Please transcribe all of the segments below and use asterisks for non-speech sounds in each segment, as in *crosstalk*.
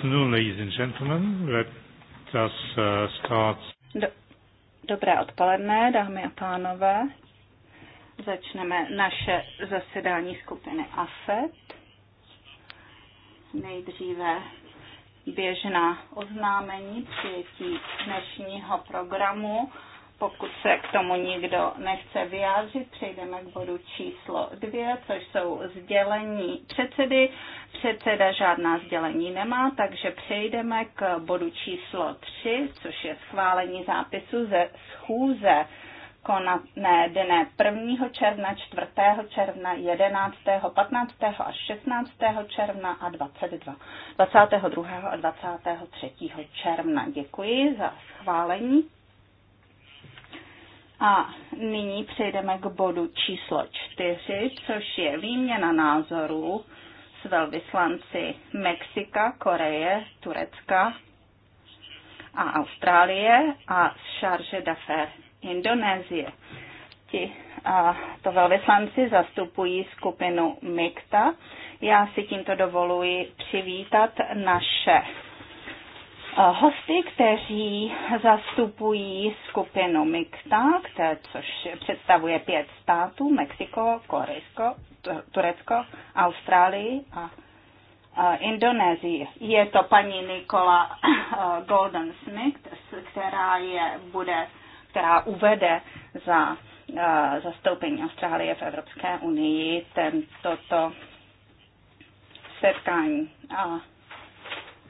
afternoon, ladies and gentlemen. Let us uh, start. Do, dobré odpoledne, dámy a pánové. Začneme naše zasedání skupiny AFET. Nejdříve běžná oznámení přijetí dnešního programu. Pokud se k tomu nikdo nechce vyjádřit, přejdeme k bodu číslo dvě, což jsou sdělení předsedy. Předseda žádná sdělení nemá, takže přejdeme k bodu číslo tři, což je schválení zápisu ze schůze konané dne 1. června, 4. června, 11., 15. až 16. června a 22. 22. a 23. června. Děkuji za schválení a nyní přejdeme k bodu číslo čtyři, což je výměna názorů s velvyslanci Mexika, Koreje, Turecka a Austrálie a z Charge d'Affaires Indonésie. Ti a to velvyslanci zastupují skupinu MIKTA. Já si tímto dovoluji přivítat naše Eh, hosty, kteří zastupují skupinu mikta, které, což představuje pět států, Mexiko, Korejsko, Turecko, Austrálii a eh, Indonésii. Je to paní Nikola eh, Golden Smith, která, je, bude, která uvede za zastoupení Austrálie v Evropské unii tento setkání. A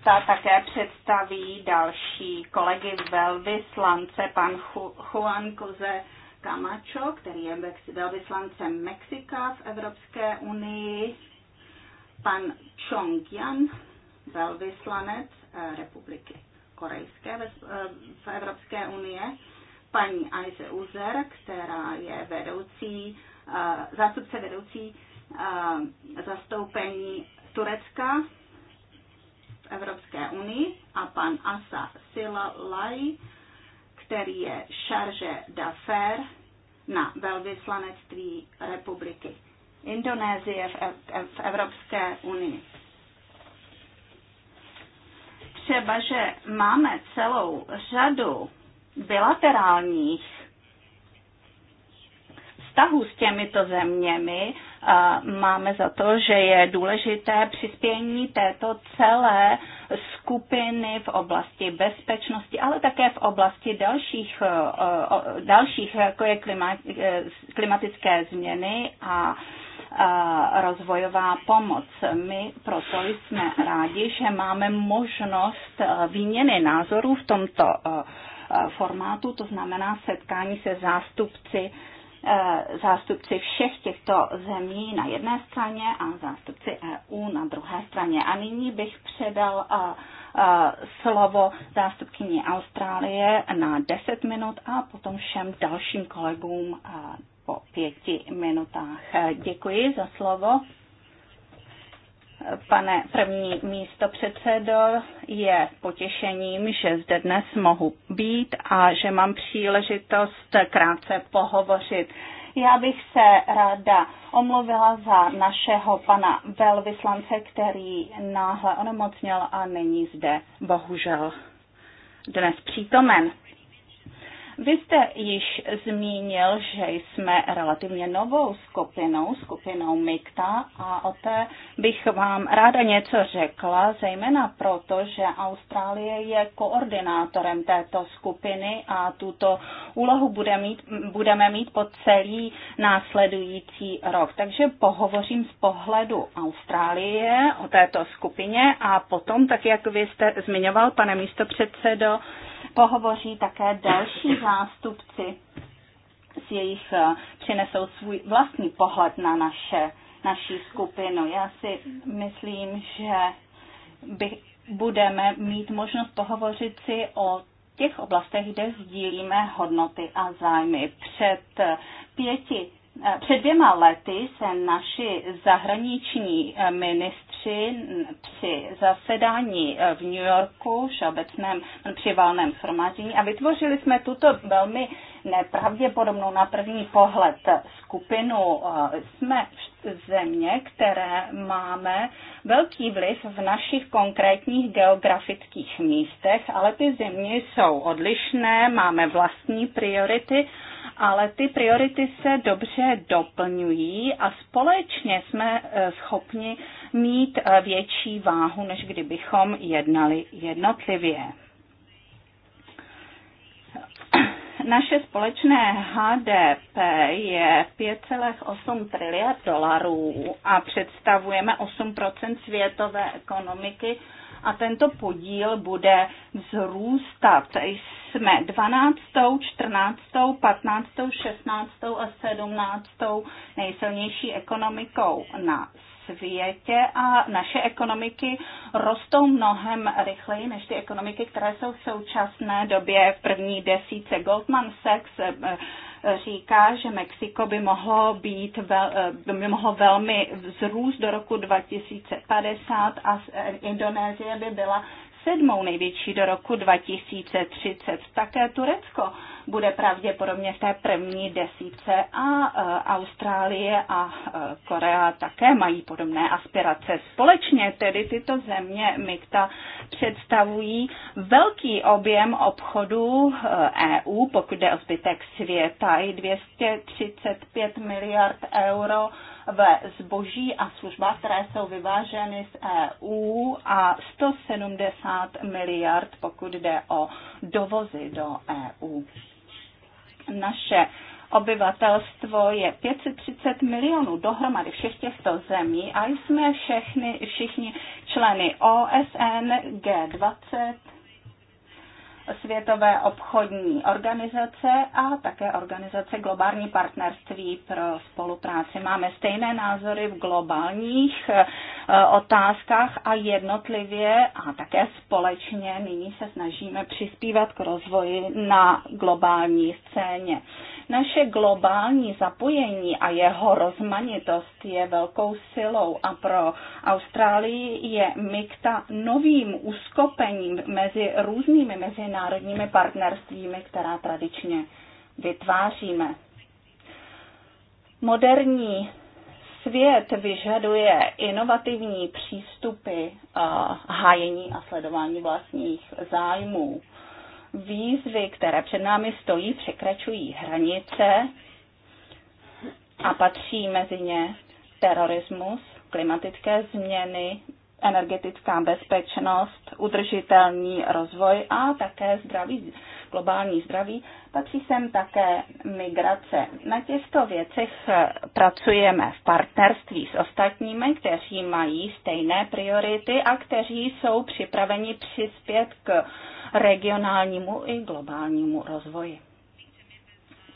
ta také představí další kolegy velvyslance, pan Juan Jose Camacho, který je velvyslancem Mexika v Evropské unii, pan Chong Yan, velvyslanec eh, Republiky Korejské eh, v Evropské unie, paní Aize Uzer, která je vedoucí, eh, zástupce vedoucí zastoupení Turecka Evropské unii a pan Asa Silalai, který je šarže d'affaires na velvyslanectví republiky Indonésie v Evropské unii. Třeba, že máme celou řadu bilaterálních vztahu s těmito zeměmi máme za to, že je důležité přispění této celé skupiny v oblasti bezpečnosti, ale také v oblasti dalších, dalších jako je e, klimatické změny a rozvojová pomoc. My proto jsme rádi, že máme možnost e, výměny názorů v tomto e, formátu, to znamená setkání se zástupci Eh, zástupci všech těchto zemí na jedné straně a zástupci EU na druhé straně. A nyní bych předal eh, eh, slovo zástupkyni Austrálie na 10 minut a potom všem dalším kolegům po pěti minutách. Děkuji za slovo. Pane první místo předsedo, je potěšením, že zde dnes mohu být a že mám příležitost krátce pohovořit. Já bych se ráda omluvila za našeho pana velvyslance, který náhle onemocněl a není zde bohužel dnes přítomen. Vy jste již zmínil, že jsme relativně novou skupinou, skupinou MIKTA a o té bych vám ráda něco řekla, zejména proto, že Austrálie je koordinátorem této skupiny a tuto úlohu bude mít, budeme mít po celý následující rok. Takže pohovořím z pohledu Austrálie o této skupině a potom, tak jak vy jste zmiňoval, pane místopředsedo, pohovoří také další zástupci, s jejich eh, přinesou svůj vlastní pohled na naše, naší skupinu. Já si myslím, že by, budeme mít možnost pohovořit si o těch oblastech, kde sdílíme hodnoty a zájmy. Před eh, pěti Eh, před dvěma lety se naši zahraniční eh, ministři při zasedání eh, v New Yorku, všeobecném při valném shromáždění a vytvořili jsme tuto velmi nepravděpodobnou na první pohled skupinu. Jsme země, které máme velký vliv v našich konkrétních geografických místech, ale ty země jsou odlišné, máme vlastní priority, ale ty priority se dobře doplňují a společně jsme eh, schopni mít eh, větší váhu, než kdybychom jednali jednotlivě. Naše společné HDP je 5,8 triliard dolarů a představujeme 8 světové ekonomiky a tento podíl bude vzrůstat. Jsme 12., 14., 15., 16. a 17. nejsilnější ekonomikou na světě a naše ekonomiky rostou mnohem rychleji než ty ekonomiky, které jsou v současné době v první desíce. Goldman Sachs eh, říká, že Mexiko by mohlo, být vel, eh, by mohlo velmi vzrůst do roku 2050 a eh, Indonésie by byla sedmou největší do roku 2030. Také Turecko bude pravděpodobně v té první desíce a e, Austrálie a e, Korea také mají podobné aspirace. Společně tedy tyto země MIGTA představují velký objem obchodu EU, e pokud jde o zbytek světa, i 235 miliard euro ve zboží a službách, které jsou vyváženy z EU a 170 miliard, pokud jde o dovozy do EU naše obyvatelstvo je 530 milionů dohromady všech těchto zemí a jsme všechny, všichni členy OSN, G20, Světové obchodní organizace a také organizace Globální partnerství pro spolupráci. Máme stejné názory v globálních eh, otázkách a jednotlivě a také společně nyní se snažíme přispívat k rozvoji na globální scéně. Naše globální zapojení a jeho rozmanitost je velkou silou a pro Austrálii je mikta novým uskopením mezi různými mezinárodními partnerstvími, která tradičně vytváříme. Moderní svět vyžaduje inovativní přístupy a hájení a sledování vlastních zájmů výzvy, které před námi stojí, překračují hranice a patří mezi ně terorismus, klimatické změny, energetická bezpečnost, udržitelný rozvoj a také zdraví, globální zdraví Patří sem také migrace. Na těchto věcech eh, pracujeme v partnerství s ostatními, kteří mají stejné priority a kteří jsou připraveni přispět k regionálnímu i globálnímu rozvoji.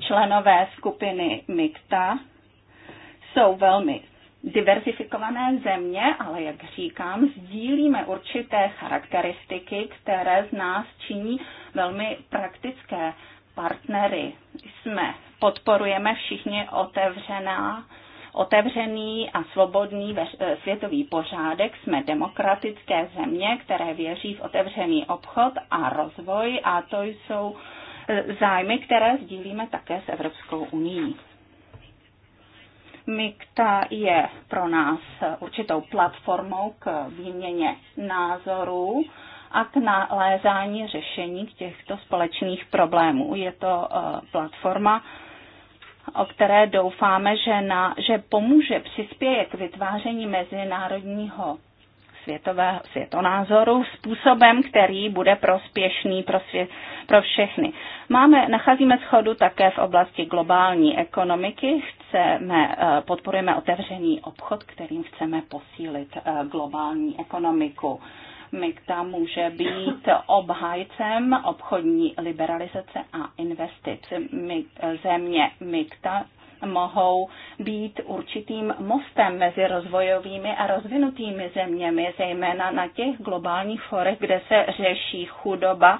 Členové skupiny MIKTA jsou velmi diversifikované země, ale jak říkám, sdílíme určité charakteristiky, které z nás činí velmi praktické partnery. Jsme, podporujeme všichni otevřená, otevřený a svobodný veř, eh, světový pořádek. Jsme demokratické země, které věří v otevřený obchod a rozvoj a to jsou eh, zájmy, které sdílíme také s Evropskou unii. MIKTA je pro nás určitou platformou k výměně názorů a k nalézání řešení k těchto společných problémů. Je to eh, platforma, o které doufáme, že, na, že pomůže, přispěje k vytváření mezinárodního světového světonázoru způsobem, který bude prospěšný pro, svě, pro všechny. Máme, nacházíme schodu také v oblasti globální ekonomiky. Chceme, eh, podporujeme otevřený obchod, kterým chceme posílit eh, globální ekonomiku. Mikta může být obhájcem obchodní liberalizace a investic. Země Mikta mohou být určitým mostem mezi rozvojovými a rozvinutými zeměmi, zejména na těch globálních forech, kde se řeší chudoba,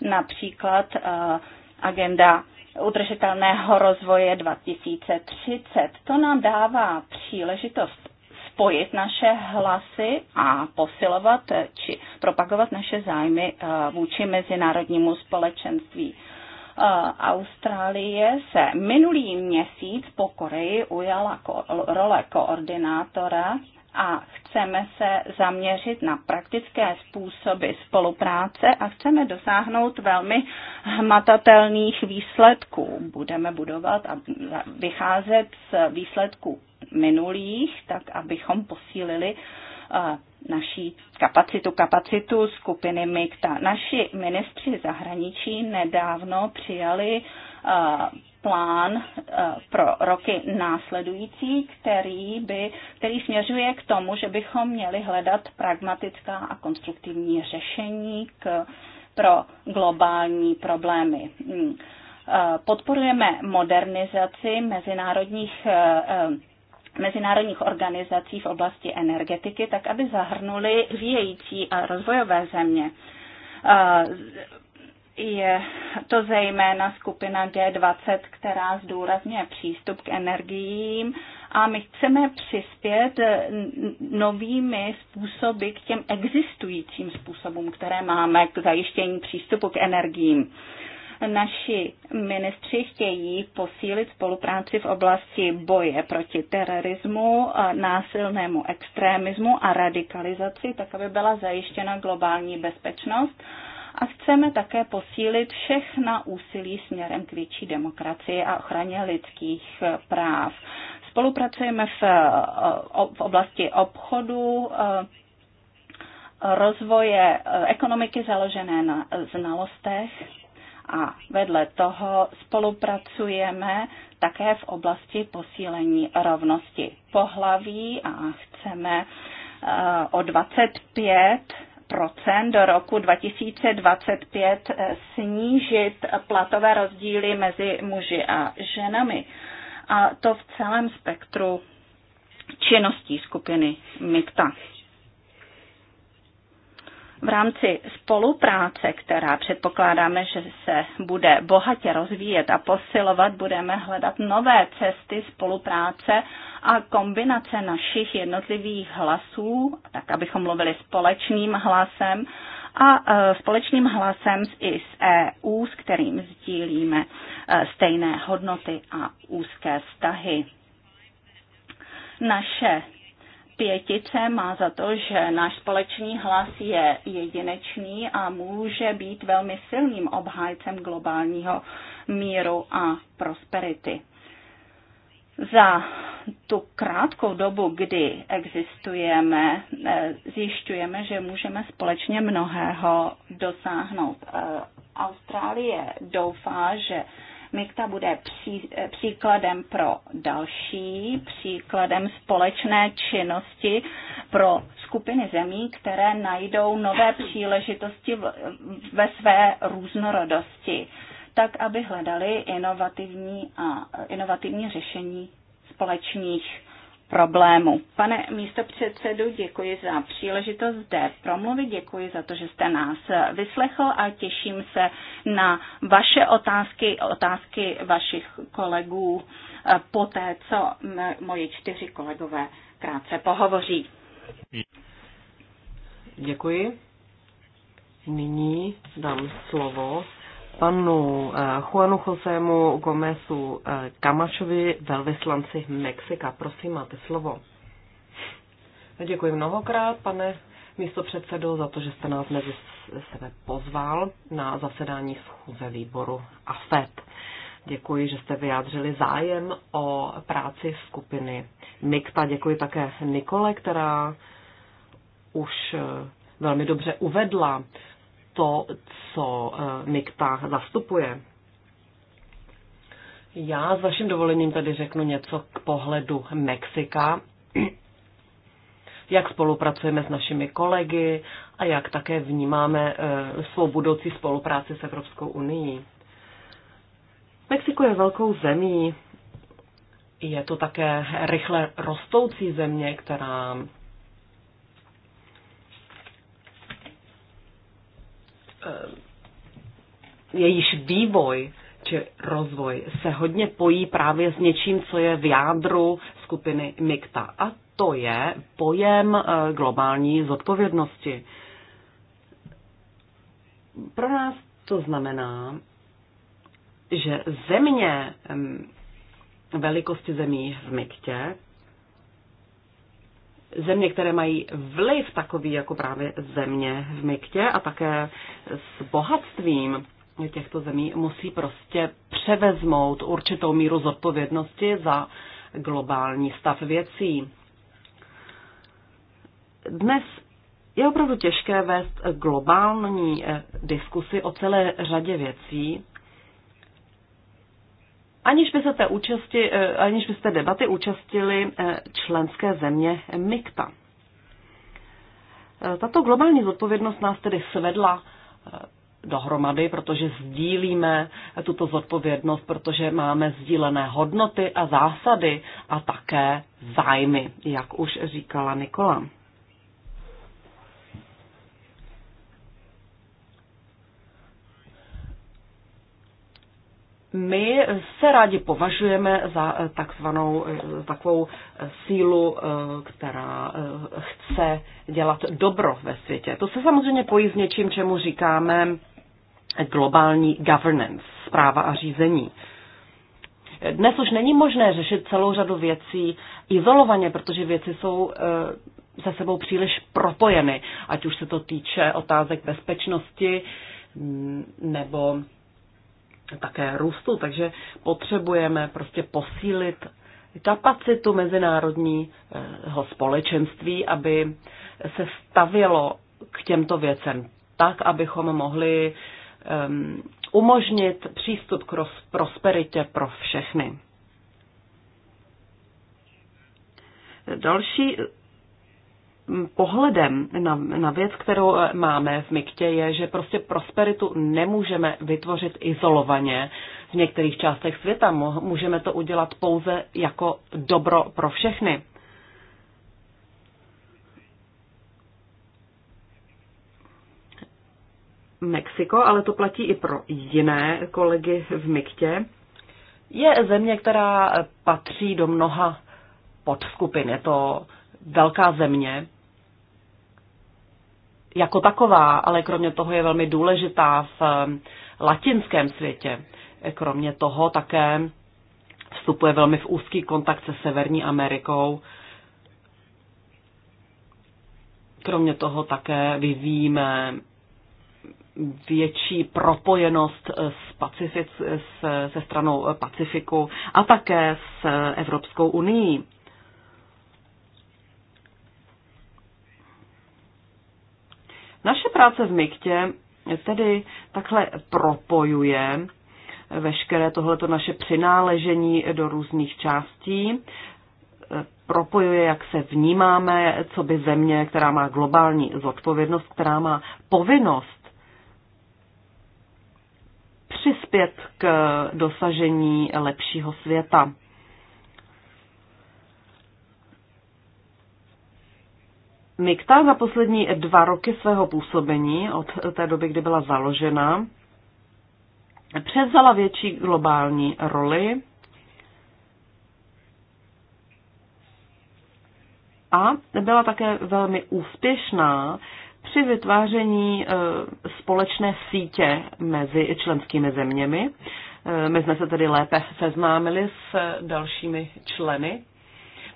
například eh, agenda udržitelného rozvoje 2030. To nám dává příležitost spojit naše hlasy a posilovat eh, či propagovat naše zájmy eh, vůči mezinárodnímu společenství. Eh, Austrálie se minulý měsíc po Koreji ujala role koordinátora a chceme se zaměřit na praktické způsoby spolupráce a chceme dosáhnout velmi hmatatelných výsledků. Budeme budovat a vycházet z výsledků minulých, tak abychom posílili eh, naší kapacitu, kapacitu skupiny MIGTA. Naši ministři zahraničí nedávno přijali eh, plán eh, pro roky následující, který, by, který směřuje k tomu, že bychom měli hledat pragmatická a konstruktivní řešení k, pro globální problémy. Mm, podporujeme modernizaci mezinárodních mezinárodních organizací v oblasti energetiky, tak aby zahrnuli vyjející a rozvojové země. Je to zejména skupina G20, která zdůrazňuje přístup k energiím a my chceme přispět novými způsoby k těm existujícím způsobům, které máme k zajištění přístupu k energiím. Uh, Naši ministři chtějí posílit spolupráci v oblasti boje proti terorismu, násilnému extremismu a radikalizaci, tak aby byla zajištěna globální bezpečnost a chceme také posílit všechna úsilí směrem k větší demokracii a ochraně lidských práv. Spolupracujeme v, v oblasti obchodu, e, rozvoje e, ekonomiky založené na znalostech a vedle toho spolupracujeme také v oblasti posílení rovnosti pohlaví a chceme eh, o 25 do roku 2025 eh, snížit platové rozdíly mezi muži a ženami. A to v celém spektru činností skupiny MIKTA v rámci spolupráce, která předpokládáme, že se bude bohatě rozvíjet a posilovat, budeme hledat nové cesty spolupráce a kombinace našich jednotlivých hlasů, tak abychom mluvili společným hlasem a e, společným hlasem i s EU, s kterým sdílíme e, stejné hodnoty a úzké vztahy. Naše pětice má za to, že náš společný hlas je jedinečný a může být velmi silným obhájcem globálního míru a prosperity. Za tu krátkou dobu, kdy existujeme, eh, zjišťujeme, že můžeme společně mnohého dosáhnout. Eh, Austrálie doufá, že MIKTA bude pří, eh, příkladem pro další, příkladem společné činnosti pro skupiny zemí, které najdou nové příležitosti v, ve své různorodosti, tak aby hledali inovativní, a, inovativní řešení společných problému. Pane místopředsedu, děkuji za příležitost zde promluvit, děkuji za to, že jste nás vyslechl a těším se na vaše otázky, otázky vašich kolegů eh, po té, co moji čtyři kolegové krátce pohovoří. Děkuji. Nyní dám slovo panu eh, Juanu Josému Gomesu eh, Kamašovi, velvyslanci Mexika. Prosím, máte slovo. Děkuji mnohokrát, pane místo předsedo, za to, že jste nás mezi sebe pozval na zasedání schůze výboru AFET. Děkuji, že jste vyjádřili zájem o práci skupiny MIKTA. Děkuji také Nikole, která už eh, velmi dobře uvedla to, co eh, MIKTA zastupuje. Já s vaším dovolením tady řeknu něco k pohledu Mexika, *clears throat* jak spolupracujeme s našimi kolegy a jak také vnímáme eh, svou budoucí spolupráci s Evropskou unii. Mexiko je velkou zemí, je to také rychle rostoucí země, která Eh, jejíž vývoj či rozvoj se hodně pojí právě s něčím, co je v jádru skupiny MIKTA. A to je pojem eh, globální zodpovědnosti. Pro nás to znamená, že země mm, velikosti zemí v Miktě země, které mají vliv takový jako právě země v Miktě a také s bohatstvím těchto zemí musí prostě převezmout určitou míru zodpovědnosti za globální stav věcí. Dnes je opravdu těžké vést globální eh, diskusy o celé řadě věcí, aniž by se té účasti, eh, aniž by se debaty účastili eh, členské země MIKTA. Eh, tato globální zodpovědnost nás tedy svedla dohromady, protože sdílíme tuto zodpovědnost, protože máme sdílené hodnoty a zásady a také zájmy, jak už říkala Nikola. my se rádi považujeme za eh, takzvanou, eh, takovou eh, sílu, která chce dělat dobro ve světě. To se samozřejmě pojí s něčím, čemu říkáme globální governance, zpráva a řízení. Dnes už není možné řešit celou řadu věcí izolovaně, protože věci jsou se sebou příliš propojeny, ať už se to týče otázek bezpečnosti mm, nebo také růstu, takže potřebujeme prostě posílit kapacitu mezinárodního společenství, aby se stavělo k těmto věcem tak, abychom mohli um, umožnit přístup k prosperitě pro všechny. Další pohledem na, na věc, kterou eh, máme v Miktě, je, že prostě prosperitu nemůžeme vytvořit izolovaně v některých částech světa. Můžeme to udělat pouze jako dobro pro všechny. Mexiko, ale to platí i pro jiné kolegy v Miktě, je země, která eh, patří do mnoha podskupin. Je to velká země jako taková, ale kromě toho je velmi důležitá v eh, latinském světě. Eh, kromě toho také vstupuje velmi v úzký kontakt se Severní Amerikou. Kromě toho také vyvíjíme větší propojenost eh, s Pacific, s, se stranou Pacifiku a také s Evropskou unii. Naše práce v Miktě tedy takhle propojuje veškeré tohleto naše přináležení do různých částí, propojuje, jak se vnímáme, co by země, která má globální zodpovědnost, která má povinnost přispět k dosažení lepšího světa. Mikta za poslední dva roky svého působení od té doby, kdy byla založena, převzala větší globální roli a byla také velmi úspěšná při vytváření eh, společné sítě mezi členskými zeměmi. Eh, my jsme se tedy lépe seznámili s eh, dalšími členy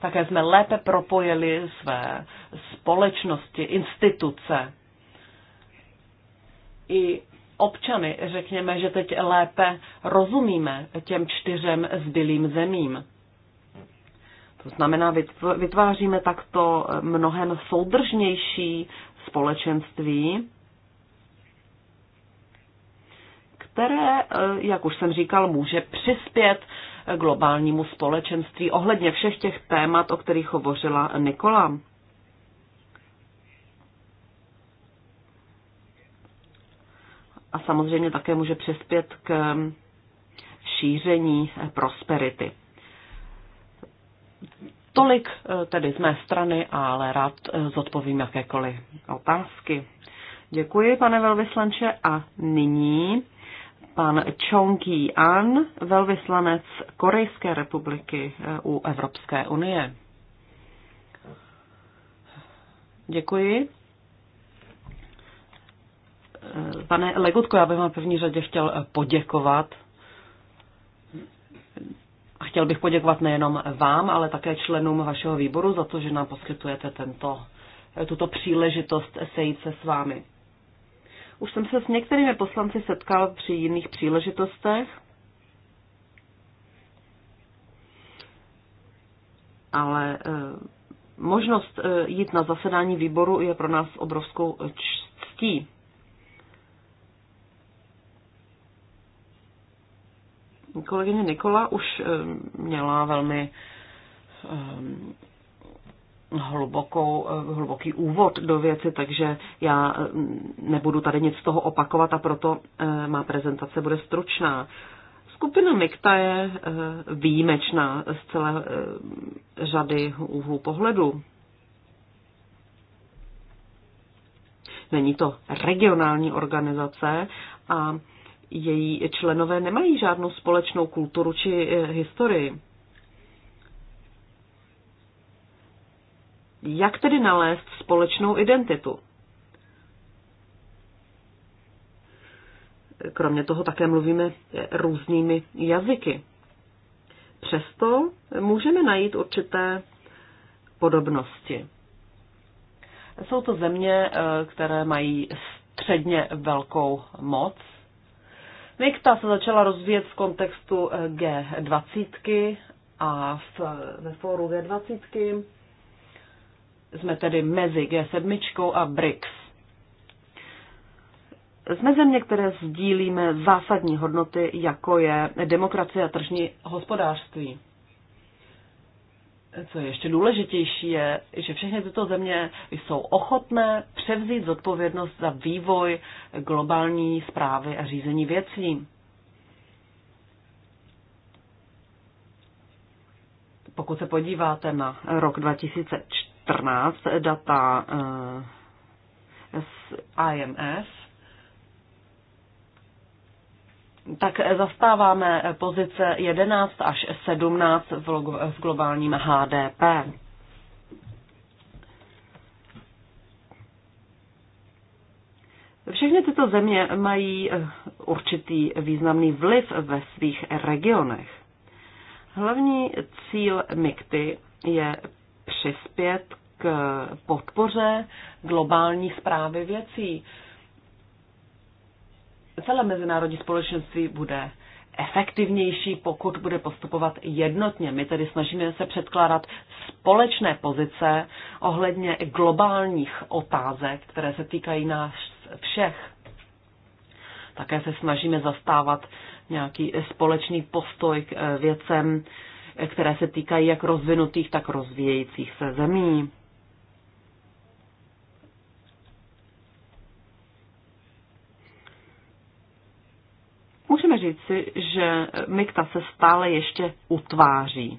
také jsme lépe propojili své společnosti, instituce i občany, řekněme, že teď lépe rozumíme těm čtyřem zbylým zemím. To znamená, vytváříme takto mnohem soudržnější společenství, které, eh, jak už jsem říkal, může přispět globálnímu společenství ohledně všech těch témat, o kterých hovořila Nikola. A samozřejmě také může přispět k šíření prosperity. Tolik eh, tedy z mé strany, ale rád eh, zodpovím jakékoliv otázky. Děkuji, pane velvyslanče, a nyní pan Chong Ki-an, velvyslanec Korejské republiky eh, u Evropské unie. Děkuji. Eh, pane Legutko, já bych vám v první řadě chtěl eh, poděkovat. A chtěl bych poděkovat nejenom vám, ale také členům vašeho výboru za to, že nám poskytujete tento, tuto příležitost sejít se s vámi. Už jsem se s některými poslanci setkal při jiných příležitostech. Ale eh, možnost eh, jít na zasedání výboru je pro nás obrovskou ctí. Kolegyně Nikola už eh, měla velmi hlubokou, eh, hluboký úvod do věci, takže já mm, nebudu tady nic z toho opakovat a proto eh, má prezentace bude stručná. Skupina Mikta je eh, výjimečná z celé řady úhlů pohledu. Není to regionální organizace a její členové nemají žádnou společnou kulturu či historii. Jak tedy nalézt společnou identitu? Kromě toho také mluvíme různými jazyky. Přesto můžeme najít určité podobnosti. Jsou to země, eh, které mají středně velkou moc. Mikta se začala rozvíjet v kontextu eh, G20 a v, eh, ve fóru G20 jsme tedy mezi G7 a BRICS. Jsme země, které sdílíme zásadní hodnoty, jako je demokracie a tržní hospodářství. Co je ještě důležitější, je, že všechny tyto země jsou ochotné převzít zodpovědnost za vývoj globální zprávy a řízení věcí. Pokud se podíváte na rok 2004, 2014 data z eh, IMF, tak zastáváme pozice 11 až 17 v globálním HDP. Všechny tyto země mají eh, určitý významný vliv ve svých regionech. Hlavní cíl MIKTY je přispět k podpoře globální zprávy věcí. Celé mezinárodní společenství bude efektivnější, pokud bude postupovat jednotně. My tedy snažíme se předkládat společné pozice ohledně globálních otázek, které se týkají nás všech. Také se snažíme zastávat nějaký společný postoj k eh, věcem, které se týkají jak rozvinutých, tak rozvíjejících se zemí. Můžeme říci, že mikta se stále ještě utváří.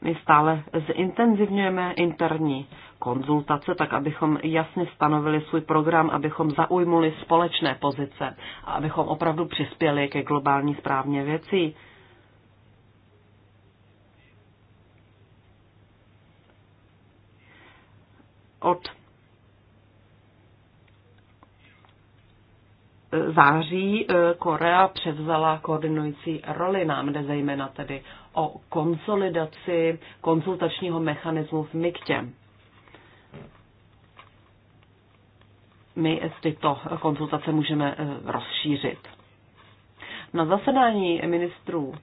My stále zintenzivňujeme interní konzultace, tak abychom jasně stanovili svůj program, abychom zaujmuli společné pozice a abychom opravdu přispěli ke globální správně věcí. Od září eh, Korea převzala koordinující roli. Nám jde zejména tedy o konsolidaci konzultačního mechanismu v MIKTě. my tyto konzultace můžeme eh, rozšířit. Na zasedání ministrů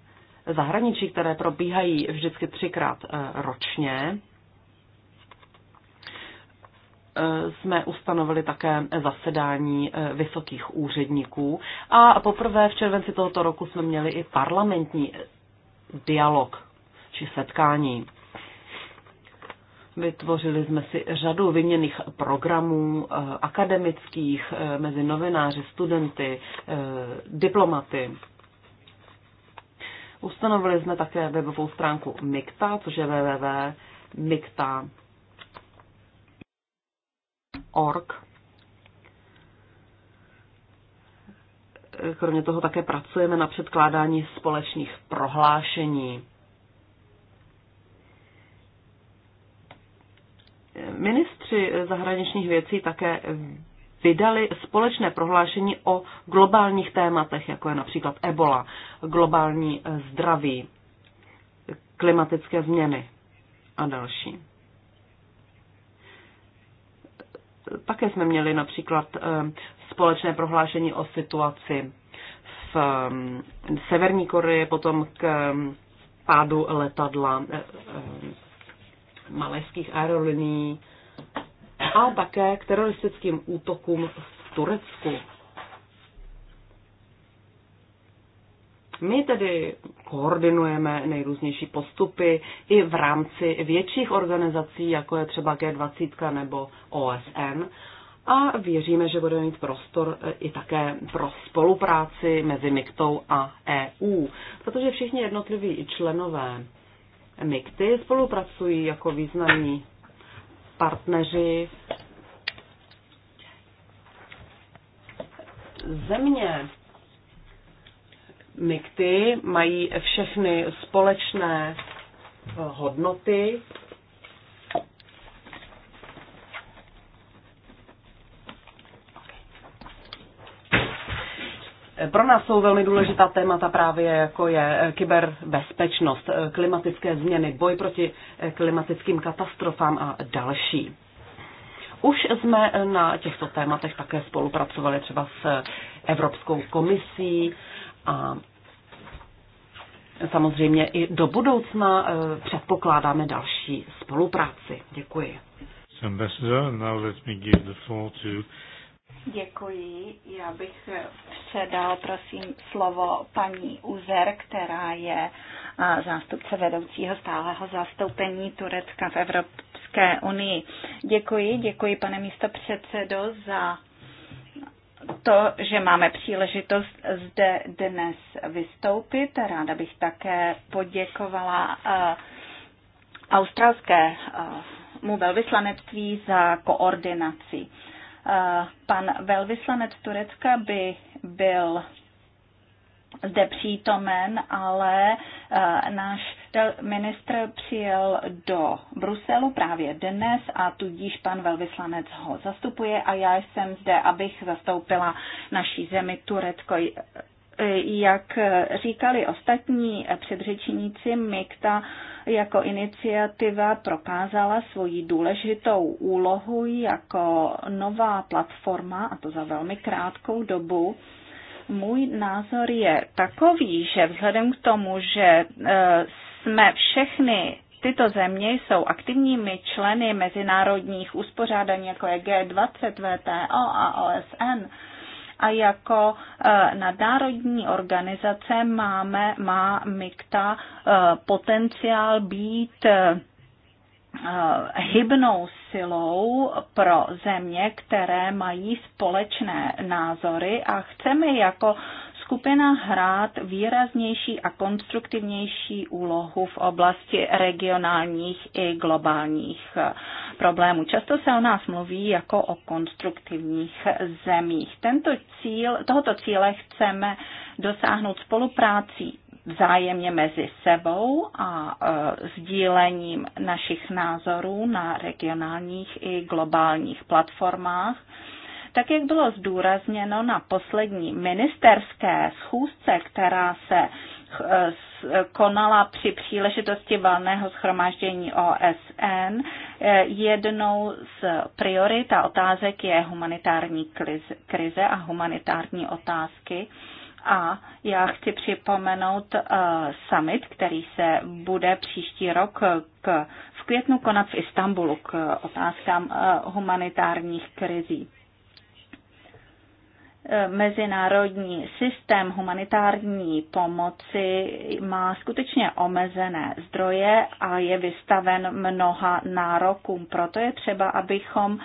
zahraničí, které probíhají vždycky třikrát eh, ročně, eh, jsme ustanovili také zasedání vysokých úředníků a poprvé v červenci tohoto roku jsme měli i parlamentní dialog či setkání. Vytvořili jsme si řadu vyměných programů eh, akademických eh, mezi novináři, studenty, eh, diplomaty. Ustanovili jsme také webovou stránku MIKTA, což je www.mikta.org. Kromě toho také pracujeme na předkládání společných prohlášení. Ministři zahraničních věcí také vydali společné prohlášení o globálních tématech, jako je například ebola, globální eh, zdraví, klimatické změny a další. Také jsme měli například eh, společné prohlášení o situaci v eh, Severní Koreji, potom k pádu letadla malajských aerolíní a také k teroristickým útokům v Turecku. My tedy koordinujeme nejrůznější postupy i v rámci větších organizací, jako je třeba G20 nebo OSN, a věříme, že budeme mít prostor e, i také pro spolupráci mezi MIKTou a EU, protože všichni jednotliví členové MIKTY spolupracují jako významní partneři země MIKTY mají všechny společné hodnoty, Pro nás jsou velmi důležitá témata právě jako je eh, kyberbezpečnost, eh, klimatické změny, boj proti eh, klimatickým katastrofám a další. Už jsme na těchto tématech také spolupracovali třeba s Evropskou komisí a samozřejmě i do budoucna předpokládáme další spolupráci. Děkuji. Ambassador, now let me give the floor to Děkuji. Já bych předal, prosím, slovo paní Uzer, která je zástupce vedoucího stáleho zastoupení Turecka v Evropské unii. Děkuji, děkuji, pane místo předsedo, za to, že máme příležitost zde dnes vystoupit. Ráda bych také poděkovala australskému velvyslanectví za koordinaci Eh, pan velvyslanec Turecka by byl zde přítomen, ale eh, náš ministr přijel do Bruselu právě dnes a tudíž pan velvyslanec ho zastupuje a já jsem zde, abych zastoupila naší zemi Turecko jak říkali ostatní předřečníci, MIKTA jako iniciativa prokázala svoji důležitou úlohu jako nová platforma, a to za velmi krátkou dobu, můj názor je takový, že vzhledem k tomu, že e, jsme všechny tyto země jsou aktivními členy mezinárodních uspořádání, jako je G20, VTO a OSN, a jako e, nadnárodní organizace máme, má MIKTA e, potenciál být e, hybnou silou pro země, které mají společné názory a chceme jako skupina hrát výraznější a konstruktivnější úlohu v oblasti regionálních i globálních eh, problémů. Často se o nás mluví jako o konstruktivních zemích. Tento cíl, tohoto cíle chceme dosáhnout spoluprácí vzájemně mezi sebou a e, sdílením našich názorů na regionálních i globálních platformách. E, tak jak bylo zdůrazněno na poslední ministerské schůzce, která se eh, konala při příležitosti valného schromáždění OSN. Eh, jednou z priorit a otázek je humanitární krize a humanitární otázky. A já chci připomenout uh, summit, který se bude příští rok k, v květnu konat v Istanbulu k otázkám uh, humanitárních krizí mezinárodní systém humanitární pomoci má skutečně omezené zdroje a je vystaven mnoha nárokům. Proto je třeba, abychom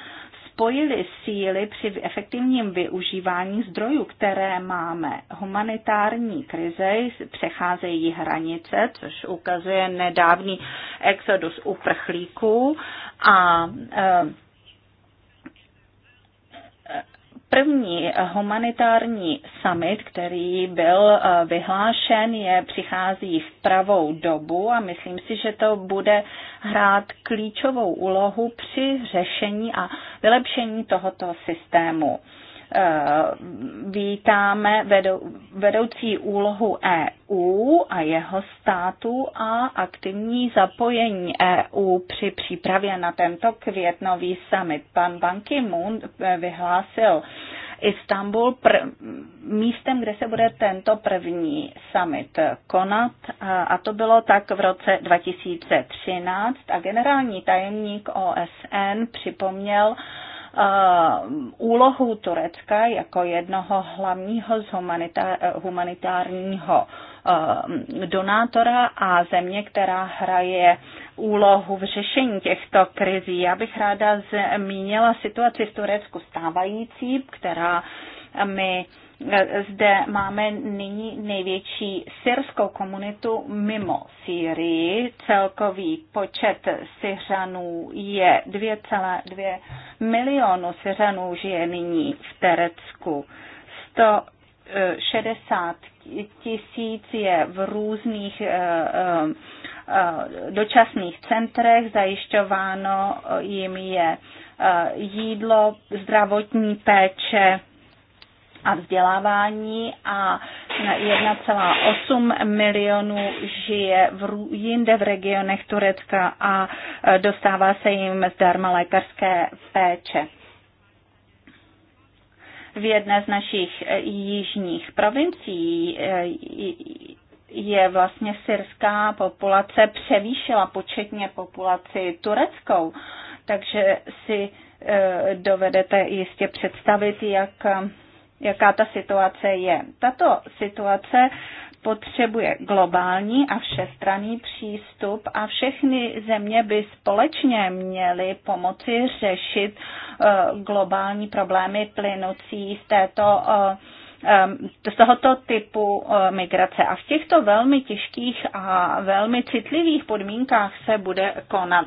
spojili síly při efektivním využívání zdrojů, které máme. Humanitární krize přecházejí hranice, což ukazuje nedávný exodus uprchlíků a e, První humanitární summit, který byl eh, vyhlášen, je přichází v pravou dobu a myslím si, že to bude hrát klíčovou úlohu při řešení a vylepšení tohoto systému. Eh, vítáme vedoucí úlohu EU a jeho státu a aktivní zapojení EU při přípravě na tento květnový summit. Pan Ban Ki-moon eh, vyhlásil Istanbul pr- místem, kde se bude tento první summit konat eh, a to bylo tak v roce 2013 a generální tajemník OSN připomněl, Eh, úlohu Turecka jako jednoho hlavního z humanitárního eh, donátora a země, která hraje úlohu v řešení těchto krizí. Já bych ráda zmínila situaci v Turecku stávající, která mi uh, Eh, zde máme nyní největší syrskou komunitu mimo Sýrii. Celkový počet Syřanů je 2,2 milionu Syřanů žije nyní v Terecku. 160 tisíc je v různých eh, eh, dočasných centrech, zajišťováno jim je jídlo, zdravotní péče, a vzdělávání a 1,8 milionů žije v, jinde v regionech Turecka a e, dostává se jim zdarma lékařské péče v jedné z našich e, jižních provincií e, je vlastně syrská populace převýšila početně populaci tureckou, takže si dovedete jistě představit, jak jaká ta situace je. Tato situace potřebuje globální a všestranný přístup a všechny země by společně měly pomoci řešit eh, globální problémy plynoucí z této eh, eh, z tohoto typu migrace. A v těchto velmi těžkých a velmi citlivých podmínkách se bude konat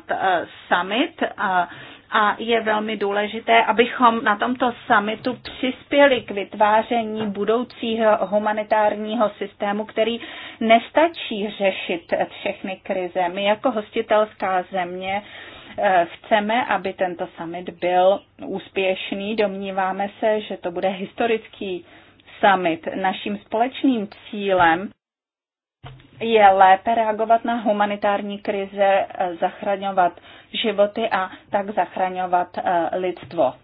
summit a a je velmi důležité, abychom na tomto summitu přispěli k vytváření budoucího humanitárního systému, který nestačí řešit všechny krize. My jako hostitelská země eh, chceme, aby tento summit byl úspěšný. Domníváme se, že to bude historický summit. Naším společným cílem je lépe reagovat na humanitární krize, eh, zachraňovat životy a tak zachraňovat eh, lidstvo.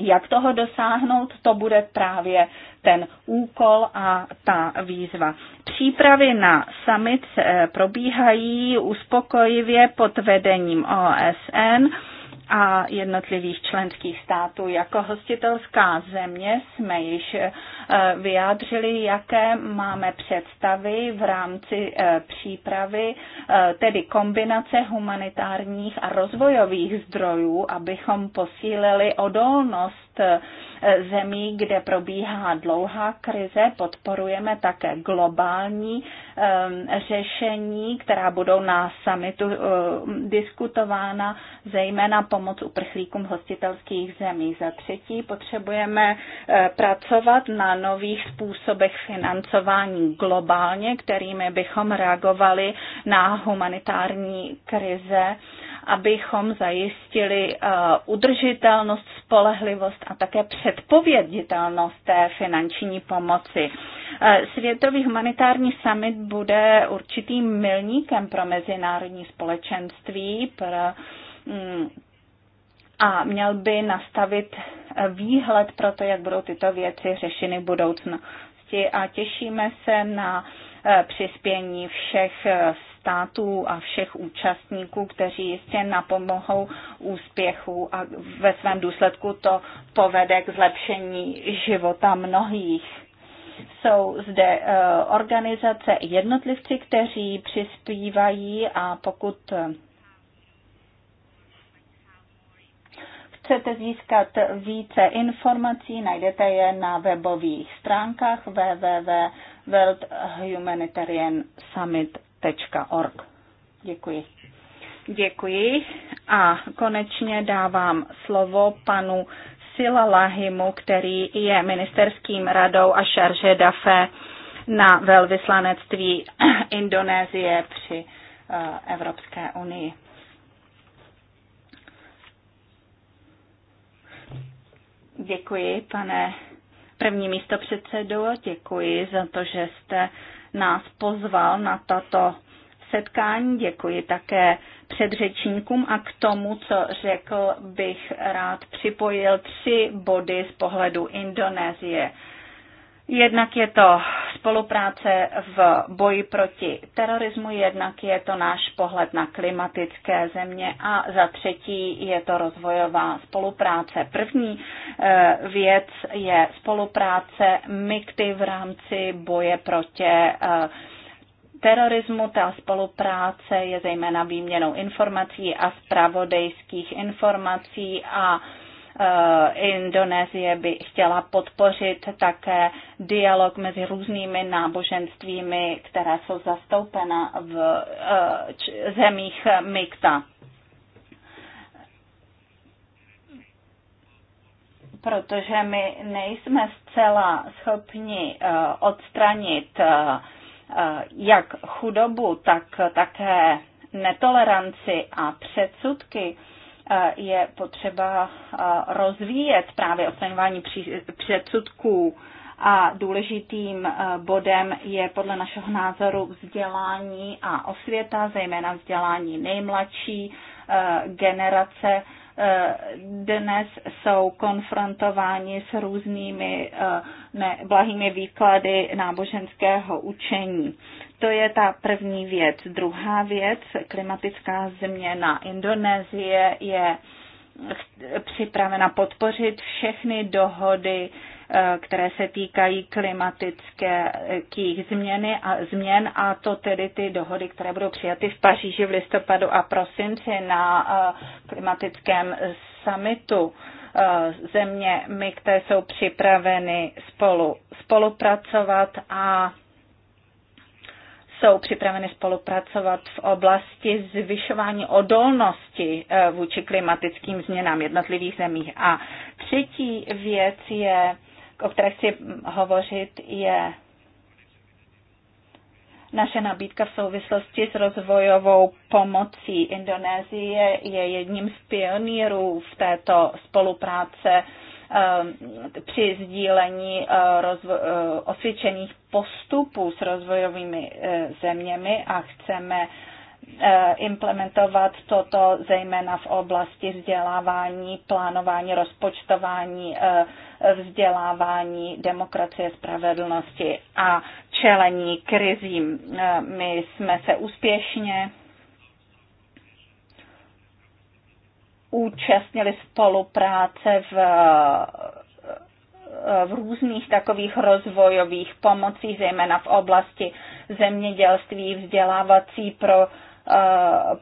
Jak toho dosáhnout, to bude právě ten úkol a ta výzva. Přípravy na summit eh, probíhají uspokojivě pod vedením OSN a jednotlivých členských států. Jako hostitelská země jsme již eh, vyjádřili, jaké máme představy v rámci eh, přípravy, eh, tedy kombinace humanitárních a rozvojových zdrojů, abychom posílili odolnost Eh, zemí, kde probíhá dlouhá krize. Podporujeme také globální eh, řešení, která budou na summitu eh, diskutována, zejména pomoc uprchlíkům hostitelských zemí. Za třetí potřebujeme pracovat na nových způsobech financování globálně, kterými bychom reagovali na humanitární krize abychom zajistili eh, udržitelnost, spolehlivost a také předpověditelnost té finanční pomoci. Eh, Světový humanitární summit bude určitým milníkem pro mezinárodní společenství, pro mm, a měl by nastavit eh, výhled pro to, jak budou tyto věci řešeny v budoucnosti. a těšíme se na přispění všech států a všech účastníků, kteří jistě napomohou úspěchu a ve svém důsledku to povede k zlepšení života mnohých jsou zde eh, organizace jednotlivci, kteří přispívají a pokud eh, chcete získat více informací, najdete je na webových stránkách www.worldhumanitariansummit.com www.ecom.org. Děkuji. Děkuji a konečně dávám slovo panu Sila Lahimu, který je ministerským radou a šarže DAFE na velvyslanectví *clears throat* Indonésie při eh, Evropské unii. Děkuji, pane první místo předsedu, děkuji za to, že jste nás pozval na tato setkání. Děkuji také předřečníkům a k tomu, co řekl, bych rád připojil tři body z pohledu Indonésie. Jednak je to spolupráce v boji proti terorismu, jednak je to náš pohled na klimatické země a za třetí je to rozvojová spolupráce. První eh, věc je spolupráce MIKTY v rámci boje proti eh, terorismu. Ta spolupráce je zejména výměnou informací a spravodajských informací a Eh, Indonésie by chtěla podpořit také dialog mezi různými náboženstvími, které jsou zastoupena v eh, zemích MIKTA. Protože my nejsme zcela schopni eh, odstranit jak chudobu, tak také netoleranci a předsudky, Eh, je potřeba eh, rozvíjet právě odstraňování předsudků a důležitým eh, bodem je podle našeho názoru vzdělání a osvěta, zejména vzdělání nejmladší generace. Dnes jsou konfrontováni s různými neblahými výklady náboženského učení. To je ta první věc. Druhá věc, klimatická změna. Indonésie je eh, připravena podpořit všechny dohody, eh, které se týkají klimatických změny a, změn a to tedy ty dohody, které budou přijaty v Paříži v listopadu a prosinci na eh, klimatickém summitu země, my, které jsou připraveny spolu spolupracovat a jsou připraveny spolupracovat v oblasti zvyšování odolnosti eh, vůči klimatickým změnám jednotlivých zemích. A třetí věc je, o které chci hovořit, je naše nabídka v souvislosti s rozvojovou pomocí Indonésie je jedním z pionýrů v této spolupráce Ehm, při sdílení eh, eh, osvědčených postupů s rozvojovými eh, zeměmi a chceme implementovat toto zejména v oblasti vzdělávání, plánování, rozpočtování, vzdělávání, demokracie, spravedlnosti a čelení krizím. My jsme se úspěšně účastnili spolupráce v v různých takových rozvojových pomocí, zejména v oblasti zemědělství, vzdělávací pro eh,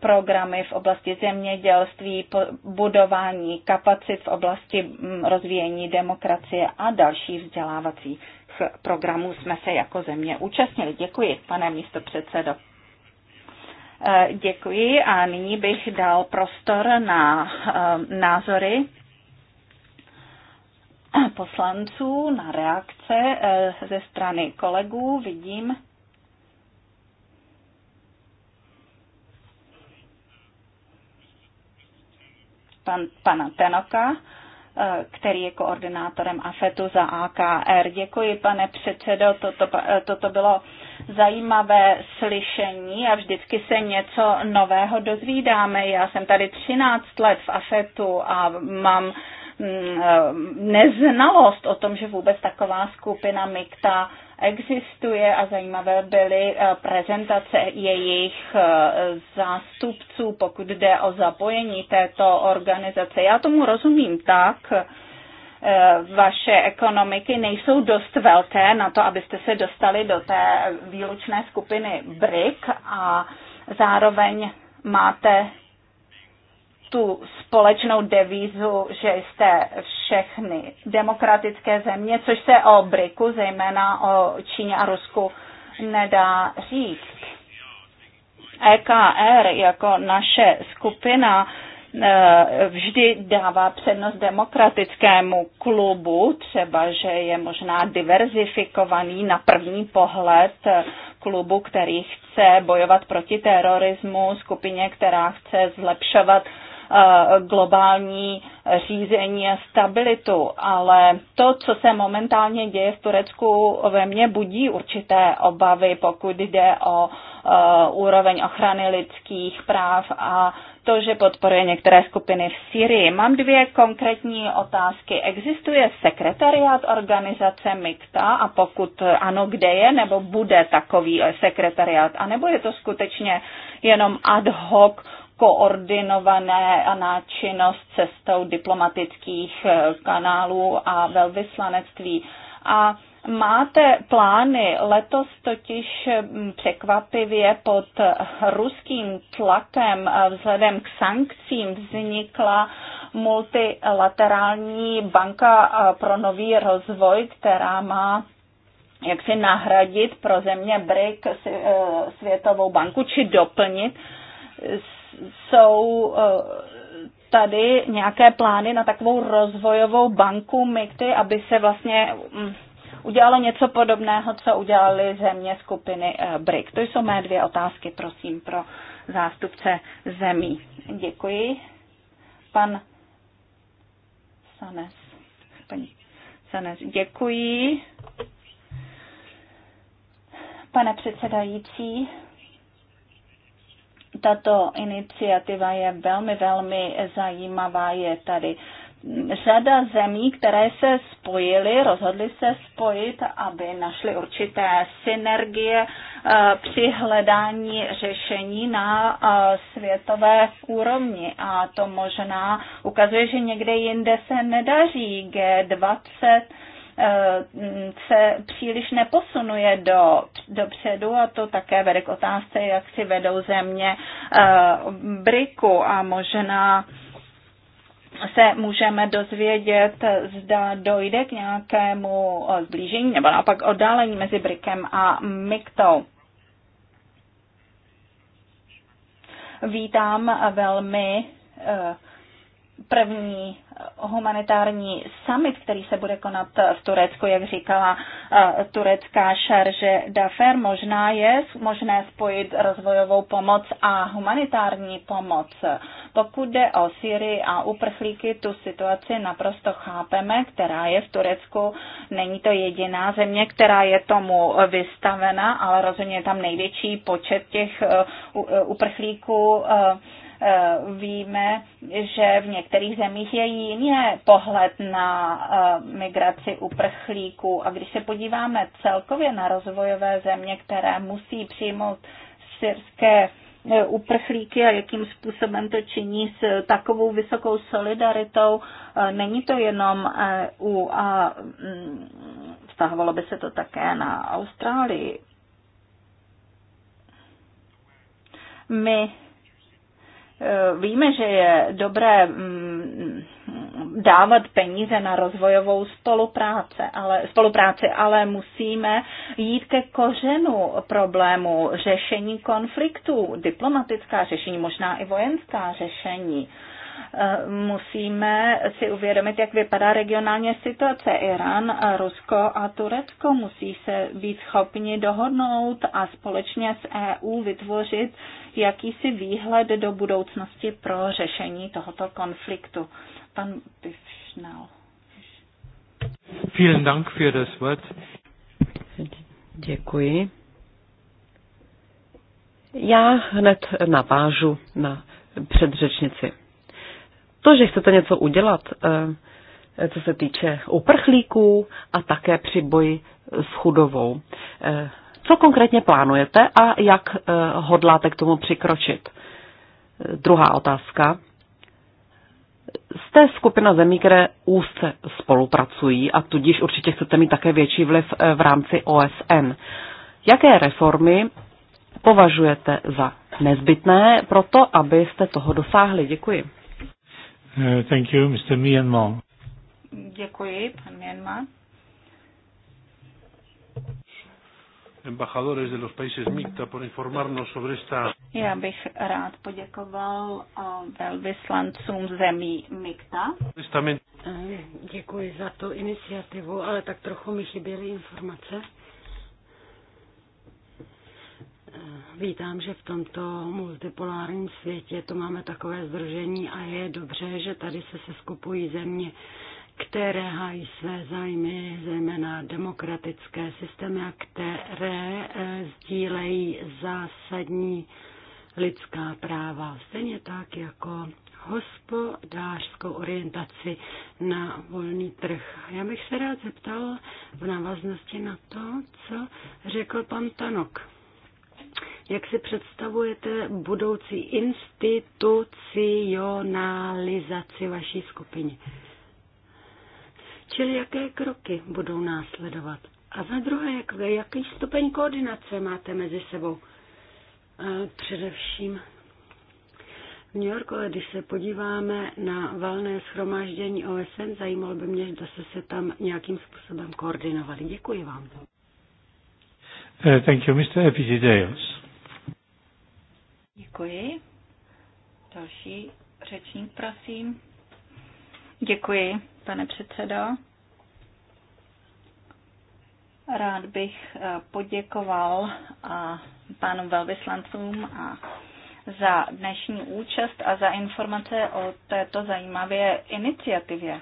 programy v oblasti zemědělství, budování kapacit v oblasti mm, rozvíjení demokracie a dalších vzdělávacích programů jsme se jako země účastnili. Děkuji, pane předsedo. Eh, děkuji a nyní bych dal prostor na eh, názory *clears throat* poslanců, na reakce eh, ze strany kolegů. Vidím. Pan, pana Tenoka který je koordinátorem AFETu za AKR. Děkuji, pane předsedo, toto, toto bylo zajímavé slyšení a vždycky se něco nového dozvídáme. Já jsem tady 13 let v AFETu a mám mm, neznalost o tom, že vůbec taková skupina MIKTA existuje a zajímavé byly eh, prezentace jejich eh, zástupců, pokud jde o zapojení této organizace. Já tomu rozumím tak, Eh, vaše ekonomiky nejsou dost velké na to, abyste se dostali do té výlučné skupiny BRIC a zároveň máte tu společnou devízu, že jste všechny demokratické země, což se o BRICu, zejména o Číně a Rusku, nedá říct. EKR jako naše skupina Eh, vždy dává přednost demokratickému klubu, třeba že je možná diverzifikovaný na první pohled klubu, který chce bojovat proti terorismu, skupině, která chce zlepšovat eh, globální řízení a stabilitu, ale to, co se momentálně děje v Turecku, ve mně budí určité obavy, pokud jde o eh, úroveň ochrany lidských práv a to, že podporuje některé skupiny v Syrii. Mám dvě konkrétní otázky. Existuje sekretariát organizace MIKTA a pokud ano, kde je, nebo bude takový eh, sekretariát, a nebo je to skutečně jenom ad hoc koordinované na činnost cestou diplomatických eh, kanálů a velvyslanectví. A Máte plány letos totiž mm, překvapivě pod ruským tlakem vzhledem k sankcím vznikla multilaterální banka eh, pro nový rozvoj, která má jak si nahradit pro země BRIC eh, Světovou banku či doplnit. Jsou eh, tady nějaké plány na takovou rozvojovou banku MIKTY, aby se vlastně mm, udělalo něco podobného, co udělali země skupiny eh, BRIC. To jsou mé dvě otázky, prosím, pro zástupce zemí. Děkuji. Pan Sanes. Paní Sanes, děkuji. Pane předsedající, tato iniciativa je velmi, velmi zajímavá. Je tady řada zemí, které se spojily, rozhodly se spojit, aby našly určité synergie eh, při hledání řešení na eh, světové úrovni. A to možná ukazuje, že někde jinde se nedaří G20 eh, se příliš neposunuje do, dopředu a to také vede k otázce, jak si vedou země BRICu a možná se můžeme dozvědět, zda dojde k nějakému zblížení nebo naopak oddálení mezi Brikem a Miktou. Vítám velmi eh, první humanitární summit, který se bude konat v Turecku, jak říkala eh, turecká šarže Dafer, možná je možné spojit rozvojovou pomoc a humanitární pomoc. Pokud jde o Syrii a uprchlíky, tu situaci naprosto chápeme, která je v Turecku. Není to jediná země, která je tomu vystavena, ale rozhodně je tam největší počet těch eh, eh, uprchlíků Eh, víme, že v některých zemích je jiný pohled na eh, migraci uprchlíků. A když se podíváme celkově na rozvojové země, které musí přijmout syrské eh, uprchlíky a jakým způsobem to činí s takovou vysokou solidaritou. Není to jenom EU a mm, vztahovalo by se to také na Austrálii. My Víme, že je dobré mm, dávat peníze na rozvojovou spolupráce, ale, spolupráci, ale musíme jít ke kořenu problému řešení konfliktů, diplomatická řešení, možná i vojenská řešení eh, musíme si uvědomit, jak vypadá regionálně situace. Irán, Rusko a Turecko musí se být schopni dohodnout a společně s EU vytvořit jakýsi výhled do budoucnosti pro řešení tohoto konfliktu. Pan Pivšnal. Vielen Dank für das Wort. Děkuji. Já hned navážu na předřečnici. To, že chcete něco udělat, eh, co se týče uprchlíků a také při boji s chudovou. Eh, co konkrétně plánujete a jak eh, hodláte k tomu přikročit? Druhá otázka. Jste skupina zemí, které úzce spolupracují a tudíž určitě chcete mít také větší vliv eh, v rámci OSN. Jaké reformy považujete za nezbytné pro to, abyste toho dosáhli? Děkuji. Uh, thank you, Mr. Myanmar. Děkuji, pan Myanmar embajadores de los países MICTA por informarnos sobre esta. Já bych rád poděkoval eh, velvyslancům zemí MICTA. Děkuji za tu iniciativu, ale tak trochu mi chyběly informace. Eh, vítám, že v tomto multipolárním světě to máme takové združení a je dobře, že tady se seskupují země které hájí své zájmy, zejména demokratické systémy, a které eh, sdílejí zásadní lidská práva, stejně tak jako hospodářskou orientaci na volný trh. Já bych se rád zeptal v návaznosti na to, co řekl pan Tanok. Jak si představujete budoucí institucionalizaci vaší skupiny? Čili jaké kroky budou následovat? A za druhé, jak, jaký stupeň koordinace máte mezi sebou? E, především v New Yorku, když se podíváme na valné schromáždění OSN, zajímalo by mě, zda se se tam nějakým způsobem koordinovali. Děkuji vám. Uh, thank you, Mr. Epitideos. Děkuji. Další řečník, prosím. Děkuji, pane předsedo. Rád bych eh, poděkoval pánům velvyslancům a za dnešní účast a za informace o této zajímavé iniciativě.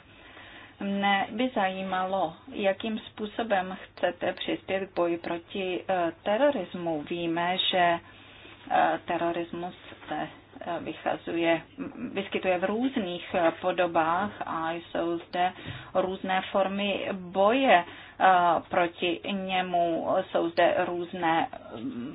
Mne by zajímalo, jakým způsobem chcete přispět k boji proti eh, terorismu. Víme, že eh, terorismus se vychazuje, vyskytuje v různých podobách a jsou zde různé formy boje proti němu. Jsou zde různé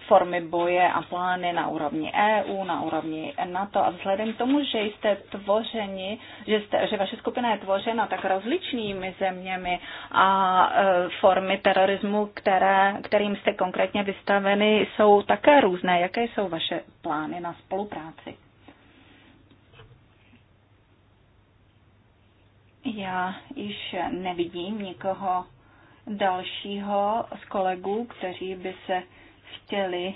formy boje a plány na úrovni EU, na úrovni NATO a vzhledem k tomu, že jste tvořeni, že, jste, že vaše skupina je tvořena tak rozličnými zeměmi a e, formy terorismu, které, kterým jste konkrétně vystaveny, jsou také různé. Jaké jsou vaše plány na spolupráci? Já již nevidím nikoho dalšího z kolegů, kteří by se chtěli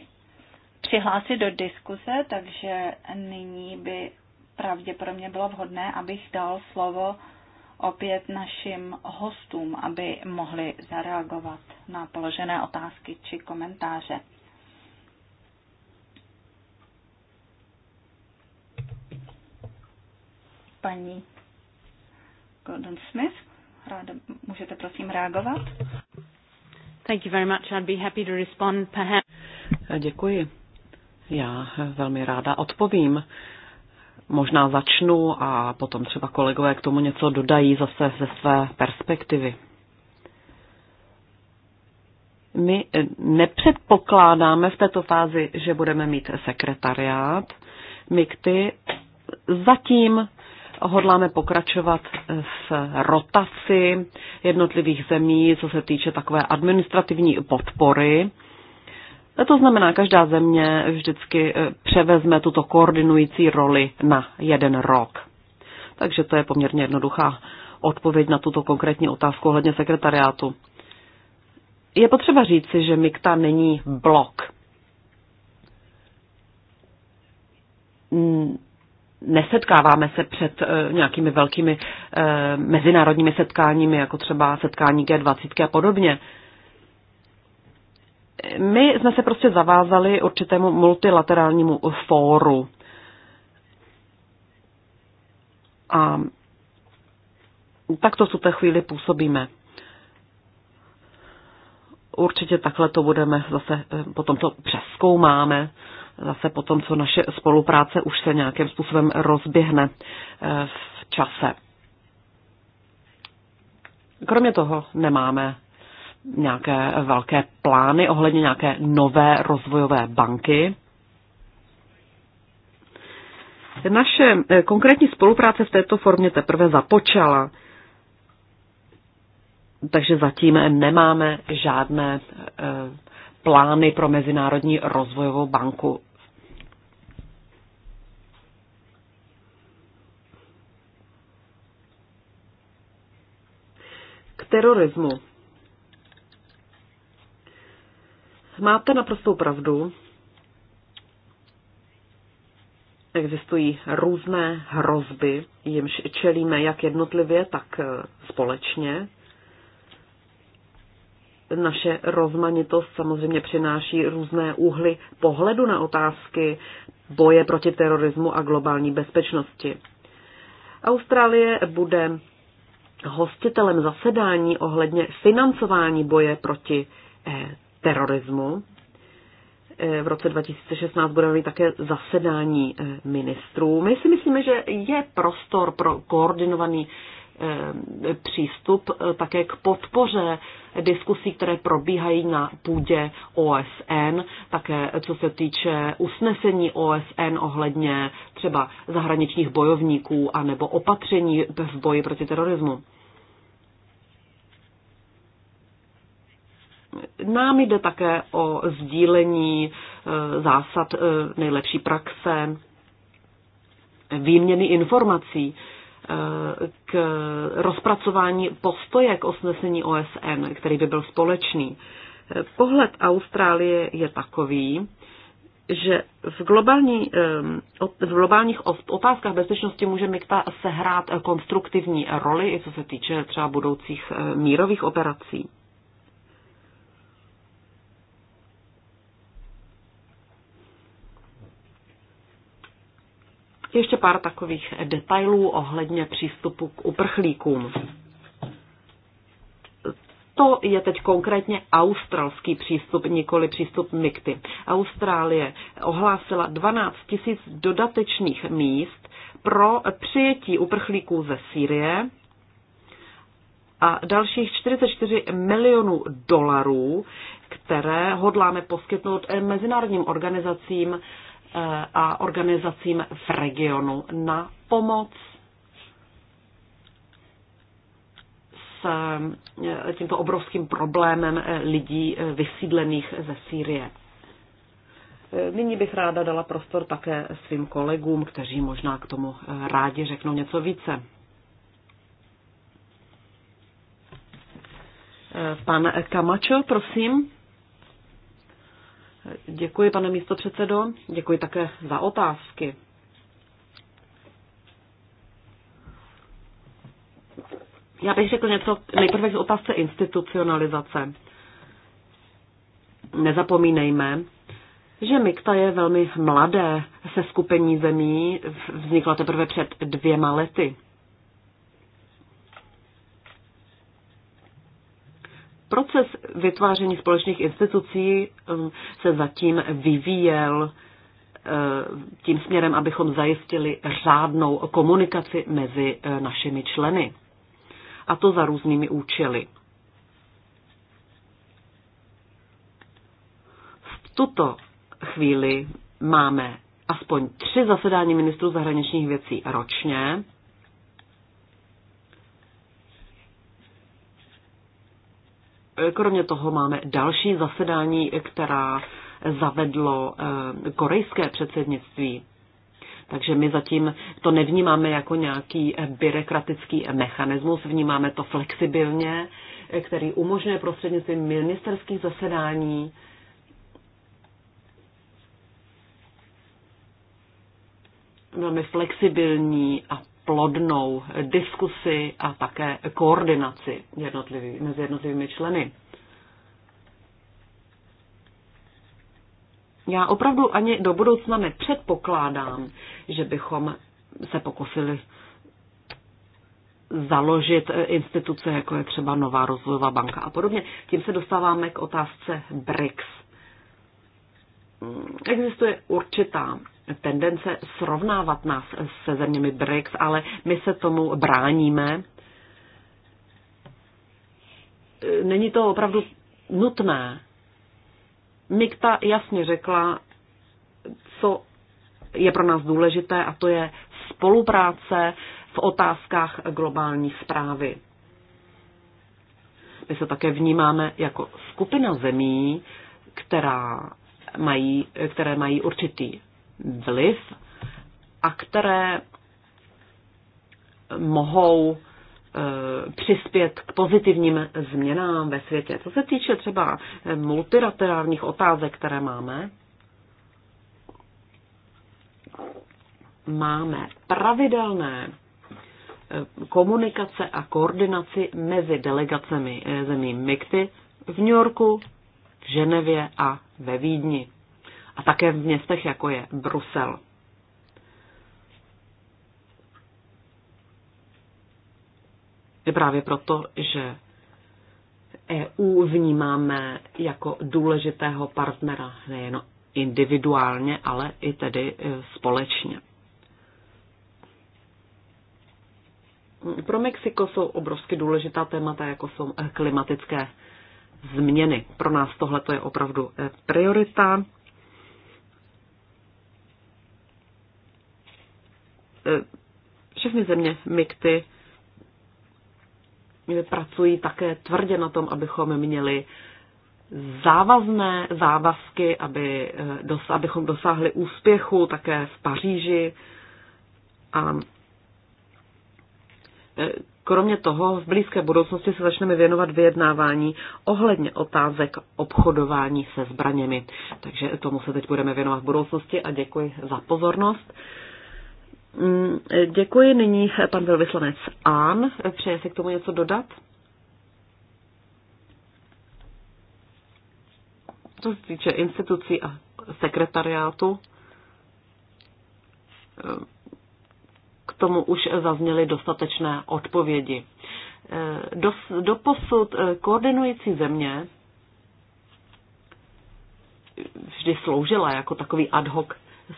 přihlásit do diskuse, takže nyní by pravděpodobně bylo vhodné, abych dal slovo opět našim hostům, aby mohli zareagovat na položené otázky či komentáře. Paní Gordon Smith. Ráda můžete prosím reagovat. Thank you very much. I'd be happy to respond perhaps. Děkuji. Já velmi ráda odpovím. Možná začnu a potom třeba kolegové k tomu něco dodají zase ze své perspektivy. My eh, nepředpokládáme v této fázi, že budeme mít sekretariát. ty zatím hodláme pokračovat s rotaci jednotlivých zemí, co se týče takové administrativní podpory. To znamená, každá země vždycky eh, převezme tuto koordinující roli na jeden rok. Takže to je poměrně jednoduchá odpověď na tuto konkrétní otázku ohledně sekretariátu. Je potřeba říci, že MIKTA není blok nesetkáváme se před eh, nějakými velkými eh, mezinárodními setkáními, jako třeba setkání G20 a podobně. My jsme se prostě zavázali určitému multilaterálnímu fóru. A tak to v té chvíli působíme. Určitě takhle to budeme zase, eh, potom to přeskoumáme zase po tom, co naše spolupráce už se nějakým způsobem rozběhne eh, v čase. Kromě toho nemáme nějaké velké plány ohledně nějaké nové rozvojové banky. Naše eh, konkrétní spolupráce v této formě teprve započala, takže zatím nemáme žádné eh, plány pro Mezinárodní rozvojovou banku terorismu. Máte naprostou pravdu. Existují různé hrozby, jimž čelíme jak jednotlivě, tak eh, společně. Naše rozmanitost samozřejmě přináší různé úhly pohledu na otázky boje proti terorismu a globální bezpečnosti. Austrálie bude hostitelem zasedání ohledně financování boje proti eh, terorismu. Eh, v roce 2016 budeme mít také zasedání eh, ministrů. My si myslíme, že je prostor pro koordinovaný Eh, přístup eh, také k podpoře diskusí, které probíhají na půdě OSN, také co se týče usnesení OSN ohledně třeba zahraničních bojovníků anebo opatření v boji proti terorismu. Nám jde také o sdílení eh, zásad nejlepší praxe, výměny informací, k rozpracování postoje k osnesení OSN, který by byl společný. Pohled Austrálie je takový, že v, globální, v globálních otázkách bezpečnosti může MIGTA sehrát konstruktivní roli, i co se týče třeba budoucích mírových operací. Ještě pár takových detailů ohledně přístupu k uprchlíkům. To je teď konkrétně australský přístup, nikoli přístup MIKTY. Austrálie ohlásila 12 000 dodatečných míst pro přijetí uprchlíků ze Sýrie a dalších 44 milionů dolarů, které hodláme poskytnout mezinárodním organizacím Eh, a organizacím v regionu na pomoc s eh, tímto obrovským problémem eh, lidí vysídlených ze Sýrie. Nyní bych ráda dala prostor také svým kolegům, kteří možná k tomu rádi řeknou něco více. Pan Kamačo, prosím. Děkuji, pane místopředsedo. Děkuji také za otázky. Já bych řekl něco nejprve k otázce institucionalizace. Nezapomínejme, že Mikta je velmi mladé se skupení zemí, vznikla teprve před dvěma lety. proces vytváření společných institucí um, se zatím vyvíjel uh, tím směrem, abychom zajistili řádnou komunikaci mezi uh, našimi členy. A to za různými účely. V tuto chvíli máme aspoň tři zasedání ministrů zahraničních věcí ročně, Kromě toho máme další zasedání, která zavedlo eh, korejské předsednictví. Takže my zatím to nevnímáme jako nějaký eh, byrokratický mechanismus, vnímáme to flexibilně, eh, který umožňuje prostřednictvím ministerských zasedání velmi flexibilní a plodnou diskusi a také koordinaci jednotlivý, mezi jednotlivými členy. Já opravdu ani do budoucna nepředpokládám, že bychom se pokusili založit instituce, jako je třeba Nová rozvojová banka a podobně. Tím se dostáváme k otázce BRICS. Existuje určitá tendence srovnávat nás se zeměmi BRICS, ale my se tomu bráníme. Není to opravdu nutné. Mikta jasně řekla, co je pro nás důležité, a to je spolupráce v otázkách globální zprávy. My se také vnímáme jako skupina zemí, která mají, které mají určitý vliv a které mohou e, přispět k pozitivním změnám ve světě. Co se týče třeba e, multilaterálních otázek, které máme, máme pravidelné e, komunikace a koordinaci mezi delegacemi zemí MIKTY v New Yorku, v Ženevě a ve Vídni a také v městech, jako je Brusel. Je Právě proto, že EU vnímáme jako důležitého partnera nejen individuálně, ale i tedy e, společně. Pro Mexiko jsou obrovsky důležitá témata, jako jsou e, klimatické změny. Pro nás tohle je opravdu e, priorita. všechny země MIKTY eh, pracují také tvrdě na tom, abychom měli závazné závazky, aby, eh, dos, abychom dosáhli úspěchu také v Paříži. A eh, kromě toho v blízké budoucnosti se začneme věnovat vyjednávání ohledně otázek obchodování se zbraněmi. Takže tomu se teď budeme věnovat v budoucnosti a děkuji za pozornost. Mm, děkuji. Nyní pan velvyslanec Án. Přeje si k tomu něco dodat? Co se týče institucí a sekretariátu, eh, k tomu už zazněly dostatečné odpovědi. Eh, do doposud eh, koordinující země vždy sloužila jako takový ad hoc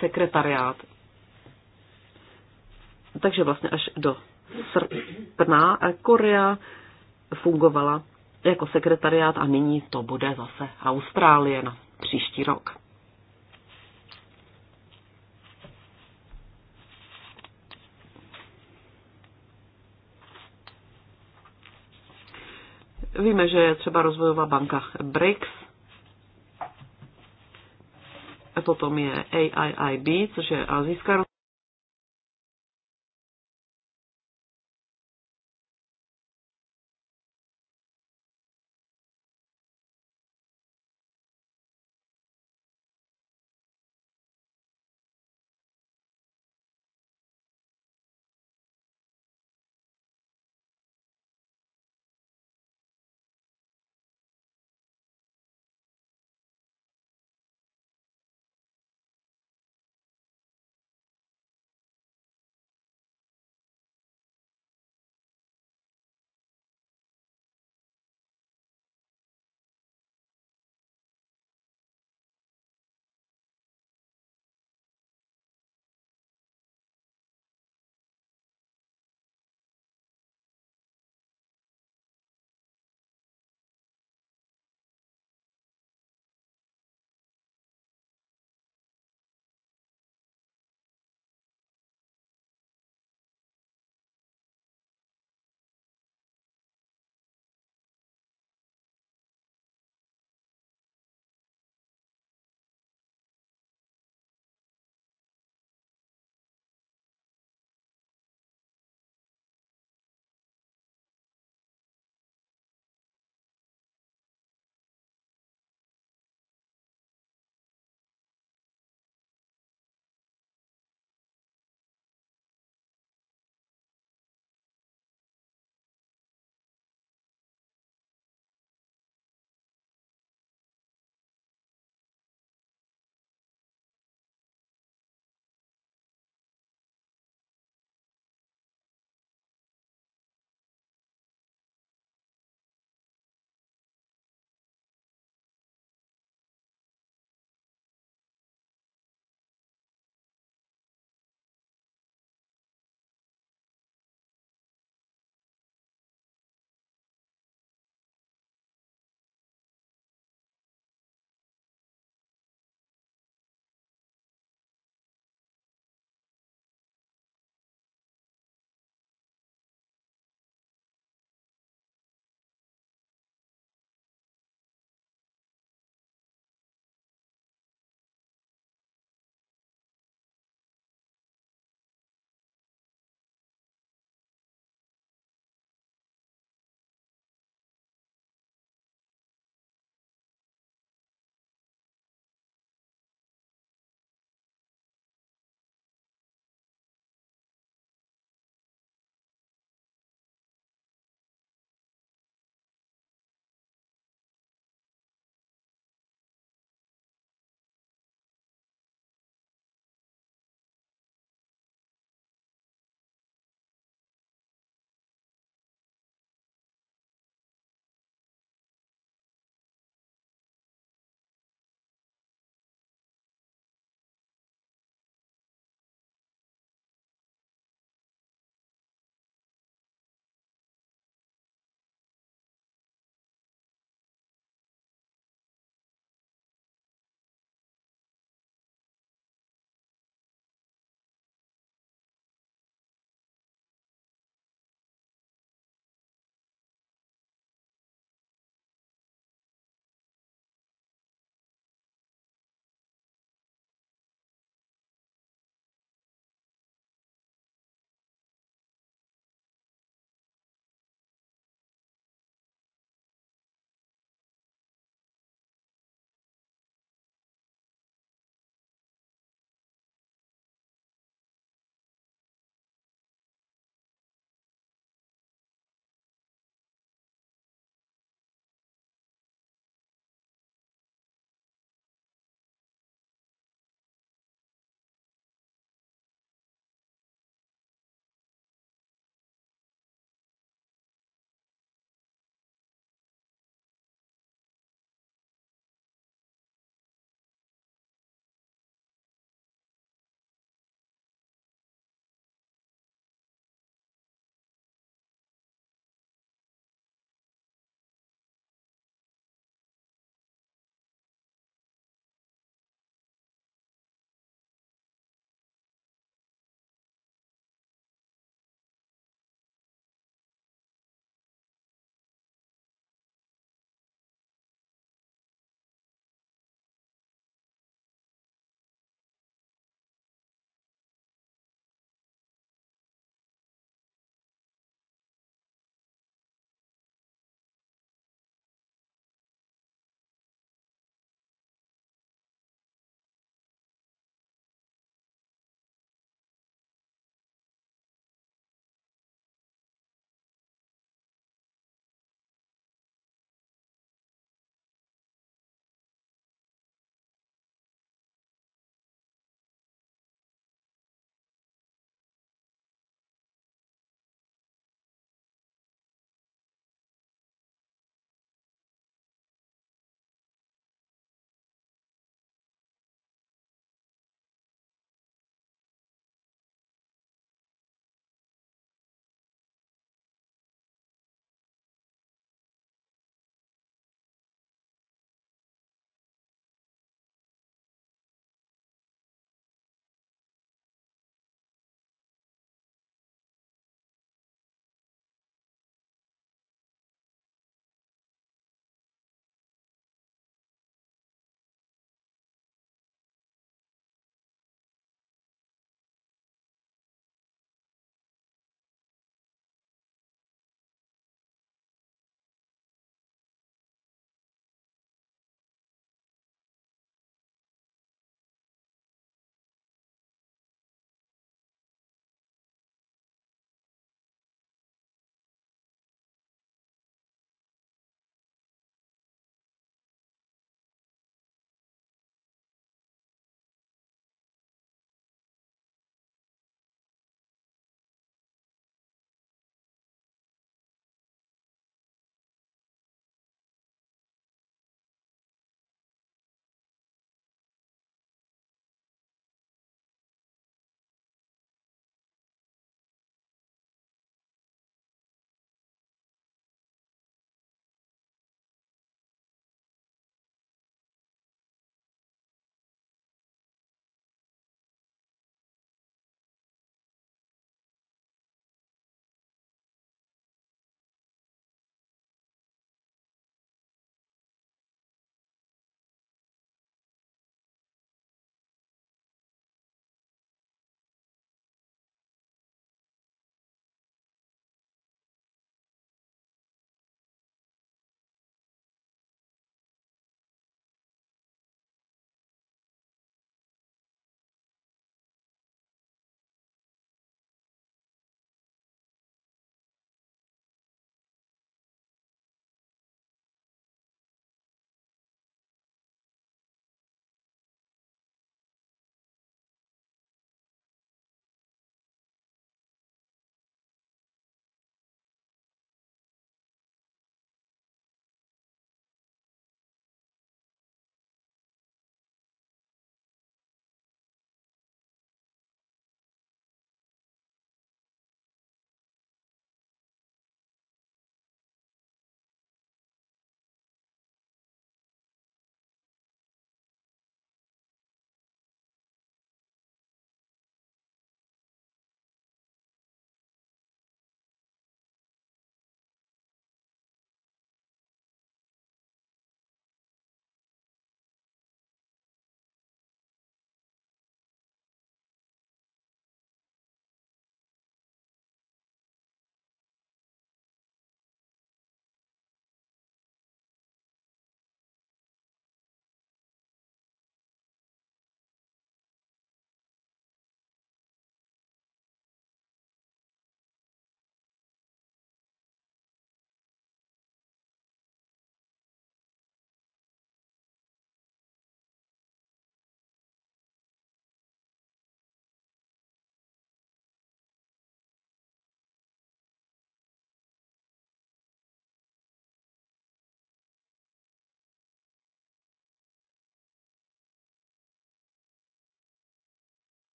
sekretariát takže vlastně až do srpna Korea fungovala jako sekretariát a nyní to bude zase Austrálie na příští rok. Víme, že je třeba rozvojová banka BRICS, a potom je AIIB, což je Azijská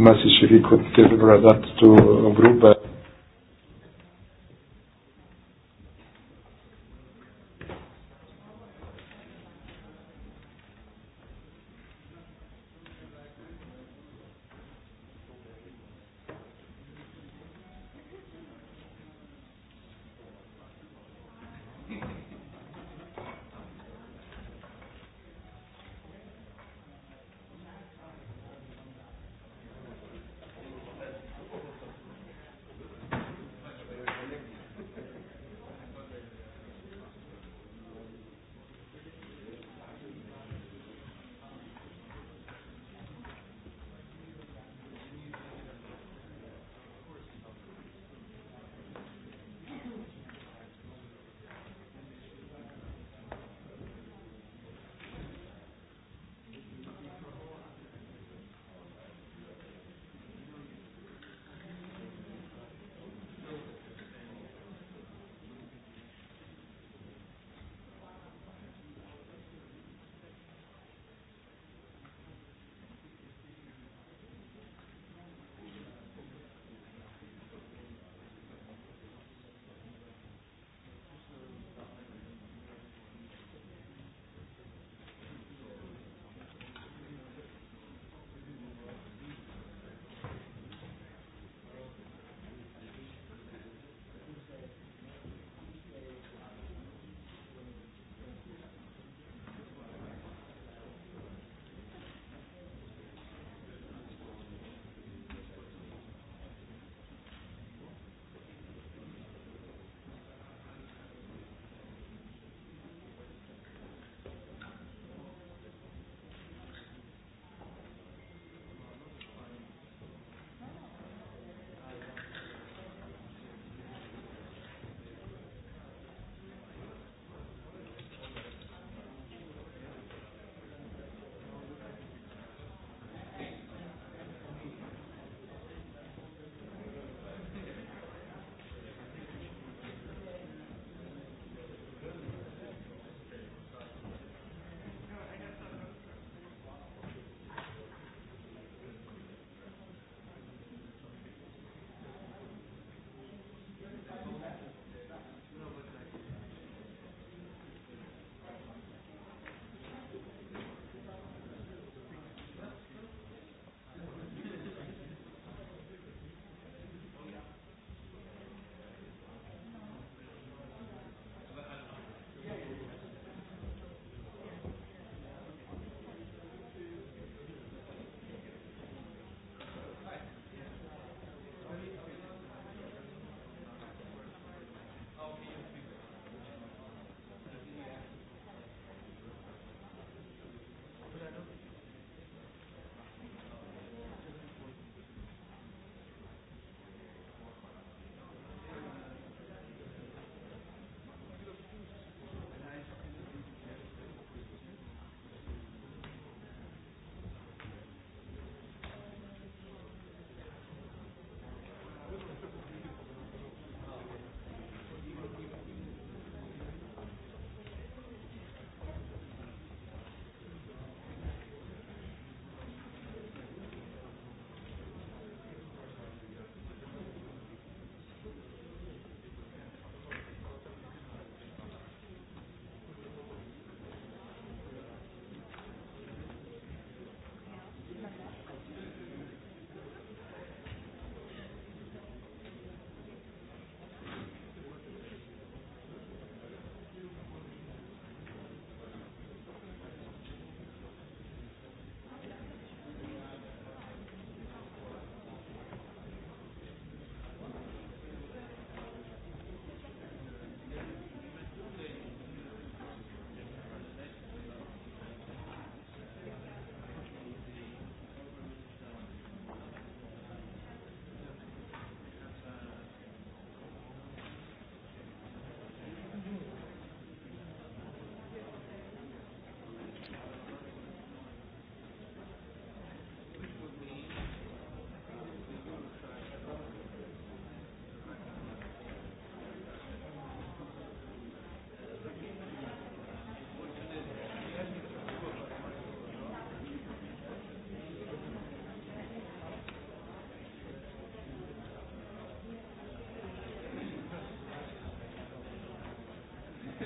message if you could give that to a group. Uh,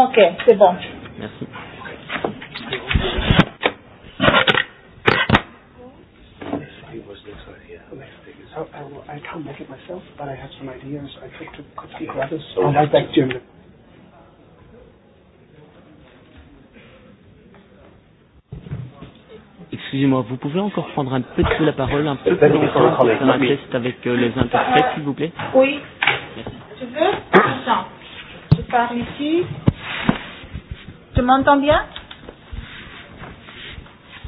Ok, c'est bon. Merci. Oh, oh, to to Excusez-moi, vous pouvez encore prendre un peu peu la parole, un peu plus longtemps pour faire un test avec euh, les interprètes, s'il vous plaît Oui. Merci. Tu veux Attends. Je parle ici m'entends bien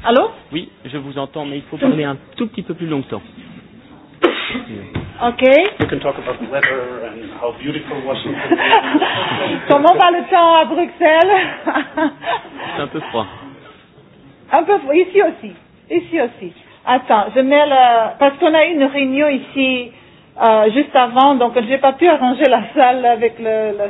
Allô Oui, je vous entends, mais il faut parler un tout petit peu plus longtemps. Ok. *laughs* Comment va le temps à Bruxelles C'est un peu froid. Un peu froid, ici aussi. Ici aussi. Attends, je mets le... Parce qu'on a eu une réunion ici euh, juste avant, donc je n'ai pas pu arranger la salle avec le, le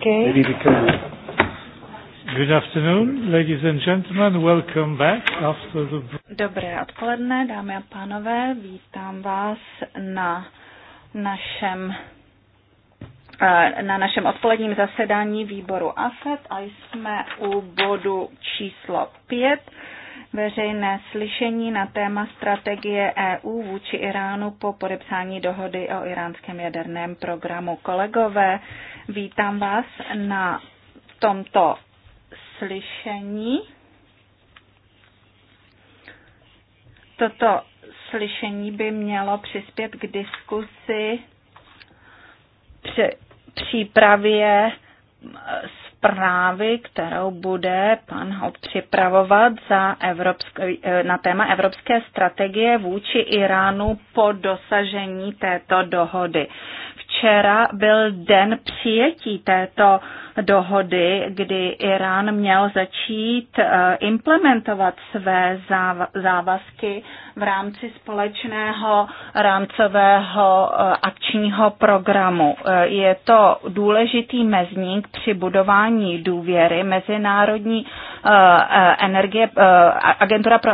Okay. Maybe we can... Good afternoon, ladies and gentlemen. Welcome back after the... Dobré odpoledne, dámy a pánové. Vítám vás na našem eh, na našem odpoledním zasedání výboru AFET a jsme u bodu číslo 5 veřejné slyšení na téma strategie EU vůči Iránu po podepsání dohody o iránském jaderném programu. Kolegové, Vítám vás na tomto slyšení. Toto slyšení by mělo přispět k diskusi při přípravě zprávy, kterou bude pan Holt připravovat za evropské, na téma evropské strategie vůči Iránu po dosažení této dohody. Včera byl den přijetí této dohody, kdy Irán měl začít eh, implementovat své závazky v rámci společného rámcového eh, akčního programu. Eh, je to důležitý mezník při budování důvěry Mezinárodní energie, agentura pro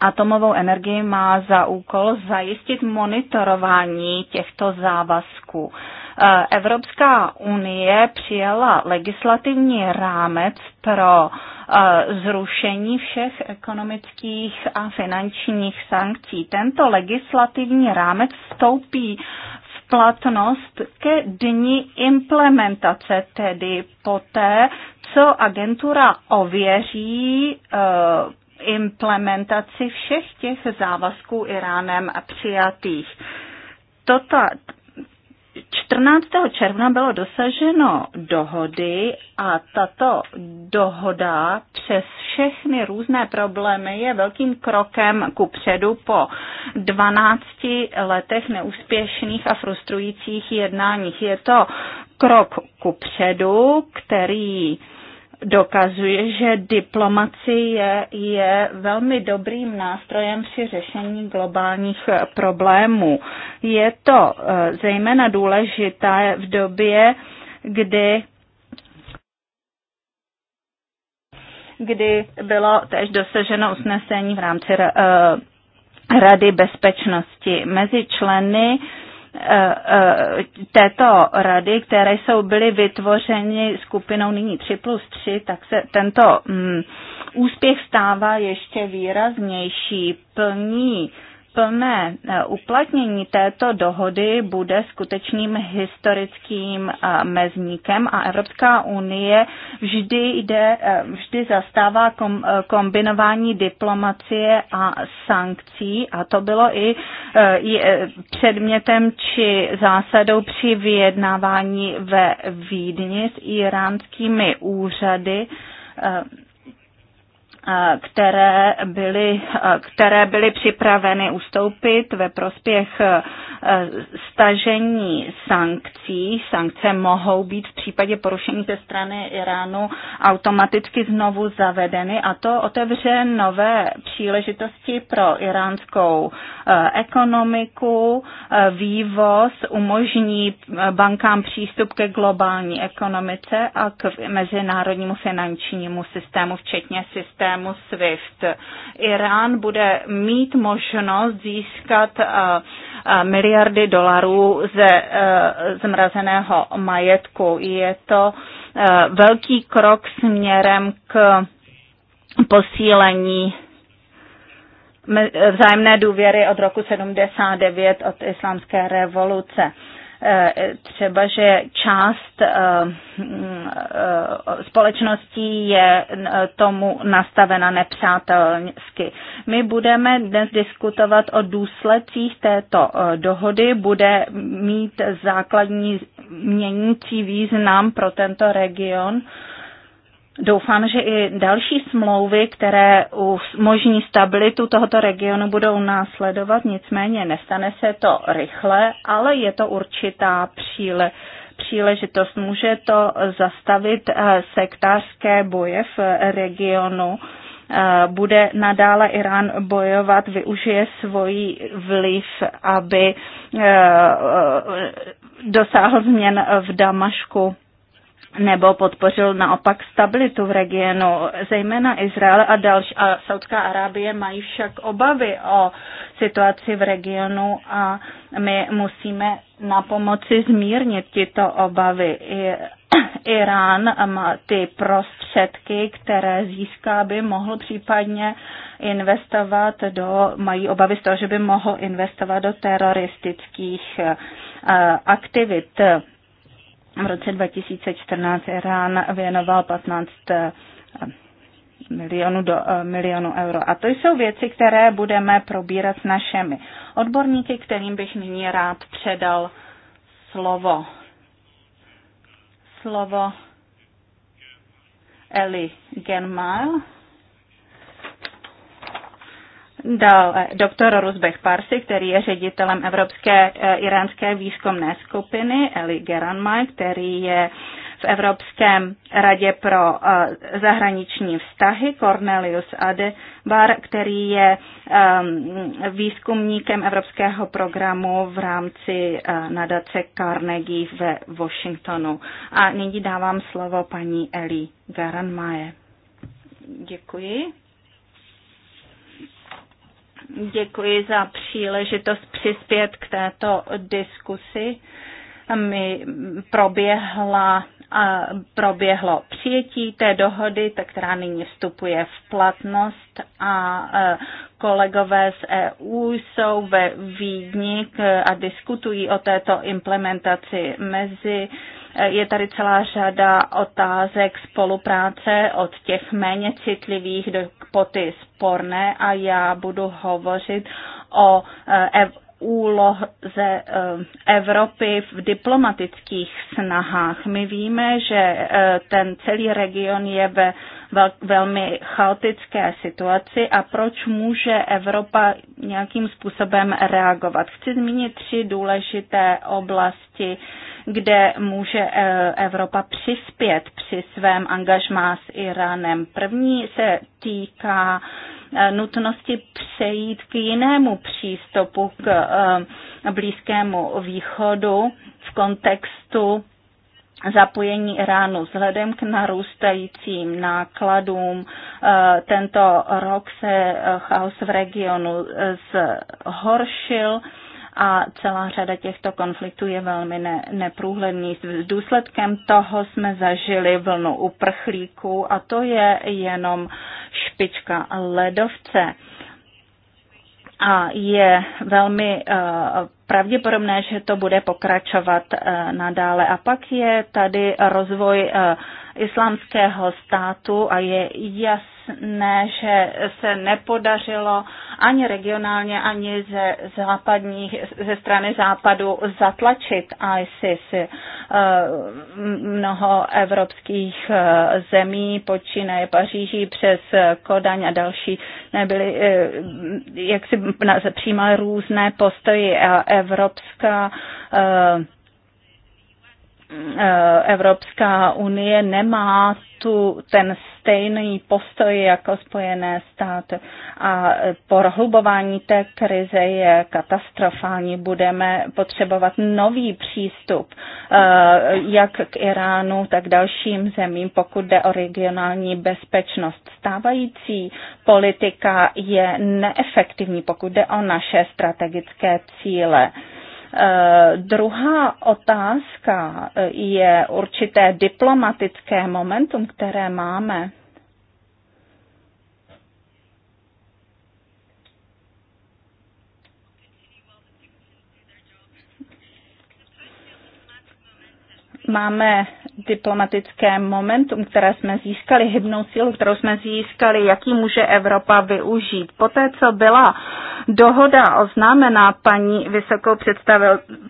atomovou energii má za úkol zajistit monitorování těchto závazků. E, Evropská unie přijela legislativní rámec pro e, zrušení všech ekonomických a finančních sankcí. Tento legislativní rámec vstoupí v platnost ke dni implementace, tedy poté, co agentura ověří e, implementaci všech těch závazků Iránem přijatých. Toto, 14. června bylo dosaženo dohody a tato dohoda přes všechny různé problémy je velkým krokem ku předu po 12 letech neúspěšných a frustrujících jednáních. Je to krok ku předu, který dokazuje, že diplomacie je je velmi dobrým nástrojem při řešení globálních eh, problémů. Je to eh, zejména důležité v době, kdy kdy bylo též dosaženo usnesení v rámci eh, Rady bezpečnosti. Mezi členy uh, E, e, této rady, které jsou byly vytvořeny skupinou nyní 3 plus 3, tak se tento mm, úspěch stává ještě výraznější. Plní plné eh, uplatnění této dohody bude skutečným historickým eh, mezníkem a Evropská unie vždy, jde, eh, vždy zastává kombinování diplomacie a sankcí a to bylo i, i předmětem či zásadou při vyjednávání ve Vídni s iránskými úřady které byly, které byly připraveny ustoupit ve prospěch eh, stažení sankcí. Sankce mohou být v případě porušení ze strany Iránu automaticky znovu zavedeny a to otevře nové příležitosti pro iránskou eh, ekonomiku. Eh, vývoz umožní bankám přístup ke globální ekonomice a k mezinárodnímu finančnímu systému, včetně systému systému SWIFT. Irán bude mít možnost získat eh, eh, miliardy dolarů ze eh, zmrazeného majetku. Je to velký krok směrem k posílení vzájemné důvěry od roku 79 od islámské revoluce. Eh, třeba, že část eh, eh, společností je tomu nastavena nepřátelsky. My budeme dnes diskutovat o důsledcích této dohody, bude mít základní měnící význam pro tento region. Doufám, že i další smlouvy, které umožní stabilitu tohoto regionu, budou následovat. Nicméně nestane se to rychle, ale je to určitá příle, příležitost. Může to zastavit eh, sektářské boje v regionu. Eh, bude nadále Irán bojovat, využije svůj vliv, aby eh, dosáhl změn v Damašku nebo podpořil naopak stabilitu v regionu. Zejména Izrael a, další, a Saudská Arábie mají však obavy o situaci v regionu a my musíme na pomoci zmírnit tyto obavy. I *clears throat* Irán má ty prostředky, které získá, by mohl případně investovat do, mají obavy z toho, že by mohl investovat do teroristických eh, aktivit v roce 2014 Irán věnoval 15 eh, milionů, do, eh, milionů euro. A to jsou věci, které budeme probírat s našemi odborníky, kterým bych nyní rád předal slovo. Slovo Eli Genmal dal eh, doktor Rusbech Parsi, který je ředitelem Evropské eh, iránské výzkumné skupiny, Eli Geranmaj, který je v Evropském radě pro eh, zahraniční vztahy, Cornelius Adebar, který je ehm, výzkumníkem Evropského programu v rámci nadace Carnegie ve Washingtonu. A nyní dávám slovo paní Eli Geranmaje. Děkuji. Děkuji za příležitost přispět k této diskusi. Mi proběhla proběhlo přijetí té dohody, která nyní vstupuje v platnost a e, kolegové z EU jsou ve Vídni a diskutují o této implementaci mezi je tady celá řada otázek spolupráce od těch méně citlivých do poty sporné a já budu hovořit o e, úloze e, Evropy v diplomatických snahách. My víme, že e, ten celý region je ve velmi chaotické situaci a proč může Evropa nějakým způsobem reagovat. Chci zmínit tři důležité oblasti kde může eh, Evropa přispět při svém angažmá s Iránem. První se týká eh, nutnosti přejít k jinému přístupu k eh, Blízkému východu v kontextu zapojení Iránu vzhledem k narůstajícím nákladům. Tento rok se chaos v regionu zhoršil a celá řada těchto konfliktů je velmi ne, neprůhledný. S důsledkem toho jsme zažili vlnu uprchlíků a to je jenom špička ledovce. A je velmi eh, pravděpodobné, že to bude pokračovat eh, nadále. A pak je tady rozvoj eh, islámského státu a je jasné, ne, že se nepodařilo ani regionálně, ani ze, západních, ze strany západu zatlačit ISIS. Eh, mnoho evropských eh, zemí, počínaje Paříží přes Kodaň a další, nebyly, eh, jak si přijímaly různé postoji. a Evropská Eh, Evropská unie nemá tu ten stejný postoj jako Spojené státy a prohlubování té krize je katastrofální. Budeme potřebovat nový přístup eh, jak k Iránu, tak dalším zemím, pokud jde o regionální bezpečnost. Stávající politika je neefektivní, pokud jde o naše strategické cíle. Eh, druhá otázka eh, je určité diplomatické momentum, které máme máme diplomatické momentum, které jsme získali, hybnou sílu, kterou jsme získali, jaký může Evropa využít. Poté, co byla dohoda oznámená paní vysokou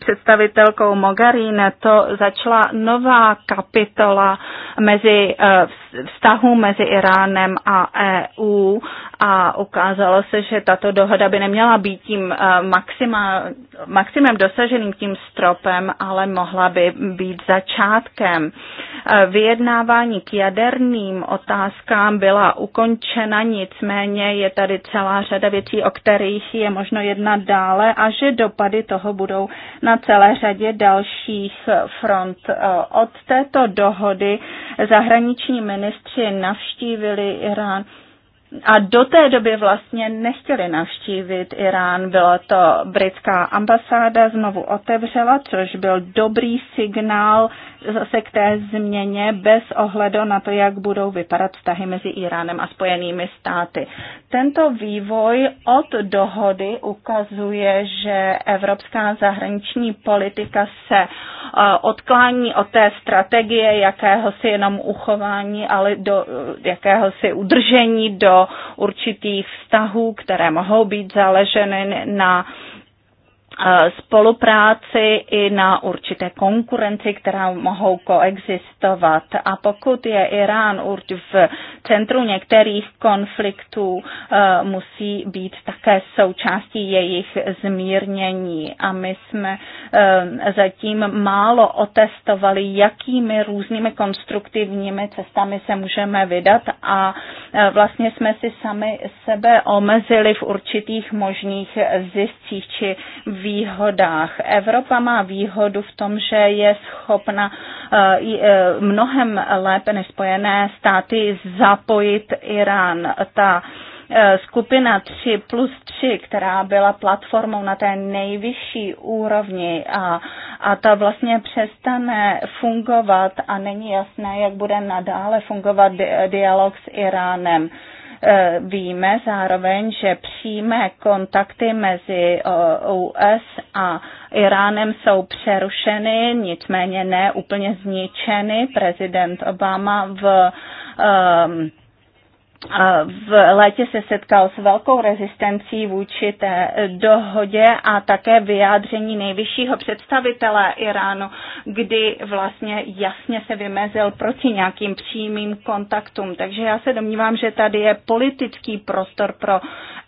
představitelkou Mogherini, to začala nová kapitola mezi eh, vztahu mezi Iránem a EU a ukázalo se, že tato dohoda by neměla být tím eh, maxima, maximem dosaženým tím stropem, ale mohla by být zač začátkem. Eh, vyjednávání k jaderným otázkám byla ukončena, nicméně je tady celá řada věcí, o kterých je možno jednat dále a že dopady toho budou na celé řadě dalších front. Eh, od této dohody zahraniční ministři navštívili Irán a do té doby vlastně nechtěli navštívit Irán. Byla to britská ambasáda, znovu otevřela, což byl dobrý signál zase k té změně bez ohledu na to, jak budou vypadat vztahy mezi Iránem a Spojenými státy. Tento vývoj od dohody ukazuje, že evropská zahraniční politika se eh, odklání od té strategie jakéhosi jenom uchování, ale do eh, jakéhosi udržení do určitých vztahů, které mohou být záleženy na uh, Eh, spolupráci i na určité konkurenci, která mohou koexistovat. A pokud je Irán v centru některých konfliktů, eh, musí být také součástí jejich zmírnění. A my jsme eh, zatím málo otestovali, jakými různými konstruktivními cestami se můžeme vydat a vlastně jsme si sami sebe omezili v určitých možných zjistích či výhodách. Evropa má výhodu v tom, že je schopna eh, eh, mnohem lépe než Spojené státy zapojit Irán. Ta eh, skupina 3 plus 3, která byla platformou na té nejvyšší úrovni a, a ta vlastně přestane fungovat a není jasné, jak bude nadále fungovat di- dialog s Iránem. Eh, víme zároveň, že přímé kontakty mezi eh, US a Iránem jsou přerušeny, nicméně ne úplně zničeny. Prezident Obama v um, v létě se setkal s velkou rezistencí vůči té dohodě a také vyjádření nejvyššího představitele Iránu, kdy vlastně jasně se vymezil proti nějakým přímým kontaktům. Takže já se domnívám, že tady je politický prostor pro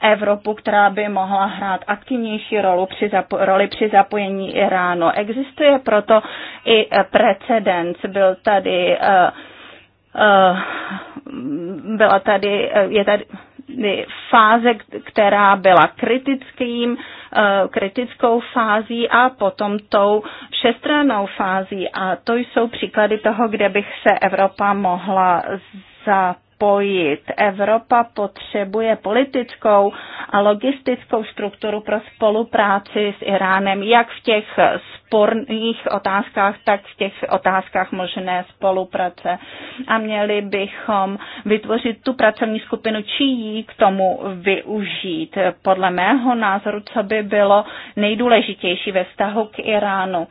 Evropu, která by mohla hrát aktivnější roli při, zapo- roli při zapojení Iránu. Existuje proto i precedens. Byl tady uh, Eh, byla tady, eh, je tady fáze, která byla kritickým, eh, kritickou fází a potom tou všestrannou fází. A to jsou příklady toho, kde bych se Evropa mohla za spojit. Evropa potřebuje politickou a logistickou strukturu pro spolupráci s Iránem, jak v těch sporných otázkách, tak v těch otázkách možné spolupráce. A měli bychom vytvořit tu pracovní skupinu, či ji k tomu využít. Podle mého názoru, co by bylo nejdůležitější ve vztahu k Iránu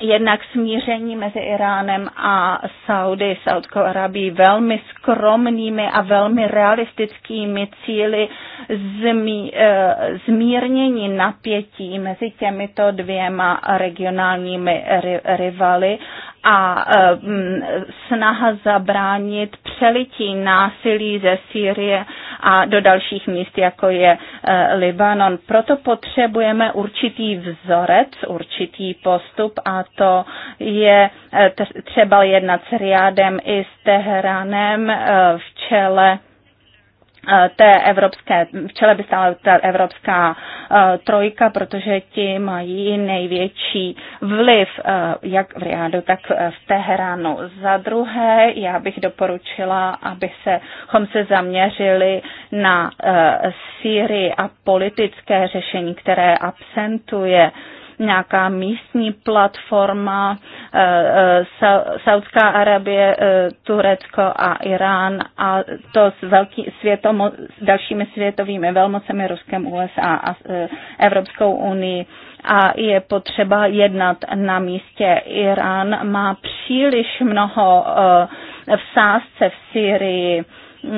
jednak smíření mezi Iránem a Saudy, Saudskou Arabií velmi skromnými a velmi realistickými cíly zmí, eh, zmírnění napětí mezi těmito dvěma regionálními rivaly a eh, snaha zabránit přelití násilí ze Sýrie a do dalších míst, jako je eh, Libanon. Proto potřebujeme určitý vzorec, určitý postup a to je eh, třeba jednat s Riádem i s Tehranem eh, v čele Eh, té evropské, v čele by stála ta evropská eh, trojka, protože ti mají největší vliv eh, jak v Riádu, tak v Teheránu. Za druhé, já bych doporučila, aby se, chom se zaměřili na Syrii a politické řešení, které absentuje nějaká místní platforma eh, eh, Saudská Arabie, eh, Turecko a Irán a to s, velký, světomo, s dalšími světovými velmocemi Ruskem, USA a Evropskou unii a je potřeba jednat na místě. Irán má příliš mnoho v sásce v Syrii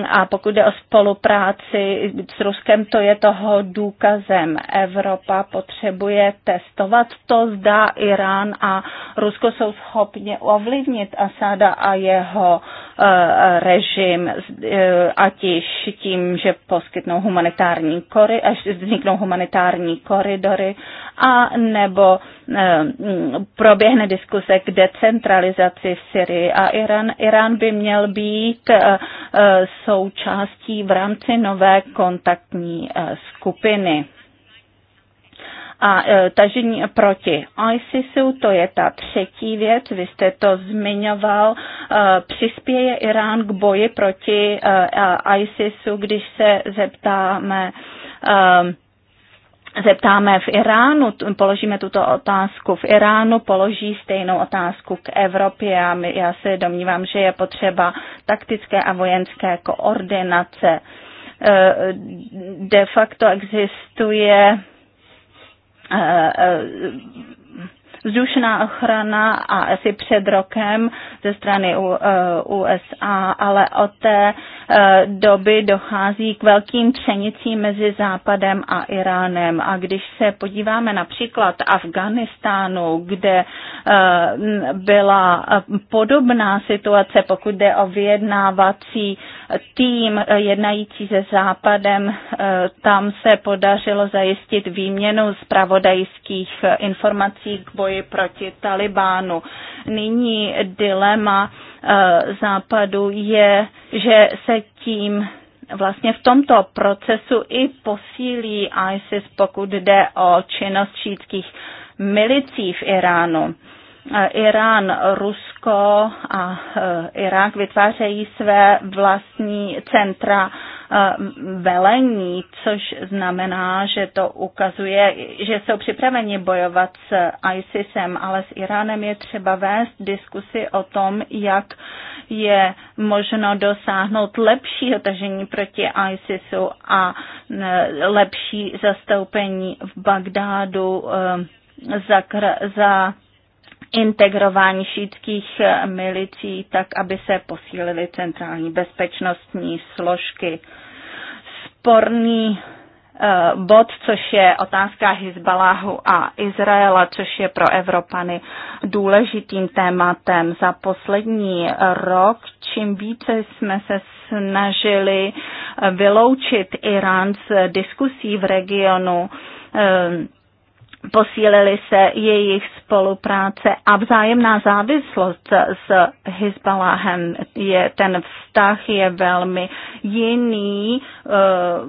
a pokud jde o spolupráci s Ruskem, to je toho důkazem. Evropa potřebuje testovat to, zda Irán a Rusko jsou schopni ovlivnit Asada a jeho eh, režim, eh, ať již tím, že poskytnou humanitární kory, až vzniknou humanitární koridory, a nebo eh, proběhne diskuse k decentralizaci v Syrii a Irán. Irán by měl být součástí v rámci nové kontaktní eh, skupiny. A eh, tažení proti ISISu, to je ta třetí věc, vy jste to zmiňoval, eh, přispěje Irán k boji proti ISISu, když se zeptáme zeptáme v Iránu, položíme tuto otázku v Iránu, položí stejnou otázku k Evropě a my, já se domnívám, že je potřeba taktické a vojenské koordinace. E, de facto existuje e, e, vzdušná ochrana a asi před rokem ze strany USA, eh, ale od té eh, doby dochází k velkým třenicím mezi Západem a Iránem. A když se podíváme například Afganistánu, kde eh, byla podobná situace, pokud jde o vyjednávací tým jednající se Západem, tam se podařilo zajistit výměnu zpravodajských informací k boji boji proti Talibánu. Nyní dilema eh, západu je, že se tím vlastně v tomto procesu i posílí ISIS, pokud jde o činnost čítských milicí v Iránu. Eh, Irán, Rusko a eh, Irák vytvářejí své vlastní centra Eh, velení, což znamená, že to ukazuje, že jsou připraveni bojovat s ISISem, ale s Iránem je třeba vést diskusy o tom, jak je možno dosáhnout lepšího tažení proti ISISu a eh, lepší zastoupení v Bagdádu eh, za, za integrování šítských eh, milicí, tak aby se posílily centrální bezpečnostní složky. Sporný eh, bod, což je otázka Hizbaláhu a Izraela, což je pro Evropany důležitým tématem. Za poslední rok, čím více jsme se snažili eh, vyloučit Irán z diskusí v regionu, posílily se jejich spolupráce a vzájemná závislost s Hezballahem je ten vztah je velmi jiný eh,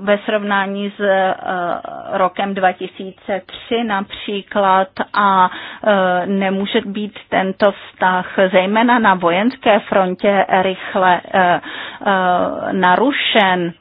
ve srovnání s eh, rokem 2003 například a eh, nemůže být tento vztah zejména na vojenské frontě rychle narušen.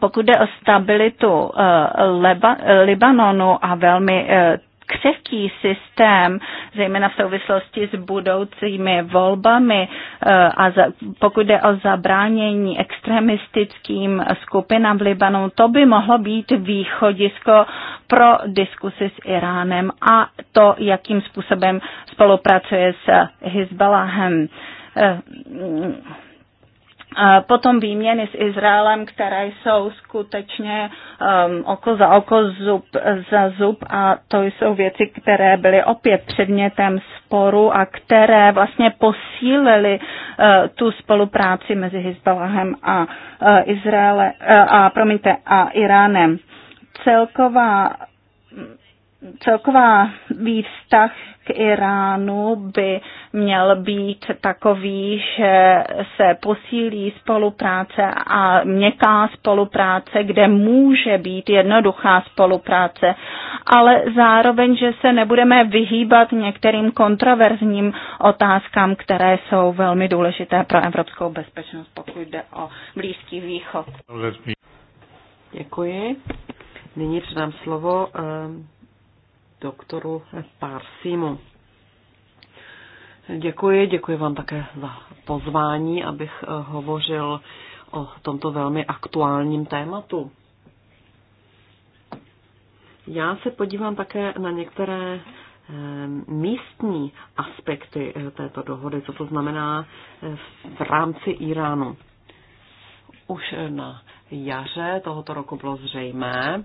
Pokud jde o stabilitu eh, Leba, Libanonu a velmi eh, křehký systém, zejména v souvislosti s budoucími volbami eh, a za, pokud jde o zabránění extremistickým skupinám v Libanonu, to by mohlo být východisko pro diskusy s Iránem a to, jakým způsobem spolupracuje s Hezballahem potom výměny s Izraelem, které jsou skutečně um, oko za oko, zub za zub a to jsou věci, které byly opět předmětem sporu a které vlastně posílily uh, tu spolupráci mezi Hezbalahem a uh, Izraele uh, a promiňte a Iránem. Celková celková vztah k Iránu by měl být takový, že se posílí spolupráce a měkká spolupráce, kde může být jednoduchá spolupráce, ale zároveň, že se nebudeme vyhýbat některým kontroverzním otázkám, které jsou velmi důležité pro evropskou bezpečnost, pokud jde o Blízký východ. Děkuji. Nyní předám slovo um doktoru Parsimu. Děkuji, děkuji vám také za pozvání, abych eh, hovořil o tomto velmi aktuálním tématu. Já se podívám také na některé eh, místní aspekty eh, této dohody, co to znamená v rámci Iránu. Už na jaře tohoto roku bylo zřejmé,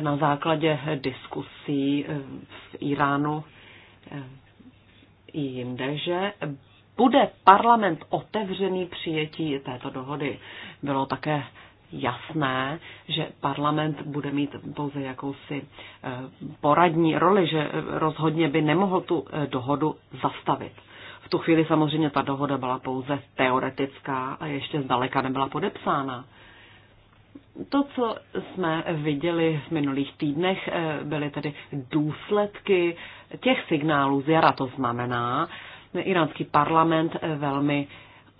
na základě diskusí eh, v Iránu eh, i jinde, že bude parlament otevřený přijetí této dohody. Bylo také jasné, že parlament bude mít pouze jakousi eh, poradní roli, že rozhodně by nemohl tu dohodu zastavit. V tu chvíli samozřejmě ta dohoda byla pouze teoretická a ještě zdaleka nebyla podepsána. To, co jsme viděli v minulých týdnech, eh, byly tedy důsledky těch signálů z jara. To znamená, iránský parlament eh, velmi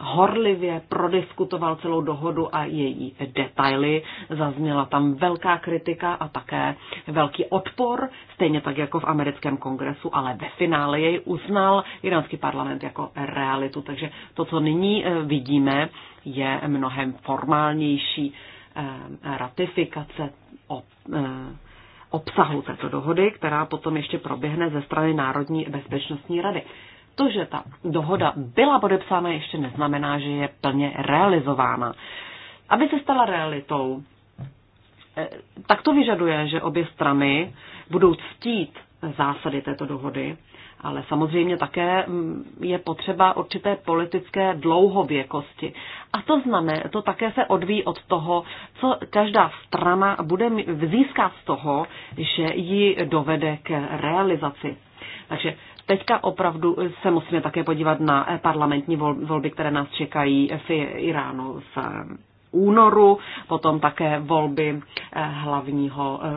horlivě prodiskutoval celou dohodu a její detaily. Zazněla tam velká kritika a také velký odpor, stejně tak jako v americkém kongresu, ale ve finále jej uznal iránský parlament jako realitu. Takže to, co nyní eh, vidíme, je mnohem formálnější Eh, ratifikace eh, obsahu této dohody, která potom ještě proběhne ze strany Národní bezpečnostní rady. To, že ta dohoda byla podepsána, ještě neznamená, že je plně realizována. Aby se stala realitou, eh, tak to vyžaduje, že obě strany budou ctít zásady této dohody ale samozřejmě také mm, je potřeba určité politické dlouhověkosti. A to znamená, to také se odvíjí od toho, co každá strana bude získat z toho, že ji dovede k realizaci. Takže teďka opravdu se musíme také podívat na parlamentní volby, které nás čekají v Iránu, v únoru, potom také volby eh, hlavního eh,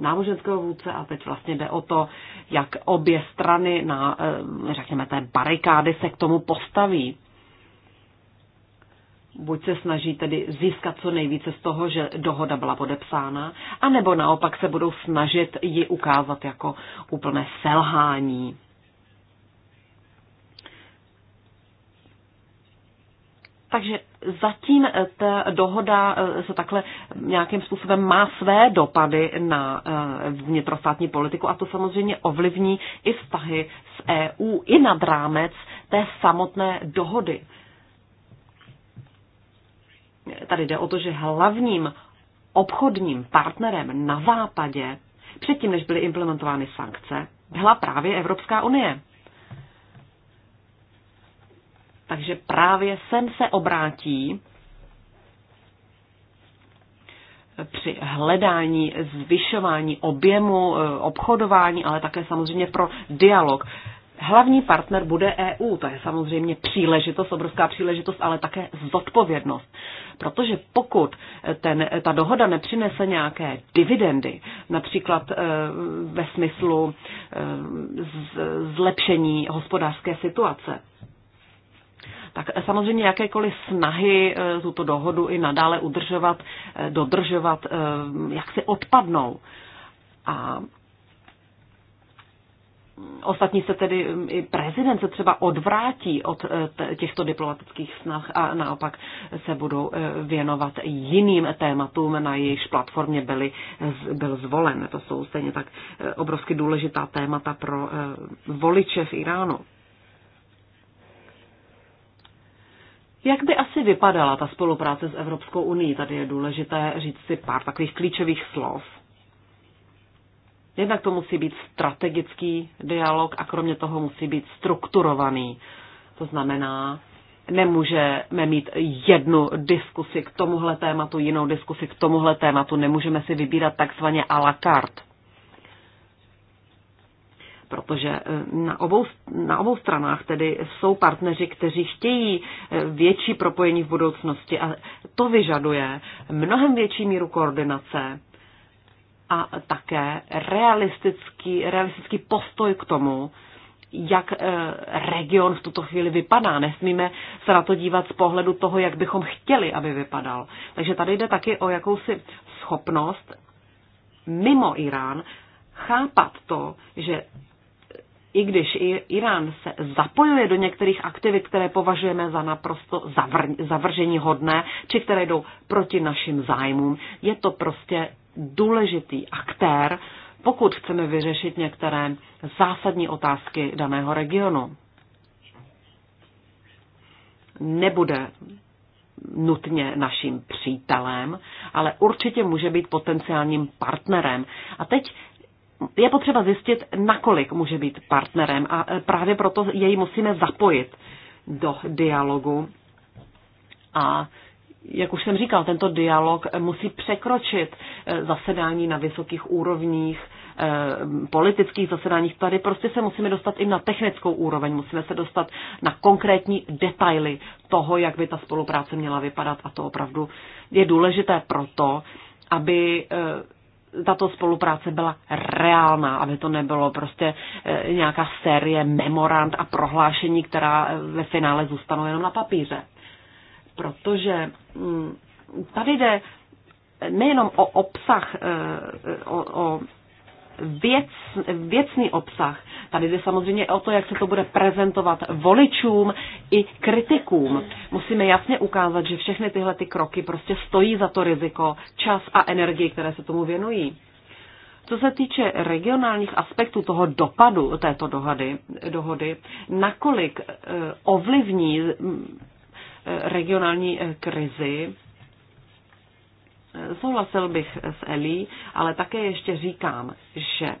náboženského vůdce a teď vlastně jde o to, jak obě strany na, eh, řekněme, té barikády se k tomu postaví buď se snaží tedy získat co nejvíce z toho, že dohoda byla podepsána, anebo naopak se budou snažit ji ukázat jako úplné selhání. Takže zatím eh, ta dohoda eh, se takhle nějakým způsobem má své dopady na eh, vnitrostátní politiku a to samozřejmě ovlivní i vztahy s EU, i nad rámec té samotné dohody. Tady jde o to, že hlavním obchodním partnerem na západě, předtím než byly implementovány sankce, byla právě Evropská unie. Takže právě sem se obrátí při hledání, zvyšování objemu e, obchodování, ale také samozřejmě pro dialog. Hlavní partner bude EU, to je samozřejmě příležitost, obrovská příležitost, ale také zodpovědnost. Protože pokud ten, ta dohoda nepřinese nějaké dividendy, například e, ve smyslu e, z, zlepšení hospodářské situace, tak eh, samozřejmě jakékoliv snahy eh, tuto dohodu i nadále udržovat, eh, dodržovat, jak se odpadnou. A Ostatní se tedy, mm, i prezident se třeba odvrátí od těchto diplomatických snah a naopak se budou věnovat jiným tématům, na jejichž platformě byli, byl zvolen. To jsou stejně tak obrovsky důležitá témata pro voliče v Iránu. Jak by asi vypadala ta spolupráce s Evropskou unii? Tady je důležité říct si pár takových klíčových slov. Jednak to musí být strategický dialog a kromě toho musí být strukturovaný. To znamená, nemůžeme mít jednu diskusi k tomuhle tématu, jinou diskusi k tomuhle tématu, nemůžeme si vybírat takzvaně à la carte protože eh, na obou, na obou stranách tedy jsou partneři, kteří chtějí eh, větší propojení v budoucnosti a to vyžaduje mnohem větší míru koordinace a také realistický, realistický postoj k tomu, jak eh, region v tuto chvíli vypadá. Nesmíme se na to dívat z pohledu toho, jak bychom chtěli, aby vypadal. Takže tady jde taky o jakousi schopnost mimo Irán chápat to, že i když Irán se zapojuje do některých aktivit, které považujeme za naprosto zavr- zavržení hodné, či které jdou proti našim zájmům, je to prostě důležitý aktér, pokud chceme vyřešit některé zásadní otázky daného regionu. Nebude nutně naším přítelem, ale určitě může být potenciálním partnerem. A teď je potřeba zjistit, nakolik může být partnerem a e, právě proto jej musíme zapojit do dialogu. A jak už jsem říkal, tento dialog musí překročit e, zasedání na vysokých úrovních, e, politických zasedáních. Tady prostě se musíme dostat i na technickou úroveň, musíme se dostat na konkrétní detaily toho, jak by ta spolupráce měla vypadat a to opravdu je důležité proto, aby tato spolupráce byla reálná, aby to nebylo prostě e, nějaká série memorand a prohlášení, která e, ve finále zůstanou jenom na papíře. Protože mm, tady jde nejenom o obsah, e, o, o věc, věcný obsah. Tady jde samozřejmě o to, jak se to bude prezentovat voličům i kritikům. Musíme jasně ukázat, že všechny tyhle ty kroky prostě stojí za to riziko, čas a energii, které se tomu věnují. Co se týče regionálních aspektů toho dopadu této dohody, dohody nakolik eh, ovlivní mm, eh, regionální eh, krizi, Souhlasil bych s Elí, ale také ještě říkám, že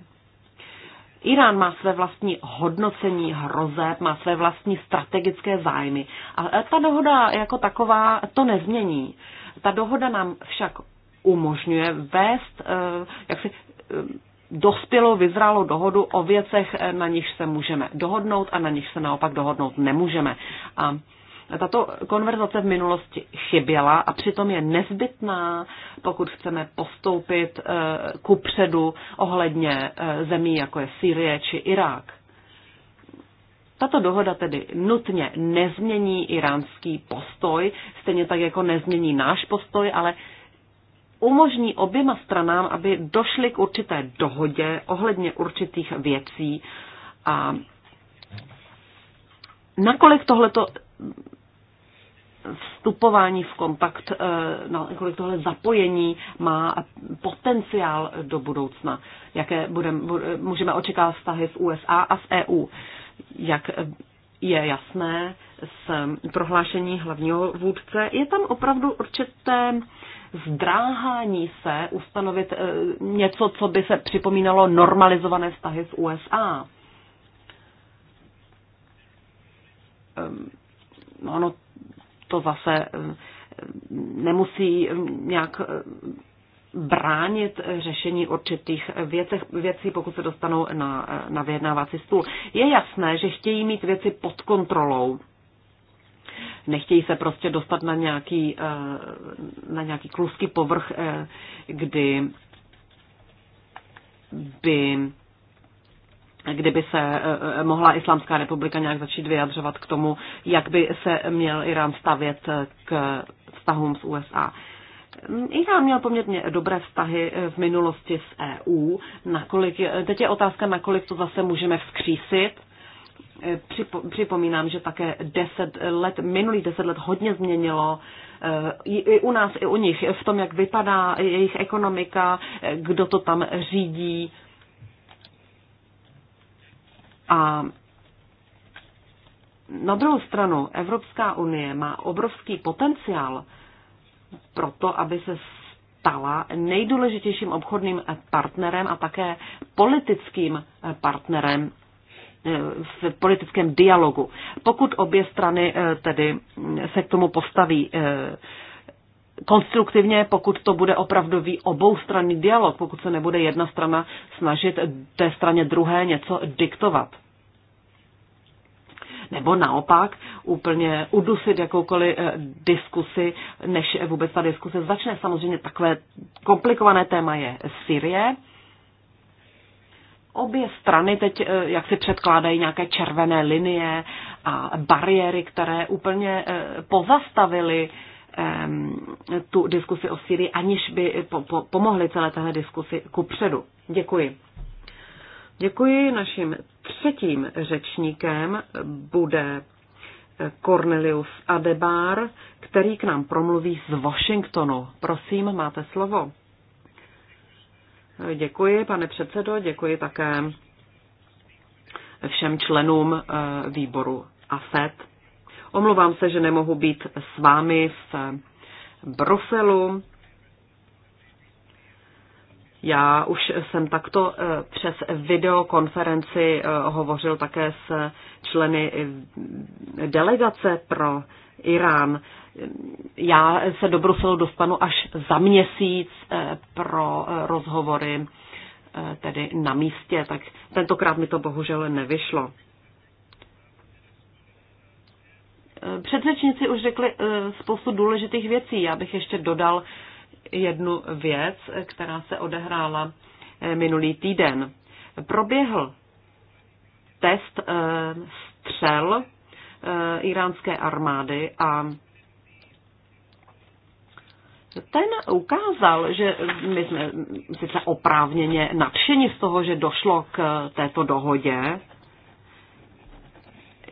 Irán má své vlastní hodnocení hrozeb, má své vlastní strategické zájmy. Ale ta dohoda jako taková to nezmění. Ta dohoda nám však umožňuje vést eh, jak si, eh, dospělou, vyzrálou dohodu o věcech, eh, na nich se můžeme dohodnout a na nich se naopak dohodnout nemůžeme. A tato konverzace v minulosti chyběla a přitom je nezbytná, pokud chceme postoupit eh, ku předu ohledně eh, zemí, jako je Sýrie či Irák. Tato dohoda tedy nutně nezmění iránský postoj, stejně tak jako nezmění náš postoj, ale umožní oběma stranám, aby došly k určité dohodě ohledně určitých věcí. A nakolik tohleto vstupování v kontakt, eh, kolik tohle zapojení má potenciál do budoucna, jaké budem, můžeme očekávat vztahy z USA a z EU. Jak je jasné z prohlášení hlavního vůdce, je tam opravdu určité zdráhání se ustanovit eh, něco, co by se připomínalo normalizované vztahy z USA ehm, ono to zase eh, nemusí nějak eh, bránit řešení určitých věcech, věcí, pokud se dostanou na, eh, na vyjednávací stůl. Je jasné, že chtějí mít věci pod kontrolou. Nechtějí se prostě dostat na nějaký, na nějaký kluský povrch, kdy by kdyby se e, e, mohla Islámská republika nějak začít vyjadřovat k tomu, jak by se měl Irán stavět k vztahům s USA. Irán měl poměrně dobré vztahy e, v minulosti s EU. Nakolik, teď je otázka, nakolik to zase můžeme vzkřísit. Připomínám, že také deset let, minulých deset let hodně změnilo i u nás, i u nich v tom, jak vypadá jejich ekonomika, kdo to tam řídí a na druhou stranu Evropská unie má obrovský potenciál pro to, aby se stala nejdůležitějším obchodním partnerem a také politickým partnerem eh, v politickém dialogu. Pokud obě strany eh, tedy se k tomu postaví eh, konstruktivně, pokud to bude opravdový oboustranný dialog, pokud se nebude jedna strana snažit té straně druhé něco diktovat nebo naopak úplně udusit jakoukoliv eh, diskusi, než vůbec ta diskuse začne. Samozřejmě takové komplikované téma je Syrie. Obě strany teď eh, jak si předkládají nějaké červené linie a bariéry, které úplně eh, pozastavily ehm, tu diskusi o Syrii, aniž by pomohly celé téhle diskusi ku předu. Děkuji. Děkuji. Naším třetím řečníkem bude Cornelius Adebar, který k nám promluví z Washingtonu. Prosím, máte slovo. Děkuji, pane předsedo, děkuji také všem členům eh, výboru AFED. Omlouvám se, že nemohu být s vámi v eh, Bruselu. Já už jsem takto eh, přes videokonferenci eh, hovořil také s členy eh, delegace pro Irán. Já se do Bruselu dostanu až za měsíc pro rozhovory tedy na místě, tak tentokrát mi to bohužel nevyšlo. Předřečníci už řekli spoustu důležitých věcí. Já bych ještě dodal jednu věc, která se odehrála eh, minulý týden. Proběhl test eh, střel eh, iránské armády a ten ukázal, že my jsme sice oprávněně nadšeni z toho, že došlo k této dohodě,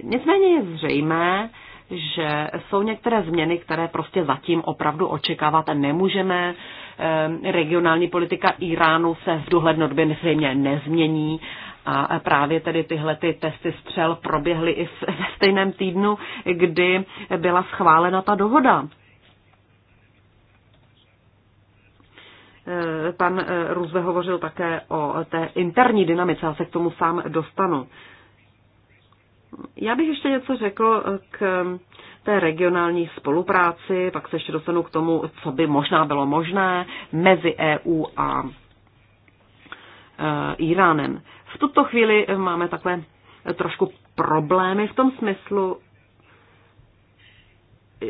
nicméně je zřejmé, že jsou některé změny, které prostě zatím opravdu očekávat nemůžeme. Ehm, regionální politika Iránu se v dohledné době zřejmě nezmění. A právě tedy tyhle ty testy střel proběhly i *laughs* ve stejném týdnu, kdy byla schválena ta dohoda. Ehm, pan eh, Ruzve hovořil také o té interní dynamice, já se k tomu sám dostanu. Já bych ještě něco řekl eh, k eh, té regionální spolupráci, pak se ještě dostanu k tomu, co by možná bylo možné mezi EU a eh, Iránem. V tuto chvíli máme takové trošku problémy v tom smyslu,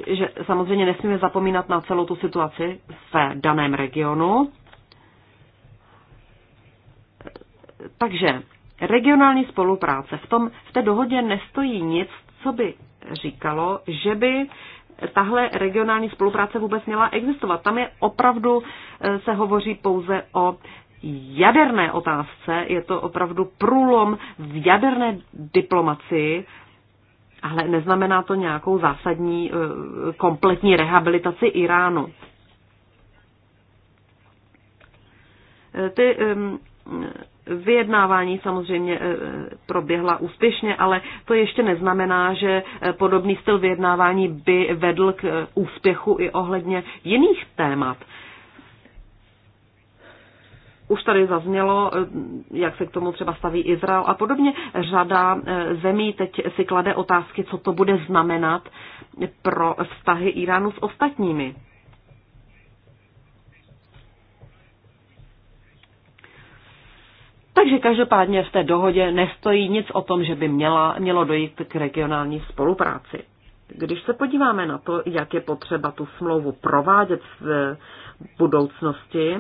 že samozřejmě nesmíme zapomínat na celou tu situaci v daném regionu. Takže Regionální spolupráce. V, tom, v té dohodě nestojí nic, co by říkalo, že by tahle regionální spolupráce vůbec měla existovat. Tam je opravdu, eh, se hovoří pouze o jaderné otázce, je to opravdu průlom v jaderné diplomacii, ale neznamená to nějakou zásadní eh, kompletní rehabilitaci Iránu. Eh, ty Vyjednávání samozřejmě eh, proběhla úspěšně, ale to ještě neznamená, že eh, podobný styl vyjednávání by vedl k eh, úspěchu i ohledně jiných témat. Už tady zaznělo, jak se k tomu třeba staví Izrael a podobně. Řada zemí teď si klade otázky, co to bude znamenat pro vztahy Iránu s ostatními. Takže každopádně v té dohodě nestojí nic o tom, že by měla, mělo dojít k regionální spolupráci. Když se podíváme na to, jak je potřeba tu smlouvu provádět v budoucnosti,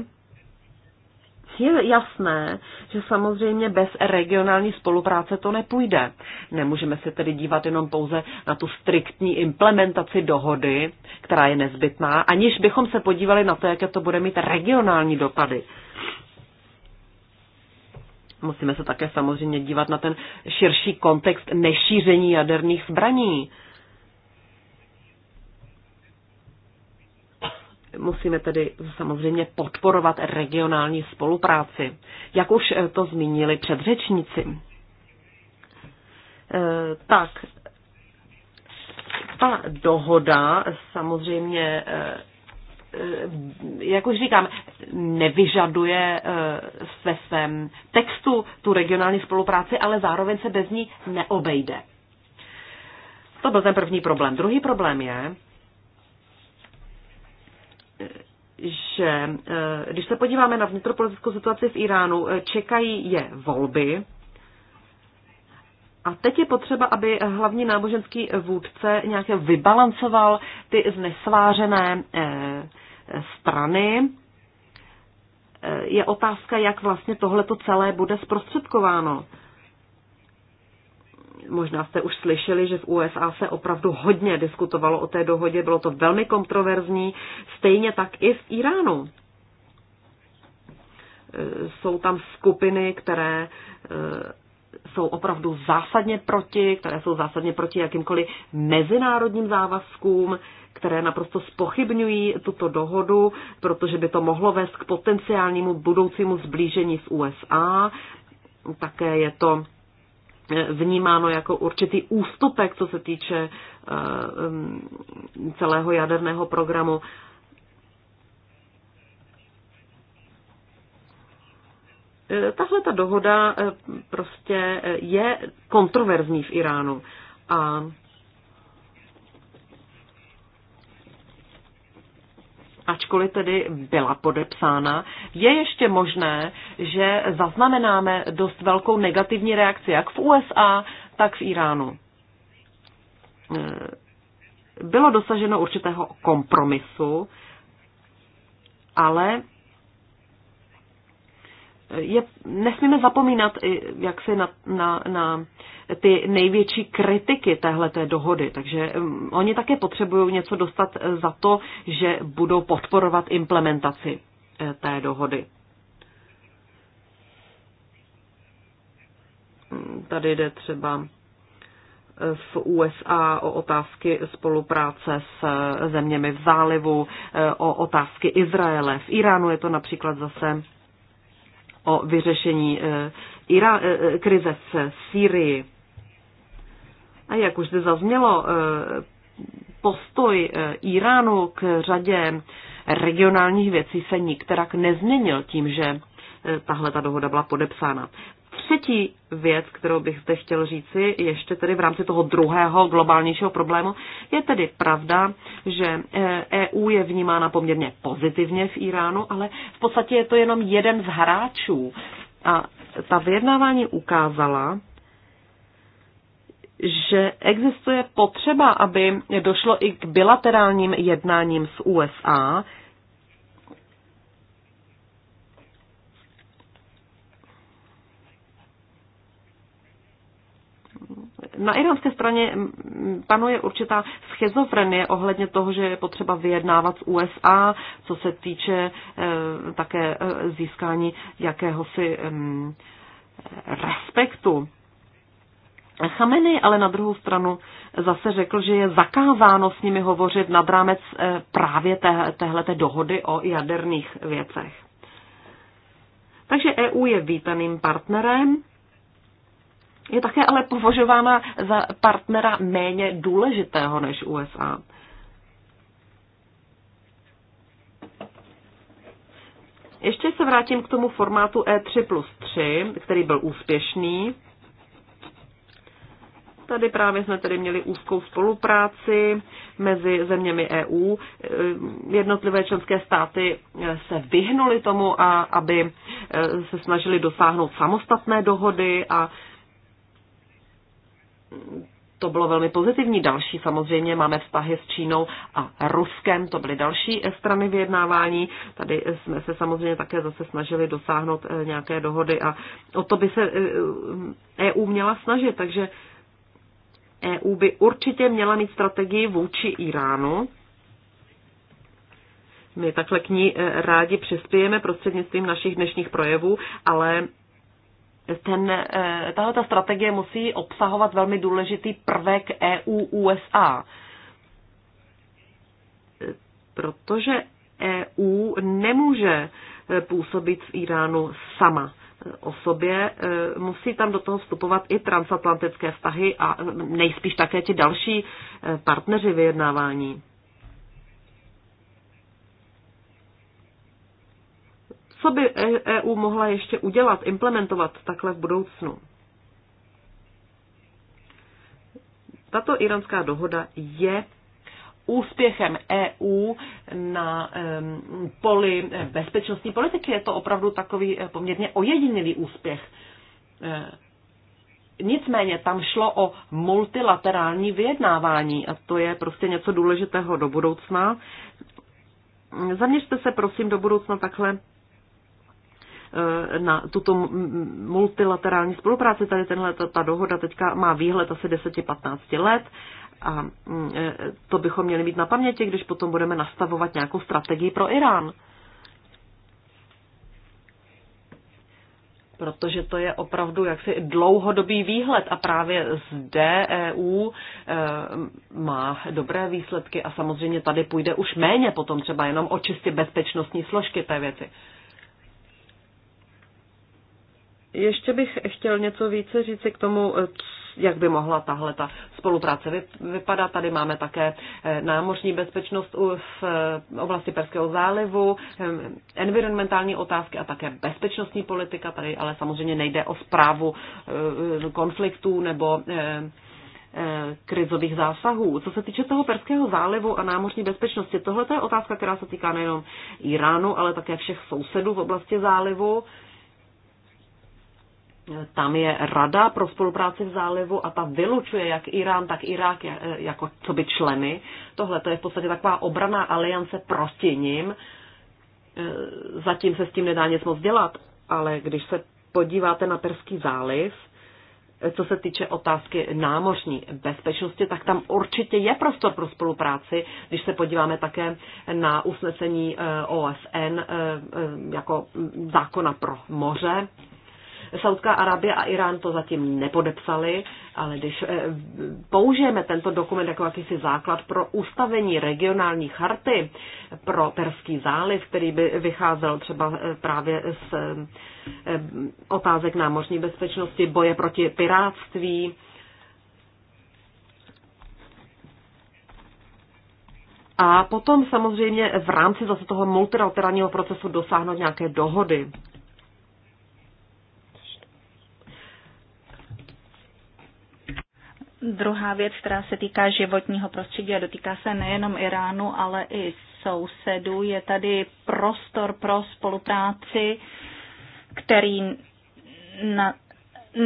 je jasné, že samozřejmě bez regionální spolupráce to nepůjde. Nemůžeme se tedy dívat jenom pouze na tu striktní implementaci dohody, která je nezbytná, aniž bychom se podívali na to, jaké to bude mít regionální dopady. Musíme se také samozřejmě dívat na ten širší kontext nešíření jaderných zbraní. Musíme tedy samozřejmě podporovat regionální spolupráci, jak už eh, to zmínili předřečníci. Eh, tak, ta dohoda samozřejmě eh, Eh, jak už říkám, nevyžaduje eh, ve svém textu tu regionální spolupráci, ale zároveň se bez ní neobejde. To byl ten první problém. Druhý problém je, že eh, když se podíváme na vnitropolitickou situaci v Iránu, čekají je volby. A teď je potřeba, aby hlavní náboženský vůdce nějaké vybalancoval ty znesvářené strany, je otázka, jak vlastně tohleto celé bude zprostředkováno. Možná jste už slyšeli, že v USA se opravdu hodně diskutovalo o té dohodě, bylo to velmi kontroverzní, stejně tak i v Iránu. Jsou tam skupiny, které jsou opravdu zásadně proti, které jsou zásadně proti jakýmkoliv mezinárodním závazkům, které naprosto spochybňují tuto dohodu, protože by to mohlo vést k potenciálnímu budoucímu zblížení s USA. Také je to eh, vnímáno jako určitý ústupek, co se týče eh, celého jaderného programu. Tahle ta dohoda eh, prostě eh, je kontroverzní v Iránu a ačkoliv tedy byla podepsána, je ještě možné, že zaznamenáme dost velkou negativní reakci jak v USA, tak v Iránu. Eh, bylo dosaženo určitého kompromisu, ale je, nesmíme zapomínat jak se na, na, na ty největší kritiky téhle dohody. Takže um, oni také potřebují něco dostat eh, za to, že budou podporovat implementaci eh, té dohody. Mm, tady jde třeba eh, v USA o otázky spolupráce s zeměmi v zálivu, o otázky Izraele. V Iránu je to například zase o vyřešení eh, Ira- eh, eh, krize v Sýrii. A jak už zde zaznělo, postoj Iránu k řadě regionálních věcí se nikterak nezměnil tím, že tahle ta dohoda byla podepsána. Třetí věc, kterou bych zde chtěl říci, ještě tedy v rámci toho druhého globálnějšího problému, je tedy pravda, že EU eh, e je vnímána poměrně pozitivně v Iránu, ale v podstatě je to jenom jeden z hráčů. A ta vyjednávání ukázala, že existuje potřeba, aby došlo i k bilaterálním jednáním s USA, Na iránské straně panuje určitá schizofrenie ohledně toho, že je potřeba vyjednávat s USA, co se týče eh, také eh, získání jakéhosi respektu. Chameny ale na druhou stranu zase řekl, že je zakázáno s nimi hovořit nad rámec eh, právě té, téhleté dohody o jaderných věcech. Takže EU je vítaným partnerem, je také ale považována za partnera méně důležitého než USA. Ještě se vrátím k tomu formátu E3 plus 3, který byl úspěšný. Tady právě jsme tedy měli úzkou spolupráci mezi zeměmi EU. Jednotlivé členské státy se vyhnuly tomu, a aby se snažili dosáhnout samostatné dohody a to bylo velmi pozitivní. Další samozřejmě máme vztahy s Čínou a Ruskem, to byly další strany vyjednávání. Tady jsme se samozřejmě také zase snažili dosáhnout eh, nějaké dohody a o to by se eh, EU měla snažit, takže EU by určitě měla mít strategii vůči Iránu. My takhle k ní eh, rádi přispějeme prostřednictvím našich dnešních projevů, ale ten, eh, tahle ta strategie musí obsahovat velmi důležitý prvek EU-USA, protože EU nemůže eh, působit v Iránu sama o sobě. Eh, musí tam do toho vstupovat i transatlantické vztahy a nejspíš také ti další partneři vyjednávání. Co by EU e mohla ještě udělat, implementovat takhle v budoucnu? Tato iránská dohoda je úspěchem EU na um, poli bezpečnostní politiky. Je to opravdu takový eh, poměrně ojedinělý úspěch. Eh, nicméně tam šlo o multilaterální vyjednávání a to je prostě něco důležitého do budoucna. Zaměřte se prosím do budoucna takhle Eh, na tuto multilaterální spolupráci. Tady tenhle, ta, ta dohoda teďka má výhled asi 10-15 let a mm, eh, to bychom měli mít na paměti, když potom budeme nastavovat nějakou strategii pro Irán. protože to je opravdu jaksi dlouhodobý výhled a právě zde EU eh, má dobré výsledky a samozřejmě tady půjde už méně potom třeba jenom o čistě bezpečnostní složky té věci. Ještě bych chtěl něco více říci k tomu, eh, jak by mohla tahle ta spolupráce vypadat. Tady máme také eh, námořní bezpečnost v eh, oblasti Perského zálivu, environmentální otázky a také bezpečnostní politika. Tady ale samozřejmě nejde o zprávu konfliktů nebo krizových zásahů. Co se týče toho Perského zálivu a námořní bezpečnosti, tohle je otázka, která se týká nejenom Iránu, ale také všech sousedů v oblasti zálivu. Tam je Rada pro spolupráci v zálivu a ta vylučuje jak Irán, tak Irák eh, jako co by členy. Tohle to je v podstatě taková obraná aliance proti ním. Eh, zatím se s tím nedá nic moc dělat, ale když se podíváte na Perský záliv, eh, co se týče otázky námořní bezpečnosti, tak tam určitě je prostor pro spolupráci, když se podíváme také na usnesení OSN jako zákona pro moře. Saudská Arábie a Irán to zatím nepodepsali, ale když eh, použijeme tento dokument jako jakýsi základ pro ustavení regionální charty pro Perský záliv, který by vycházel třeba eh, právě z eh, otázek námořní bezpečnosti, boje proti piráctví, A potom samozřejmě v rámci zase toho multilaterálního procesu dosáhnout nějaké dohody. Druhá věc, která se týká životního prostředí a dotýká se nejenom Iránu, ale i sousedů, je tady prostor pro spolupráci, který na,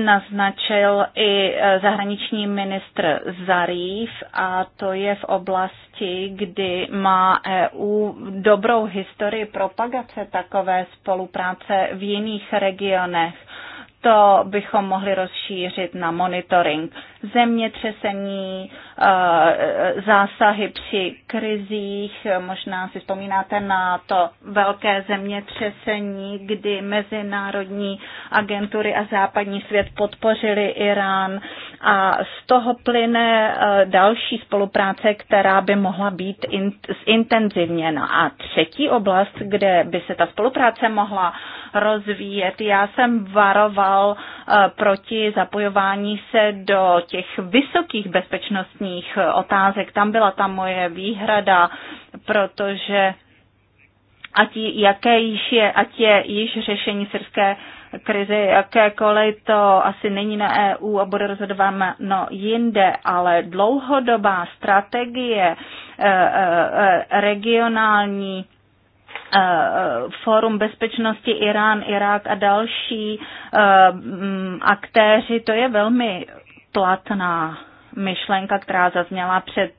naznačil i e, zahraniční ministr Zarif a to je v oblasti, kdy má EU dobrou historii propagace takové spolupráce v jiných regionech to bychom mohli rozšířit na monitoring zemětřesení, eh, zásahy při krizích. Možná si vzpomínáte na to velké zemětřesení, kdy mezinárodní agentury a západní svět podpořili Irán a z toho plyne eh, další spolupráce, která by mohla být zintenzivněna. A třetí oblast, kde by se ta spolupráce mohla rozvíjet, já jsem varoval bojoval eh, proti zapojování se do těch vysokých bezpečnostních eh, otázek. Tam byla ta moje výhrada, protože ať, jaké již je, ať je již řešení syrské krizi jakékoliv, to asi není na EU a bude rozhodováno jinde, ale dlouhodobá strategie eh, regionální Eh, Fórum bezpečnosti Irán, Irák a další eh, aktéři, to je velmi platná myšlenka, která zazněla před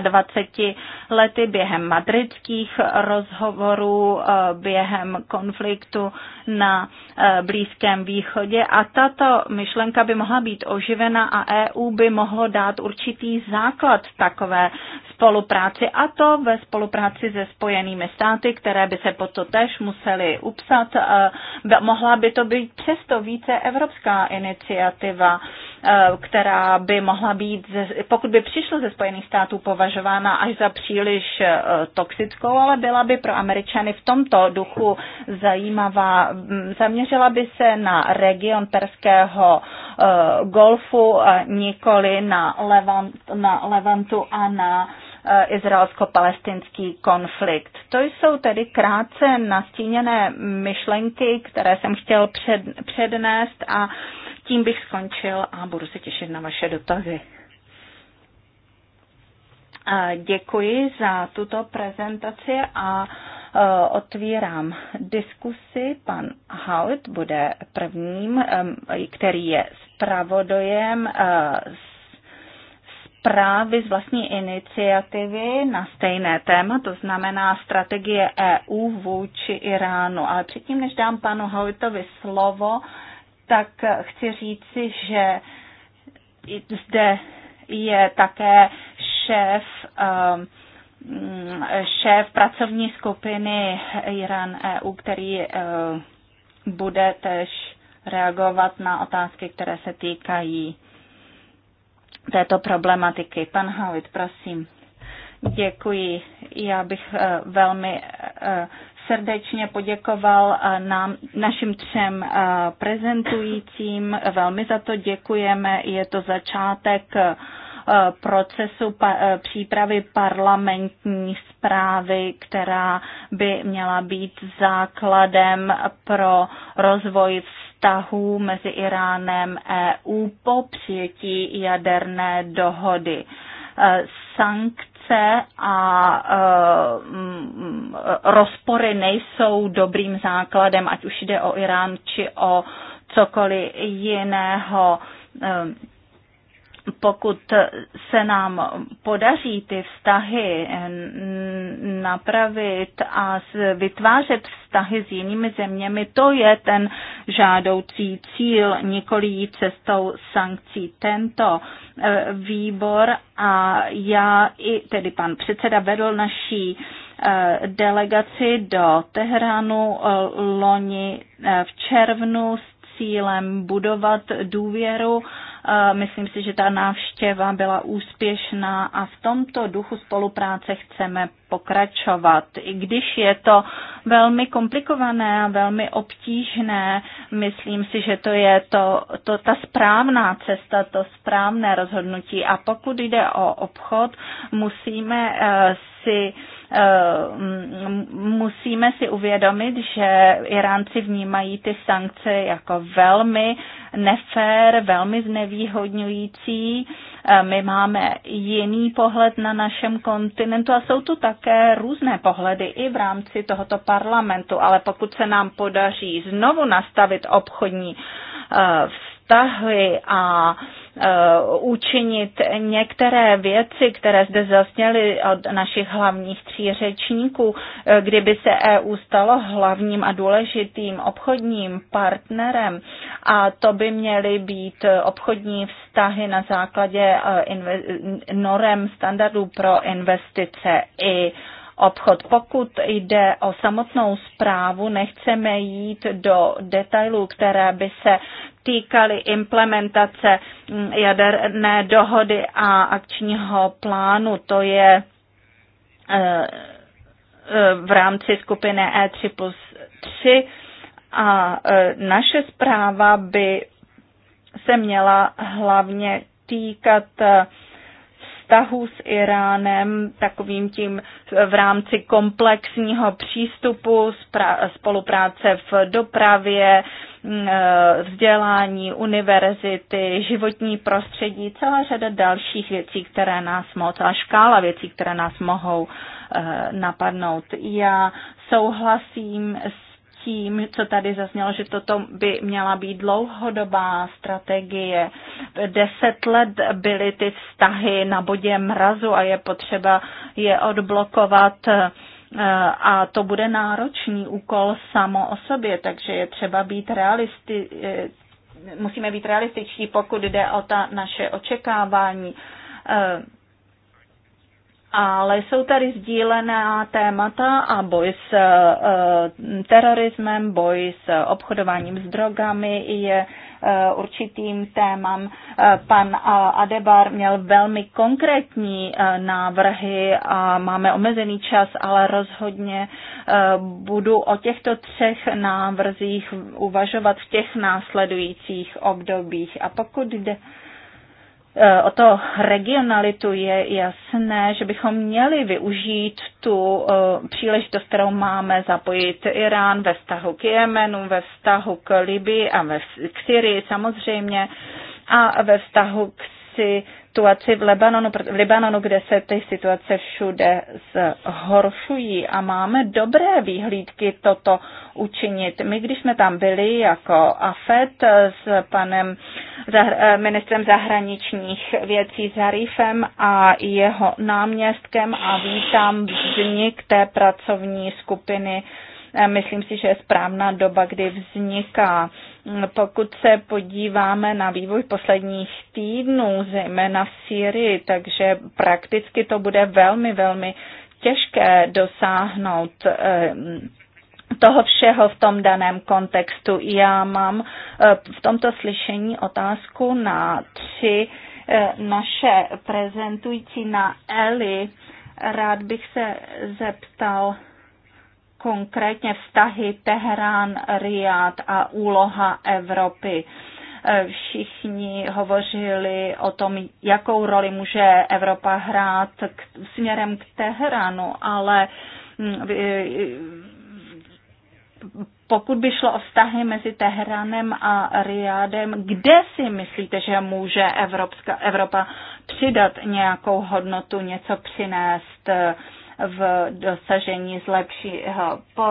25 lety během madridských rozhovorů, eh, během konfliktu na eh, Blízkém východě. A tato myšlenka by mohla být oživena a EU by mohlo dát určitý základ takové spolupráci a to ve spolupráci se spojenými státy, které by se pod to tež museli upsat. Eh, mohla by to být přesto více evropská iniciativa Eh, která by mohla být, pokud by přišla ze Spojených států, považována až za příliš eh, toxickou, ale byla by pro Američany v tomto duchu zajímavá. Mm, zaměřila by se na region Perského eh, golfu, nikoli na, Levant, na Levantu a na izraelsko-palestinský konflikt. To jsou tedy krátce nastíněné myšlenky, které jsem chtěl před, přednést a uh, tím bych skončil a budu se těšit na vaše dotazy. Děkuji za tuto prezentaci a e, otvírám diskusi. Pan Haut bude prvním, e, který je zpravodojem e, zprávy z vlastní iniciativy na stejné téma, to znamená strategie EU vůči Iránu. Ale předtím, než dám panu Hautovi slovo, tak chci říci, že zde je také šéf um, šéf pracovní skupiny Iran EU, který uh, bude tež reagovat na otázky, které se týkají této problematiky. Pan Hawit, prosím. Děkuji. Já bych uh, velmi uh, srdečně poděkoval eh, nám, našim třem eh, prezentujícím. Velmi za to děkujeme. Je to začátek eh, procesu přípravy parlamentní zprávy, která by měla být základem pro rozvoj vztahů mezi Iránem a e EU po přijetí jaderné dohody. Sankt Korupce a e, rozpory nejsou dobrým základem, ať už jde o Irán či o cokoliv jiného e, pokud se nám podaří ty vztahy napravit a vytvářet vztahy s jinými zeměmi, to je ten žádoucí cíl, nikoli cestou sankcí. Tento e, výbor a já i tedy pan předseda vedl naší e, delegaci do Teheránu e, loni v červnu s cílem budovat důvěru Myslím si, že ta návštěva byla úspěšná a v tomto duchu spolupráce chceme pokračovat. I když je to velmi komplikované a velmi obtížné, myslím si, že to je to, to, ta správná cesta, to správné rozhodnutí. A pokud jde o obchod, musíme eh, si Eh, musíme si uvědomit, že Iránci vnímají ty sankce jako velmi nefér, velmi znevýhodňující. Eh, my máme jiný pohled na našem kontinentu a jsou tu také různé pohledy i v rámci tohoto parlamentu, ale pokud se nám podaří znovu nastavit obchodní eh, vztahy a Eh, učinit některé věci, které zde zazněly od našich hlavních tří řečníků, eh, kdyby se EU stalo hlavním a důležitým obchodním partnerem a to by měly být obchodní vztahy na základě eh, norem standardů pro investice i obchod. Pokud jde o samotnou zprávu, nechceme jít do detailů, které by se týkaly implementace jaderné dohody a akčního plánu. To je eh, eh, v rámci skupiny E3 plus 3 a eh, naše zpráva by se měla hlavně týkat vztahů s Iránem, takovým tím v rámci komplexního přístupu, spolupráce v dopravě, mm, e, vzdělání, univerzity, životní prostředí, celá řada dalších věcí, které nás mohou, celá škála věcí, které nás mohou e, napadnout. Já souhlasím s tím, co tady zaznělo, že toto by měla být dlouhodobá strategie. Deset let byly ty vztahy na bodě mrazu a je potřeba je odblokovat eh, a to bude náročný úkol samo o sobě, takže je třeba být realisti, eh, musíme být realističtí, pokud jde o ta naše očekávání eh, ale jsou tady sdílená témata a boj s eh, terorismem, boj s obchodováním s drogami je eh, určitým témam. Eh, pan Adebar měl velmi konkrétní návrhy a máme omezený čas, ale rozhodně budu o těchto třech návrzích uvažovat v těch následujících obdobích. A pokud jde E, o to regionalitu je jasné, že bychom měli využít tu e, příležitost, kterou máme zapojit Irán ve vztahu k Jemenu, ve vztahu k Libii a ve, k Syrii samozřejmě a ve vztahu k si situaci v Libanonu, v Libanonu, kde se ty situace všude zhoršují a máme dobré výhlídky toto učinit. My, když jsme tam byli jako AFET s panem eh, ministrem zahraničních věcí Zarifem a jeho náměstkem a vítám vznik té pracovní skupiny myslím si, že je správná doba, kdy vzniká. Pokud se podíváme na vývoj posledních týdnů, zejména v Syrii, takže prakticky to bude velmi, velmi těžké dosáhnout eh, toho všeho v tom daném kontextu. Já mám eh, v tomto slyšení otázku na tři eh, naše prezentující na Eli. Rád bych se zeptal konkrétně vztahy Teherán-Riad a úloha Evropy e, všichni hovořili o tom, jakou roli může Evropa hrát k, směrem k Teheránu, ale mm, pokud by šlo o vztahy mezi Teheránem a Riádem, kde si myslíte, že může Evropska, Evropa přidat nějakou hodnotu, něco přinést? v dosažení zlepšího. Po,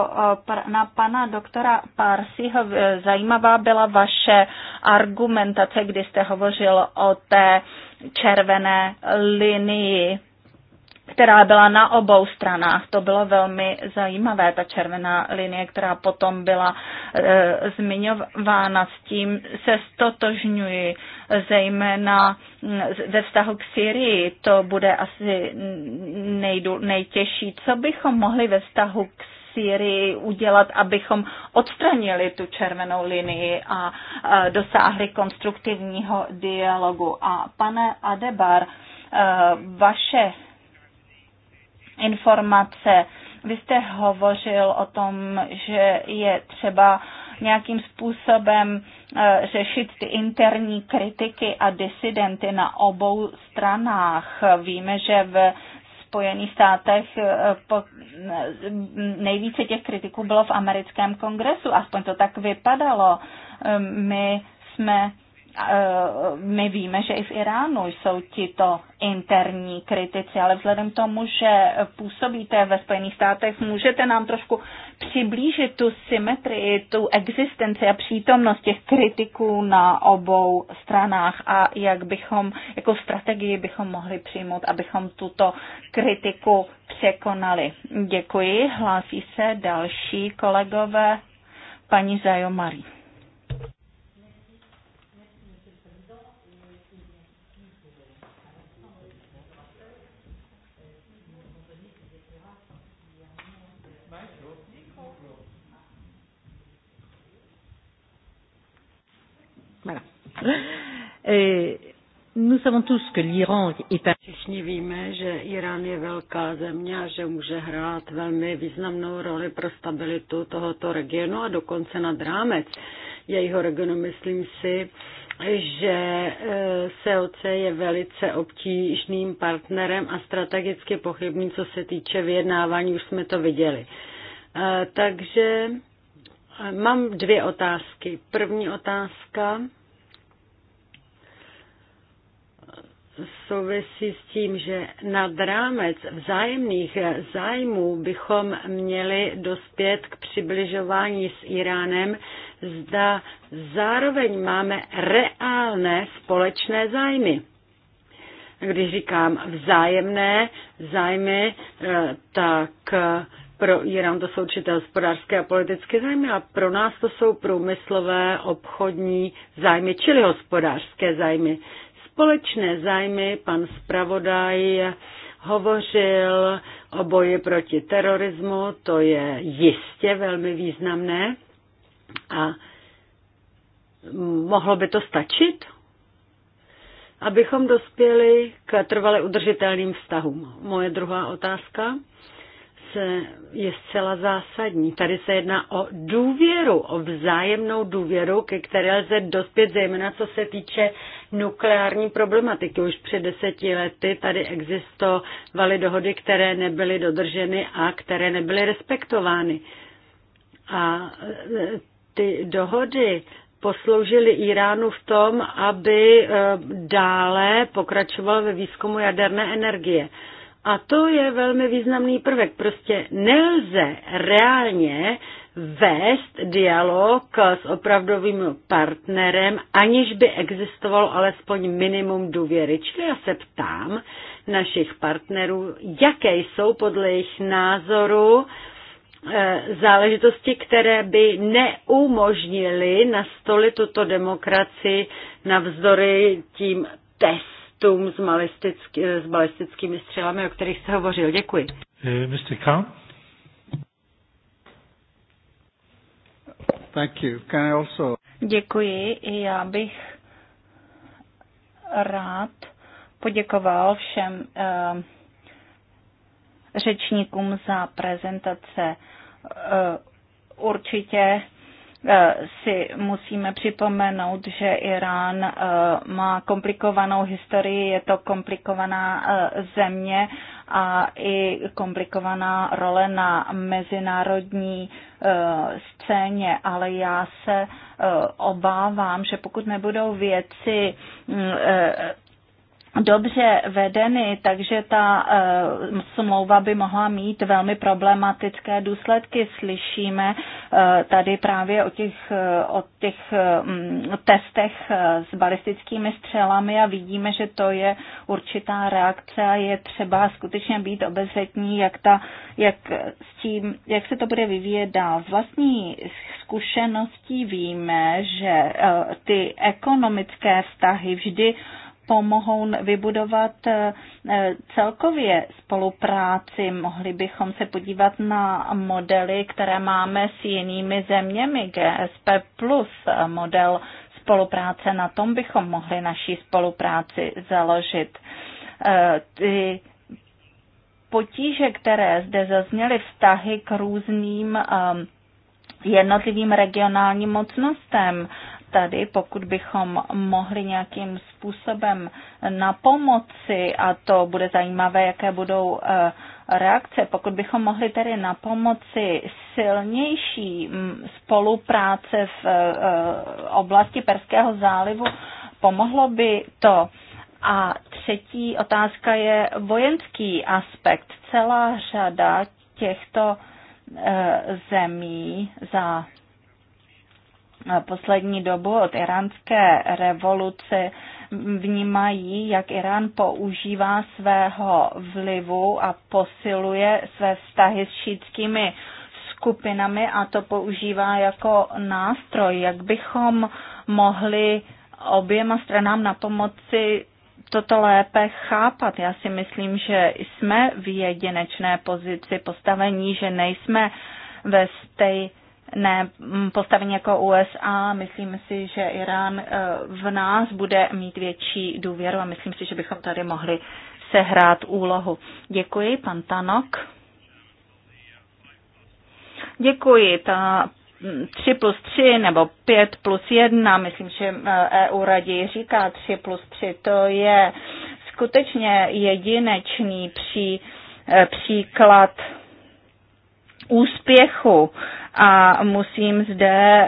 na pana doktora Parsiho e, zajímavá byla vaše argumentace, kdy jste hovořil o té červené linii která byla na obou stranách. To bylo velmi zajímavé, ta červená linie, která potom byla e, zmiňována. S tím se stotožňuji, zejména ze vztahu k Syrii. To bude asi nejdu, nejtěžší. Co bychom mohli ve vztahu k Syrii udělat, abychom odstranili tu červenou linii a, a dosáhli konstruktivního dialogu. A pane Adebar, e, vaše informace. Vy jste hovořil o tom, že je třeba nějakým způsobem eh, řešit ty interní kritiky a disidenty na obou stranách. Víme, že v Spojených státech eh, eh, nejvíce těch kritiků bylo v americkém kongresu, aspoň to tak vypadalo. My jsme Eh, my víme, že i v Iránu jsou tito interní kritici, ale vzhledem k tomu, že působíte ve Spojených státech, můžete nám trošku přiblížit tu symetrii, tu existenci a přítomnost těch kritiků na obou stranách a jak bychom, jakou strategii bychom mohli přijmout, abychom tuto kritiku překonali. Děkuji. Hlásí se další kolegové paní Zajomarí. Eh, nous savons tous que l'Iran est un... Všichni víme, že Irán je velká země a že může hrát velmi významnou roli pro stabilitu tohoto regionu a dokonce nad rámec jejího regionu. Myslím si, že COC eh, je velice obtížným partnerem a strategicky pochybný, co se týče vyjednávání, už jsme to viděli. Eh, takže mám dvě otázky. První otázka souvisí s tím, že nad rámec vzájemných zájmů bychom měli dospět k přibližování s Iránem, zda zároveň máme reálné společné zájmy. Když říkám vzájemné zájmy, eh, tak eh, pro Irán to jsou určité hospodářské a politické zájmy a pro nás to jsou průmyslové, obchodní zájmy, čili hospodářské zájmy společné zájmy. Pan zpravodaj hovořil o boji proti terorismu, to je jistě velmi významné. A mohlo by to stačit, abychom dospěli k trvale udržitelným vztahům? Moje druhá otázka je zcela zásadní. Tady se jedná o důvěru, o vzájemnou důvěru, ke které lze dospět, zejména co se týče nukleární problematiky. Už před deseti lety tady existovaly dohody, které nebyly dodrženy a které nebyly respektovány. A e, ty dohody posloužili Iránu v tom, aby e, dále pokračoval ve výzkumu jaderné energie. A to je velmi významný prvek. Prostě nelze reálně vést dialog s opravdovým partnerem, aniž by existovalo alespoň minimum důvěry. Čili já se ptám našich partnerů, jaké jsou podle jejich názoru eh, záležitosti, které by neumožnily nastolit tuto demokracii navzdory tím test raketům s, malistický, s balistickými střelami, o kterých jste hovořil. Děkuji. Eh, Mr. Khan? Thank you. Can I also... Děkuji. Já bych rád poděkoval všem uh, řečníkům za prezentace. Uh, určitě Eh, si musíme připomenout, že Irán eh, má komplikovanou historii, je to komplikovaná eh, země a i komplikovaná role na mezinárodní scéně, ale já se obávám, že pokud nebudou věci mm, dobře vedeny, takže ta uh, smlouva by mohla mít velmi problematické důsledky. Slyšíme uh, tady právě o těch, uh, o těch um, testech uh, s balistickými střelami a vidíme, že to je určitá reakce a je třeba skutečně být obezřetní, jak, ta, jak, s tím, jak se to bude vyvíjet dál. Z vlastní zkušeností víme, že uh, ty ekonomické vztahy vždy uh, pomohou vybudovat eh, celkově spolupráci. Mohli bychom se podívat na modely, které máme s jinými zeměmi, GSP plus model spolupráce, na tom bychom mohli naší spolupráci založit. Eh, ty potíže, které zde zazněly, vztahy k různým eh, jednotlivým regionálním mocnostem, tady, pokud bychom mohli nějakým způsobem na pomoci, a to bude zajímavé, jaké budou eh, reakce, pokud bychom mohli tedy na pomoci silnější mm, spolupráce v eh, oblasti Perského zálivu, pomohlo by to. A třetí otázka je vojenský aspekt. Celá řada těchto eh, zemí za poslední dobu od iránské revoluce vnímají, jak Irán používá svého vlivu a posiluje své vztahy s šítskými skupinami a to používá jako nástroj, jak bychom mohli oběma stranám na pomoci toto lépe chápat. Já si myslím, že jsme v jedinečné pozici postavení, že nejsme ve stej, ne mm, postavení jako USA. Myslím si, že Irán eh, v nás bude mít větší důvěru a myslím si, že bychom tady mohli sehrát úlohu. Děkuji, pan Tanok. Děkuji. Ta 3 mm, plus 3 nebo 5 plus 1, myslím, že EU eh, e raději říká 3 plus 3, to je skutečně jedinečný pří, eh, příklad úspěchu a musím zde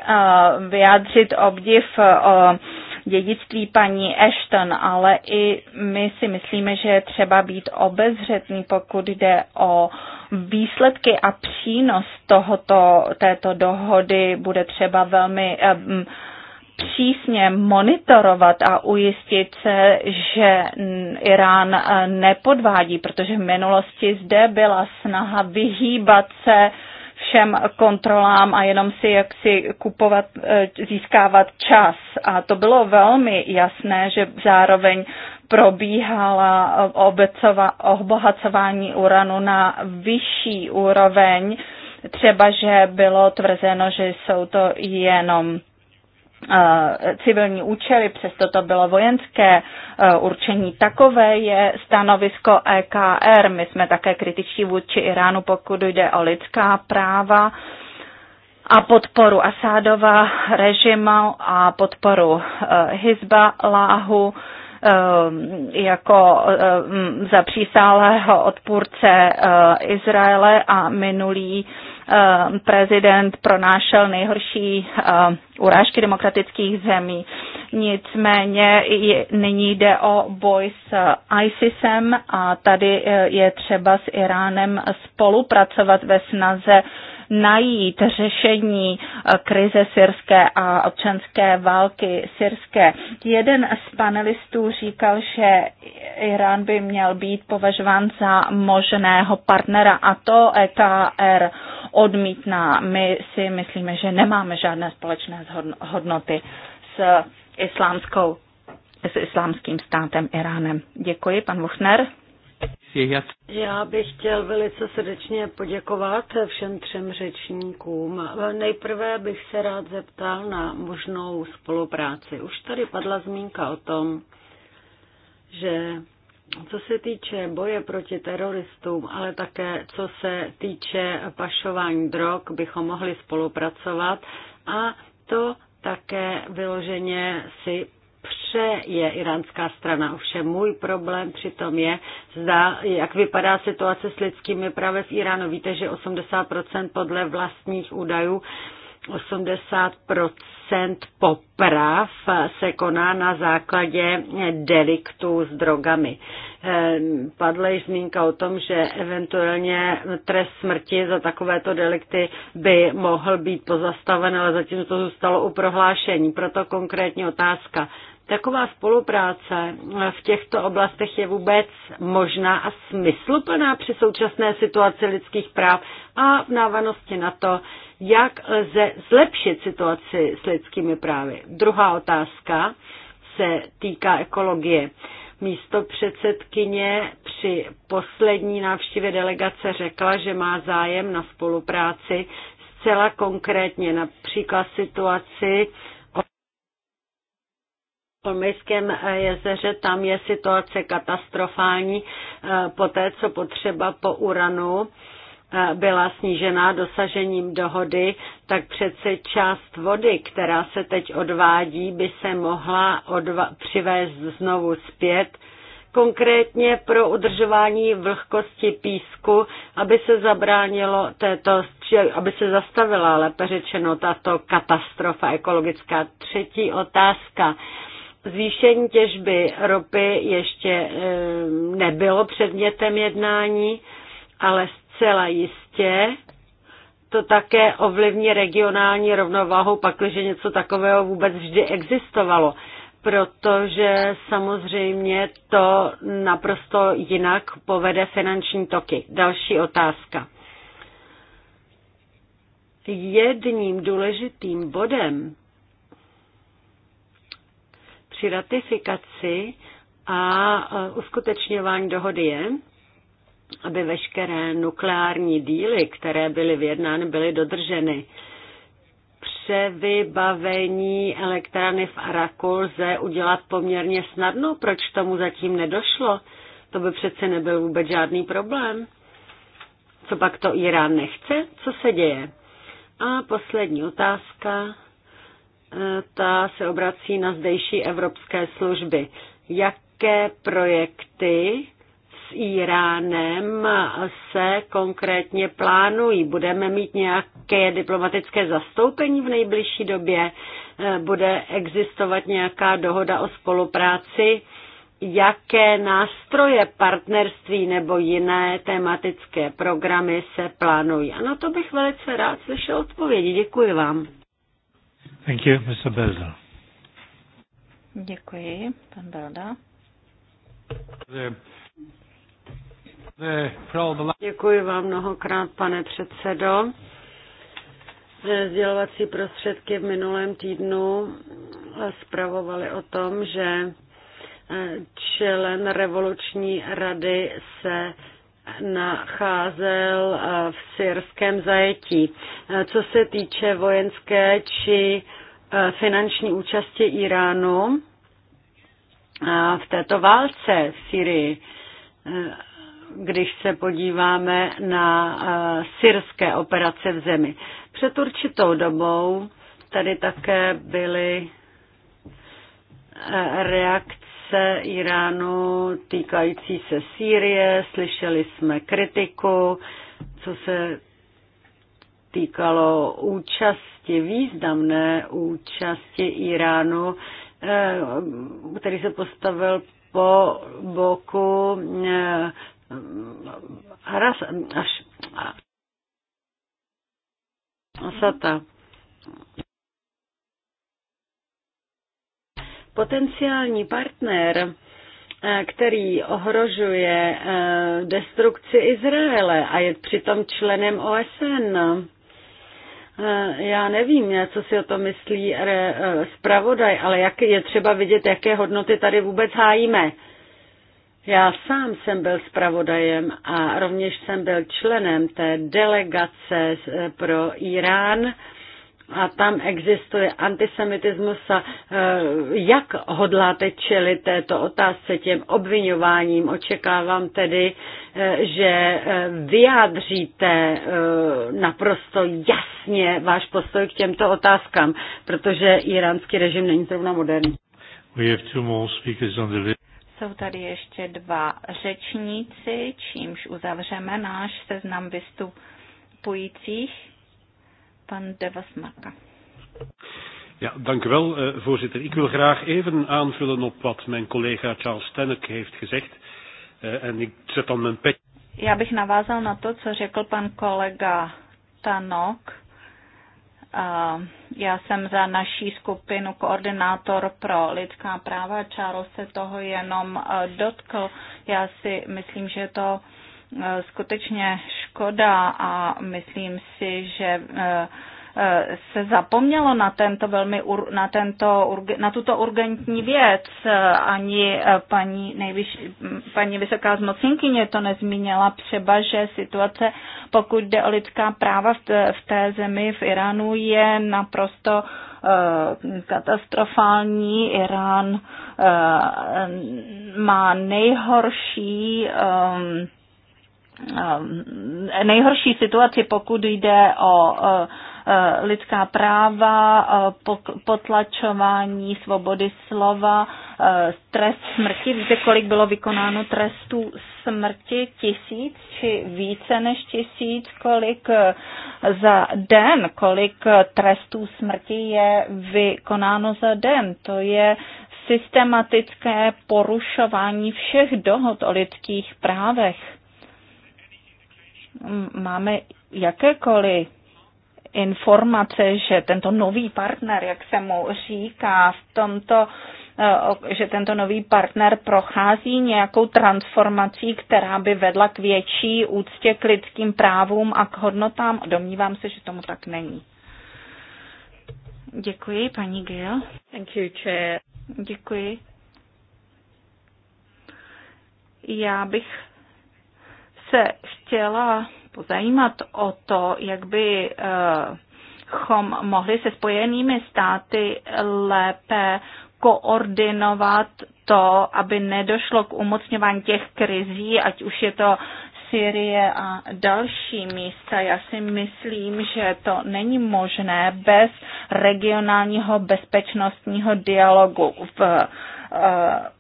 vyjádřit obdiv o dědictví paní Ashton, ale i my si myslíme, že je třeba být obezřetný, pokud jde o výsledky a přínos tohoto, této dohody. Bude třeba velmi přísně monitorovat a ujistit se, že Irán eh, nepodvádí, protože v minulosti zde byla snaha vyhýbat se všem kontrolám a jenom si jaksi kupovat, eh, získávat čas. A to bylo velmi jasné, že zároveň probíhala eh, obohacování uranu na vyšší úroveň, třeba že bylo tvrzeno, že jsou to jenom Eh, civilní účely, přesto to bylo vojenské eh, určení. Takové je stanovisko EKR. My jsme také kritičtí vůči Iránu, pokud jde o lidská práva a podporu Asádova režimu a podporu eh, Hizbaláhu jako zapřísálého odpůrce Izraele a minulý Eh, prezident pronášel nejhorší eh, urážky demokratických zemí. Nicméně nyní jde o boj s ISISem a tady eh, je třeba s Iránem spolupracovat ve snaze najít řešení krize syrské a občanské války syrské. Jeden z panelistů říkal, že Irán by měl být považován za možného partnera a to EKR odmítná. My si myslíme, že nemáme žádné společné hodnoty s islámskou s islámským státem Iránem. Děkuji, pan Wuchner. Já bych chtěl velice srdečně poděkovat všem třem řečníkům. Nejprve bych se rád zeptal na možnou spolupráci. Už tady padla zmínka o tom, že co se týče boje proti teroristům, ale také co se týče pašování drog, bychom mohli spolupracovat a to také vyloženě si pře je iránská strana. Ovšem můj problém přitom je, zda, jak vypadá situace s lidskými právy v Iránu. Víte, že 80% podle vlastních údajů 80 poprav se koná na základě deliktů s drogami. Ehm, padla již zmínka o tom, že eventuálně trest smrti za takovéto delikty by mohl být pozastaven, ale zatím to zůstalo u prohlášení. Proto konkrétní otázka Taková spolupráce v těchto oblastech je vůbec možná a smysluplná při současné situaci lidských práv a v návanosti na to, jak lze zlepšit situaci s lidskými právy. Druhá otázka se týká ekologie. Místo předsedkyně při poslední návštěvě delegace řekla, že má zájem na spolupráci zcela konkrétně, například situaci Kolmejském jezeře, tam je situace katastrofální. Eh, Poté, co potřeba po uranu eh, byla snížená dosažením dohody, tak přece část vody, která se teď odvádí, by se mohla odva- přivést znovu zpět, konkrétně pro udržování vlhkosti písku, aby se zabránilo této, aby se zastavila, lépe řečeno, tato katastrofa ekologická. Třetí otázka Zvýšení těžby ropy ještě eh, nebylo předmětem jednání, ale zcela jistě to také ovlivní regionální rovnováhu, pakliže něco takového vůbec vždy existovalo, protože samozřejmě to naprosto jinak povede finanční toky. Další otázka. Jedním důležitým bodem při ratifikaci a uskutečňování dohody je, aby veškeré nukleární díly, které byly vyjednány, byly dodrženy. Převybavení elektrany v Araku lze udělat poměrně snadno. Proč tomu zatím nedošlo? To by přece nebyl vůbec žádný problém. Co pak to Irán nechce? Co se děje? A poslední otázka E, ta se obrací na zdejší evropské služby. Jaké projekty s Iránem se konkrétně plánují? Budeme mít nějaké diplomatické zastoupení v nejbližší době? E, bude existovat nějaká dohoda o spolupráci? Jaké nástroje partnerství nebo jiné tematické programy se plánují? A na to bych velice rád slyšel odpovědi. Děkuji vám. Thank you, Mr. Belda. Děkuji, pan Belda. Děkuji vám mnohokrát, pane předsedo. Sdělovací prostředky v minulém týdnu zpravovaly o tom, že eh, člen revoluční rady se nacházel eh, v syrském zajetí. Eh, co se týče vojenské či eh, finanční účasti Iránu v této válce v Syrii, když se podíváme na syrské operace v zemi. Před určitou dobou tady také byly reakce se Iránu týkající se Sýrie, slyšeli jsme kritiku, co se týkalo účasti, významné účasti Iránu, eh, který se postavil po boku Haras, eh, až, Asata. Potenciální partner, eh, který ohrožuje eh, destrukci Izraele a je přitom členem OSN. Eh, já nevím, co si o to myslí zpravodaj, ale jak je třeba vidět, jaké hodnoty tady vůbec hájíme. Já sám jsem byl zpravodajem a rovněž jsem byl členem té delegace pro Irán a tam existuje antisemitismus a eh, jak hodláte čelit této otázce těm obvinováním? Očekávám tedy, eh, že eh, vyjádříte naprosto jasně váš postoj k těmto otázkám, protože iránský režim není zrovna moderní. Jsou tady ještě dva řečníci, čímž uzavřeme náš seznam vystupujících pan Devas Marka. Ja, dank u wel, eh, voorzitter. Ik wil graag even aanvullen op wat mijn collega Charles Tennek heeft gezegd. Eh, en ik zet dan mijn pet. Ja, bych navázal na to, co řekl pan kolega Tanok. Uh, já jsem za naší skupinu koordinátor pro lidská práva. Charles se toho jenom uh, dotkl. Já si myslím, že to Eh, skutečně škoda a myslím si, že eh, eh, se zapomnělo na, tento velmi, na, tento, na tuto urgentní věc. Ani paní, nejvyšší paní vysoká zmocněnkyně to nezmínila třeba, že situace, pokud jde o lidská práva v té zemi, v Iránu, je naprosto katastrofální. Irán má nejhorší Um, nejhorší situaci, pokud jde o lidská práva, potlačování svobody slova, trest smrti. Víte, kolik bylo vykonáno trestů smrti? Tisíc či více než tisíc? Kolik e, za den, kolik e, trestů smrti je vykonáno za den? To je systematické porušování všech dohod o lidských právech máme jakékoliv informace, že tento nový partner, jak se mu říká v tomto, eh, že tento nový partner prochází nějakou transformací, která by vedla k větší úctě k lidským právům a k hodnotám. Domnívám se, že tomu tak není. Děkuji, paní Gil. Thank you, chair. Děkuji. Já bych se chtěla pozajímat o to, jak by eh, chom mohli se spojenými státy lépe koordinovat to, aby nedošlo k umocňování těch krizí, ať už je to Syrie a další místa. Já si myslím, že to není možné bez regionálního bezpečnostního dialogu v eh,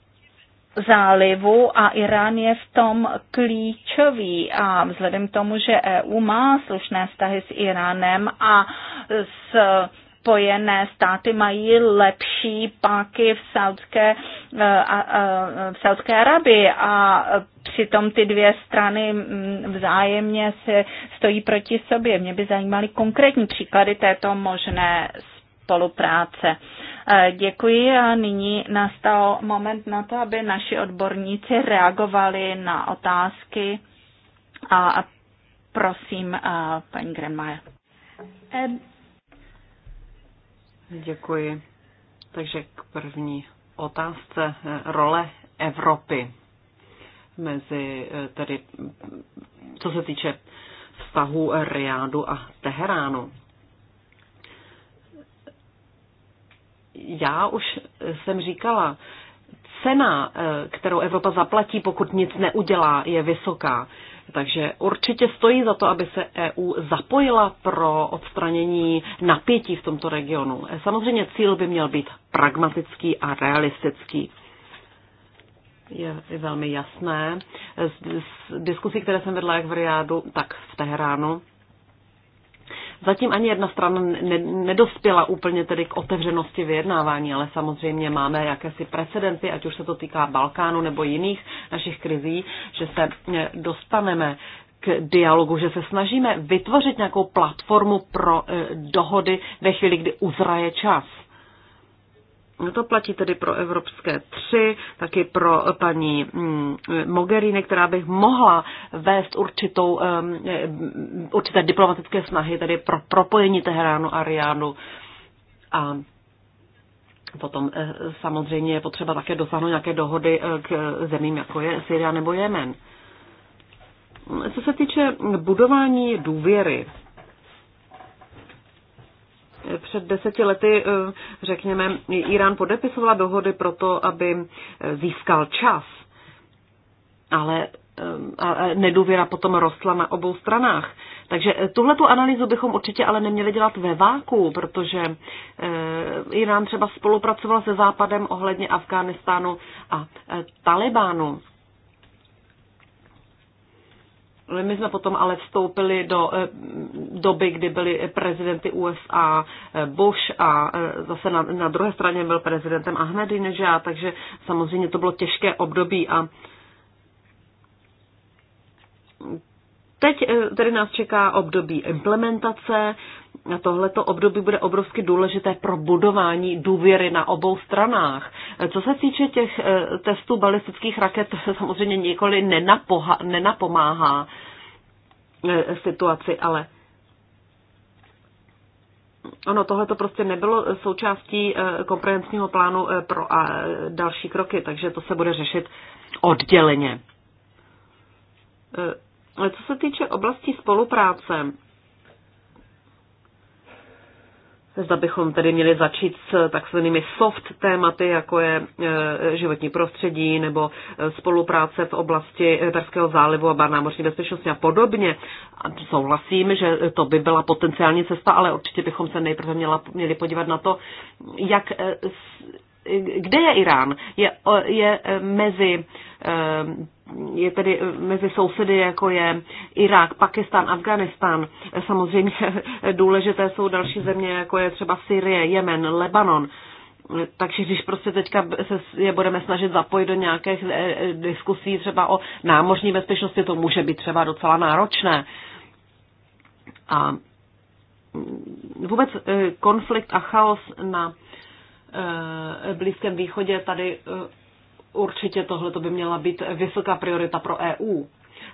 zálivu a Irán je v tom klíčový a vzhledem k tomu, že EU má slušné vztahy s Iránem a s Spojené státy mají lepší páky v Saudské, eh, v Saudské Arabii a přitom ty dvě strany mm, vzájemně se stojí proti sobě. Mě by zajímaly konkrétní příklady této možné spolupráce. E, děkuji a nyní nastal moment na to, aby naši odborníci reagovali na otázky a prosím e, paní Grenmajer. Děkuji. Takže k první otázce e, role Evropy mezi tedy, co se týče vztahu Riádu a Teheránu. já už jsem říkala, cena, eh, kterou Evropa zaplatí, pokud nic neudělá, je vysoká. Takže určitě stojí za to, aby se EU zapojila pro odstranění napětí v tomto regionu. Eh, samozřejmě cíl by měl být pragmatický a realistický. Je velmi jasné. Eh, z, diskusí, které jsem vedla jak v Riádu, tak v Teheránu, Zatím ani jedna strana ne, nedospěla úplně tedy k otevřenosti vyjednávání, ale samozřejmě máme jakési precedenty, ať už se to týká Balkánu nebo jiných našich krizí, že se eh, dostaneme k dialogu, že se snažíme vytvořit nějakou platformu pro eh, dohody ve chvíli, kdy uzraje čas. No to platí tedy pro evropské tři, taky pro paní mm, Mogherini, která bych mohla vést určitou, určité diplomatické snahy, tedy pro propojení Teheránu a Riánu. A potom eh, samozřejmě je potřeba také dosáhnout nějaké dohody eh, k zemím, jako je Syria nebo Jemen. Co se týče budování důvěry, před deseti lety, eh, řekněme, Irán podepisovala dohody pro to, aby eh, získal čas, ale eh, a nedůvěra potom rostla na obou stranách. Takže tuhle tu analýzu bychom určitě ale neměli dělat ve váku, protože Irán třeba spolupracoval se Západem ohledně Afghánistánu a Talibánu. My jsme potom ale vstoupili do eh, doby, kdy byli prezidenty USA eh, Bush a eh, zase na, na druhé straně byl prezidentem Ahmadinejad, takže samozřejmě to bylo těžké období a Teď tedy nás čeká období implementace, tohleto období bude obrovsky důležité pro budování důvěry na obou stranách. Co se týče těch eh, testů balistických raket, to *laughs* se samozřejmě nikoli nenapoha, nenapomáhá eh, situaci, ale Ono, tohle to prostě nebylo součástí eh, komprehensního plánu pro a další kroky, takže to se bude řešit odděleně. Co se týče oblasti spolupráce, Zda bychom tedy měli začít s takzvanými soft tématy, jako je e, životní prostředí nebo e, spolupráce v oblasti e, Perského zálivu a námořní bezpečnosti a podobně. Souhlasím, že to by byla potenciální cesta, ale určitě bychom se nejprve měla, měli podívat na to, jak kde je Irán? Je, je mezi je tedy eh, mezi sousedy, jako je Irák, Pakistan, Afganistán. Samozřejmě *laughs* důležité jsou další země, jako je třeba Syrie, Jemen, Lebanon. Takže když prostě teďka se je budeme snažit zapojit do nějakých eh, eh, diskusí třeba o námořní bezpečnosti, to může být třeba docela náročné. A mm, vůbec konflikt a chaos na Blízkém východě tady určitě tohle by měla být vysoká priorita pro EU.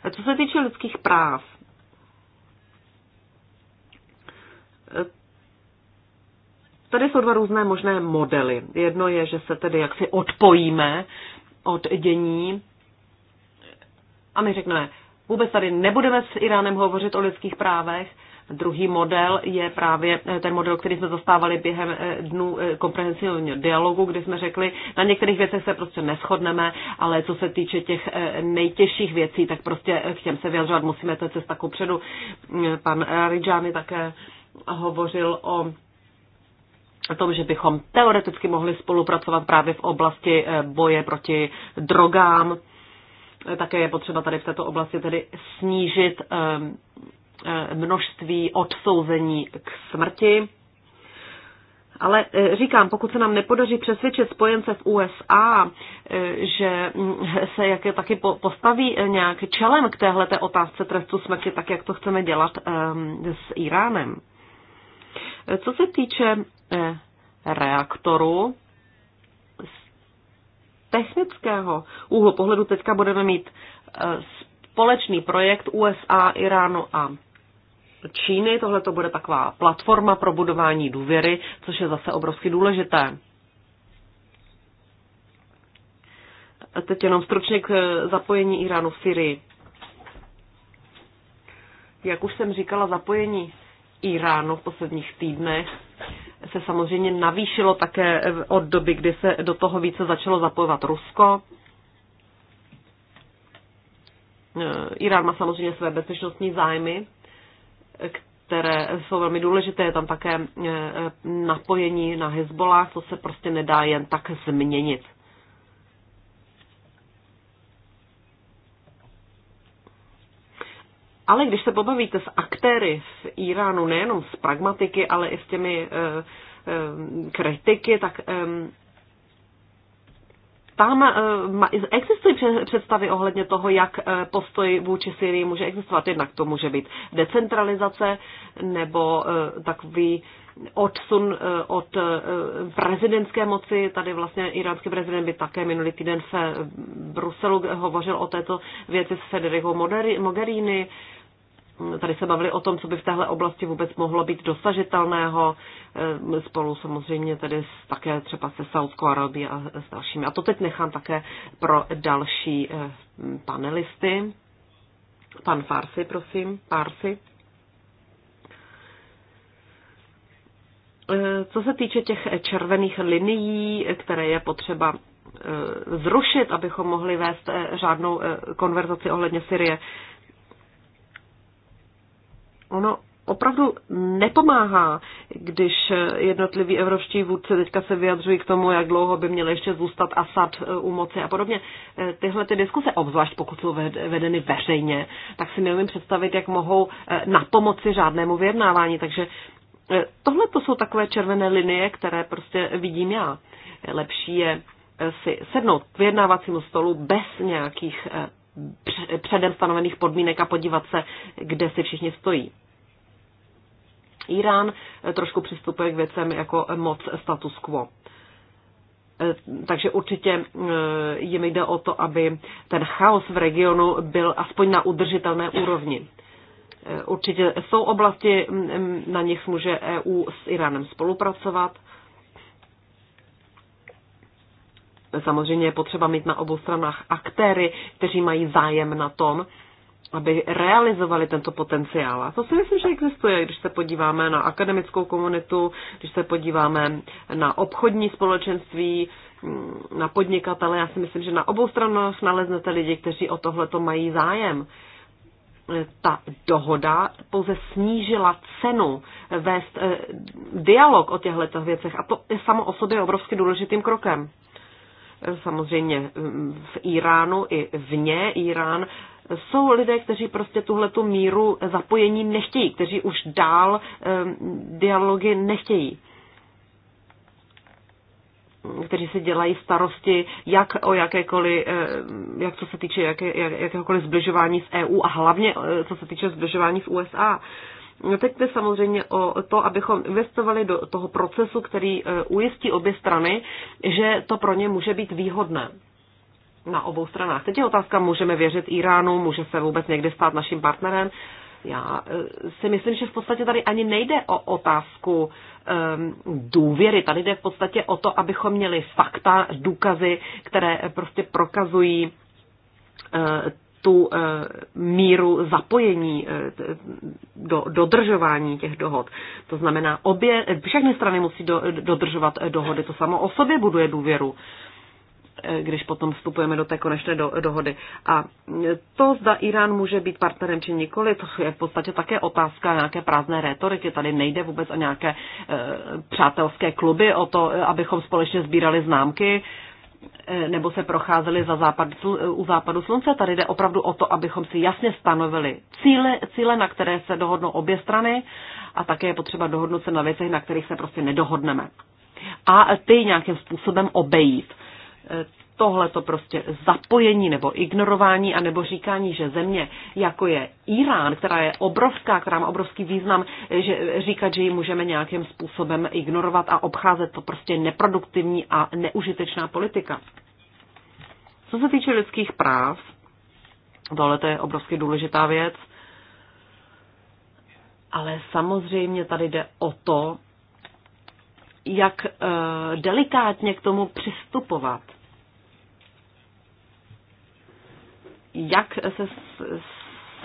A co se týče lidských práv, tady jsou dva různé možné modely. Jedno je, že se tedy jaksi odpojíme od dění a my řekneme, vůbec tady nebudeme s Iránem hovořit o lidských právech, Druhý model je právě eh, ten model, který jsme zastávali během eh, dnů eh, komprehensivního dialogu, kde jsme řekli, na některých věcech se prostě neschodneme, ale co se týče těch nejtěžších věcí, tak prostě k těm se vyjadřovat musíme, to je cesta kupředu. Mm, pan Rijani také hovořil o o tom, že bychom teoreticky mohli spolupracovat právě v oblasti boje proti drogám. Také je potřeba tady v této oblasti tedy snížit E, množství odsouzení k smrti. Ale e, říkám, pokud se nám nepodaří přesvědčit spojence v USA, e, že se jak je taky postaví nějak čelem k téhle otázce trestu smrti, tak jak to chceme dělat s Iránem. Co se týče reaktoru, z technického úhlu pohledu teďka budeme mít společný projekt USA, Iránu a Číny. Tohle to bude taková platforma pro budování důvěry, což je zase obrovsky důležité. Teď jenom stručně k eh, zapojení Iránu v Syrii. Jak už jsem říkala, zapojení Iránu v posledních týdnech se samozřejmě navýšilo také od doby, kdy se do toho více začalo zapojovat Rusko. Eh, Irán má samozřejmě své bezpečnostní zájmy, které jsou velmi důležité. Je tam také e, napojení na Hezbollah, to se prostě nedá jen tak změnit. Ale když se pobavíte s aktéry v Iránu, nejenom s pragmatiky, ale i s těmi e, e, kritiky, tak tam eh, existují představy ohledně toho, jak eh, postoj vůči Syrii může existovat. Jednak to může být decentralizace nebo eh, takový odsun od prezidentské moci. Tady vlastně iránský prezident by také minulý týden v Bruselu hovořil o této věci s Federico Mogherini tady se bavili o tom, co by v téhle oblasti vůbec mohlo být dosažitelného, eh, spolu samozřejmě tedy také třeba se Saudskou Arabií a s dalšími. A to teď nechám také pro další eh, panelisty. Pan Farsi, prosím, Farsi. Eh, co se týče těch červených linií, které je potřeba zrušit, abychom mohli vést řádnou konverzaci ohledně Syrie, ono opravdu nepomáhá, když jednotliví evropští vůdci teďka se vyjadřují k tomu, jak dlouho by měl ještě zůstat Asad eh, u moci a podobně. Eh, tyhle ty diskuse, obzvlášť pokud jsou vedeny veřejně, tak si neumím představit, jak mohou eh, na pomoci řádnému vyjednávání. Takže tohle to jsou takové červené linie, které prostě vidím já. Lepší je si sednout k vyjednávacímu stolu bez nějakých předem stanovených podmínek a podívat se, kde si všichni stojí. Irán eh, trošku přistupuje k věcem jako moc status quo. Eh, takže určitě eh, jim jde o to, aby ten chaos v regionu byl aspoň na udržitelné úrovni. Určitě jsou oblasti, mm, mm, na nichž může EU s Iránem spolupracovat. Samozřejmě je potřeba mít na obou stranách aktéry, kteří mají zájem na tom, aby realizovali tento potenciál. A to si myslím, že existuje, když se podíváme na akademickou komunitu, když se podíváme na obchodní společenství, mm, na podnikatele. Já si myslím, že na obou stranách naleznete lidi, kteří o tohle to mají zájem. Ta dohoda pouze snížila cenu vést eh, dialog o těchto věcech a to je samo o sobě obrovsky důležitým krokem samozřejmě v Iránu i vně Irán, jsou lidé, kteří prostě tuhle tu míru zapojení nechtějí, kteří už dál dialogy nechtějí kteří se dělají starosti jak o jakékoliv, jak co se týče jaké, jakéhokoliv zbližování s EU a hlavně eh, co se týče zbližování s USA. Teď jde samozřejmě o to, abychom investovali do toho procesu, který eh, ujistí obě strany, že to pro ně může být výhodné na obou stranách. Teď je otázka, můžeme věřit Iránu, může se vůbec někdy stát naším partnerem. Já eh, si myslím, že v podstatě tady ani nejde o otázku um, důvěry. Tady jde v podstatě o to, abychom měli fakta, důkazy, které prostě prokazují eh, tu eh, míru zapojení eh, do dodržování těch dohod. To znamená, obě, všechny strany musí do, dodržovat eh, dohody. To samo o sobě buduje důvěru když potom vstupujeme do té konečné do, dohody. A to, zda Irán může být partnerem či nikoli, to je v podstatě také otázka nějaké prázdné retoriky. Tady nejde vůbec o nějaké e, přátelské kluby, o to, abychom společně sbírali známky. E, Eh, nebo se procházeli za západ, eh, u západu slunce. Tady jde opravdu o to, abychom si jasně stanovili cíle, cíle, na které se dohodnou obě strany a také je potřeba dohodnout se na věcech, na kterých se prostě nedohodneme. A ty nějakým způsobem obejít. Eh, tohle to prostě zapojení nebo ignorování a nebo říkání, že země jako je Irán, která je obrovská, která má obrovský význam, že říkat, že ji můžeme nějakým způsobem ignorovat a obcházet, to prostě neproduktivní a neužitečná politika. Co se týče lidských práv, tohle to je obrovsky důležitá věc, ale samozřejmě tady jde o to, jak eh, delikátně k tomu přistupovat. jak se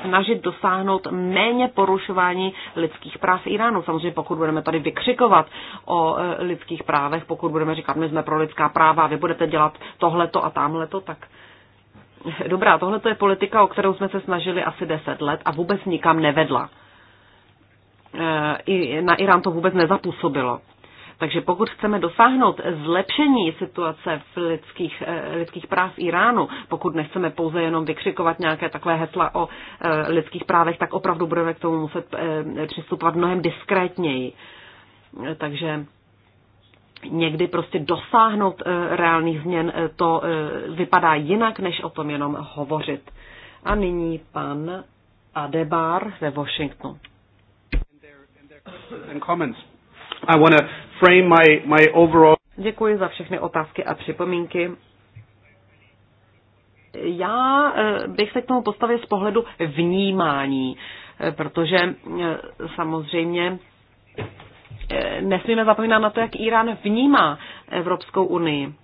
snažit dosáhnout méně porušování lidských práv Iránu. Samozřejmě pokud budeme tady vykřikovat o e, lidských právech, pokud budeme říkat, my jsme pro lidská práva, vy budete dělat tohleto a tamhleto, tak dobrá, tohle je politika, o kterou jsme se snažili asi deset let a vůbec nikam nevedla. E, I na Irán to vůbec nezapůsobilo. Takže pokud chceme dosáhnout zlepšení situace v lidských, eh, lidských práv Iránu, pokud nechceme pouze jenom vykřikovat nějaké takové hesla o eh, lidských právech, tak opravdu budeme k tomu muset eh, přistupovat mnohem diskrétněji. Takže někdy prostě dosáhnout reálných změn, to vypadá jinak, než o tom jenom hovořit. A nyní pan Adebar ve Washingtonu frame my, my overall... Děkuji za všechny otázky a připomínky. Já eh, bych se k tomu postavil z pohledu vnímání, eh, protože eh, samozřejmě nesmíme zapomínat na to, jak Irán vnímá Evropskou unii.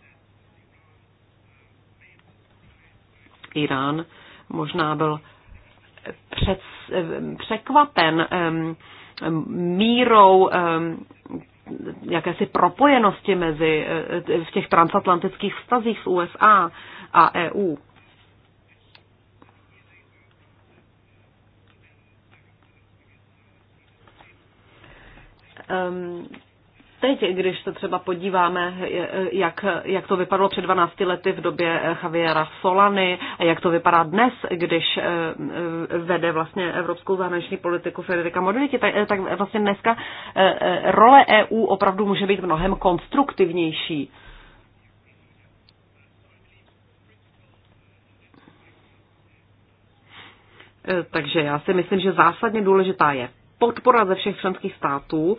Irán možná byl před, překvapen mírou jakési propojenosti mezi eh, v těch transatlantických vztazích s USA a EU. Um, ehm, teď, když se třeba podíváme, jak, jak to vypadalo před 12 lety v době eh, Javiera Solany a jak to vypadá dnes, když eh, eh, vede vlastně evropskou zahraniční politiku Federika Modernity, tak, tak vlastně dneska role EU opravdu může být mnohem konstruktivnější. Takže já si myslím, že zásadně důležitá je podpora ze všech členských států,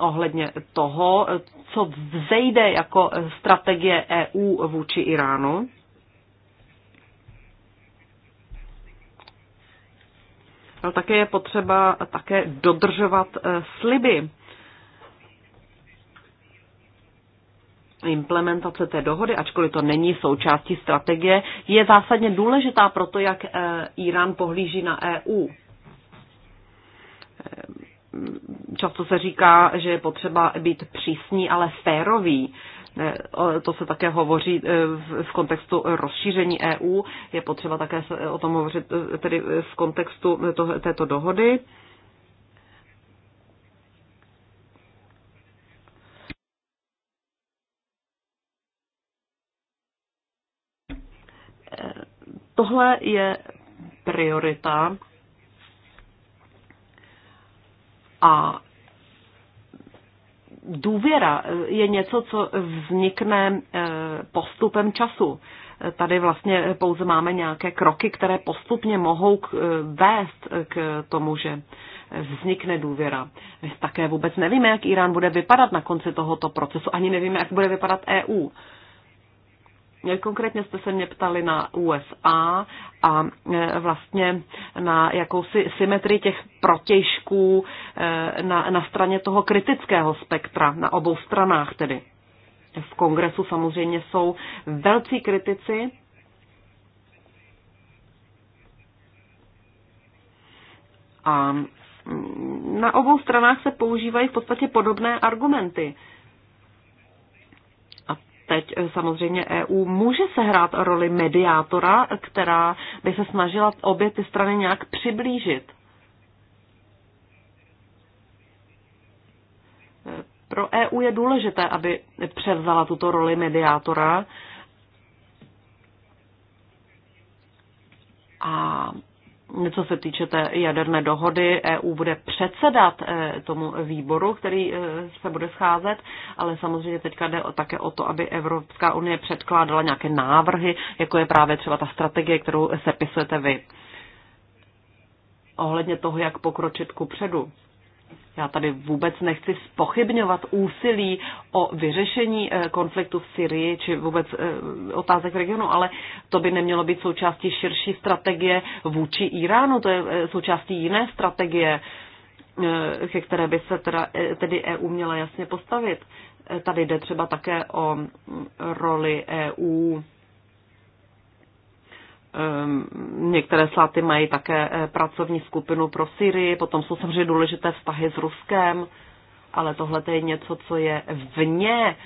ohledně toho, co vzejde jako strategie EU vůči Iránu. Ale také je potřeba také dodržovat eh, sliby. Implementace té dohody, ačkoliv to není součástí strategie, je zásadně důležitá pro to, jak eh, Irán pohlíží na EU. Často se říká, že je potřeba být přísní, ale férový. To se také hovoří e, v kontextu rozšíření EU. Je potřeba také o tom hovořit e, tedy v kontextu této dohody. E, tohle je priorita a důvěra eh, je něco, co vznikne eh, postupem času. Eh, tady vlastně pouze máme nějaké kroky, které postupně mohou k, vést k tomu, že vznikne důvěra. My také vůbec nevíme, jak Irán bude vypadat na konci tohoto procesu, ani nevíme, jak bude vypadat EU. Konkrétně jste se mě ptali na USA a e, vlastně na jakousi symetrii těch protěžků e, na, na straně toho kritického spektra, na obou stranách tedy. V kongresu samozřejmě jsou velcí kritici, a mm, na obou stranách se používají v podstatě podobné argumenty teď eh, samozřejmě EU může sehrát roli mediátora, která by se snažila obě ty strany nějak přiblížit. Eh, pro EU je důležité, aby převzala tuto roli mediátora a co se týče té jaderné dohody, EU bude předsedat eh, tomu výboru, který eh, se bude scházet, ale samozřejmě teďka jde také o to, aby Evropská unie předkládala nějaké návrhy, jako je právě třeba ta strategie, kterou sepisujete vy ohledně toho, jak pokročit ku předu. Já tady vůbec nechci spochybňovat úsilí o vyřešení eh, konfliktu v Syrii či vůbec eh, otázek regionu, ale to by nemělo být součástí širší strategie vůči Iránu, to je eh, součástí jiné strategie, ke které by se teda, tedy EU měla jasně postavit. Tady jde třeba také o mm, roli EU Ehm, některé státy mají také eh, pracovní skupinu pro Syrii, potom jsou samozřejmě důležité vztahy s Ruskem, ale tohle je něco, co je vně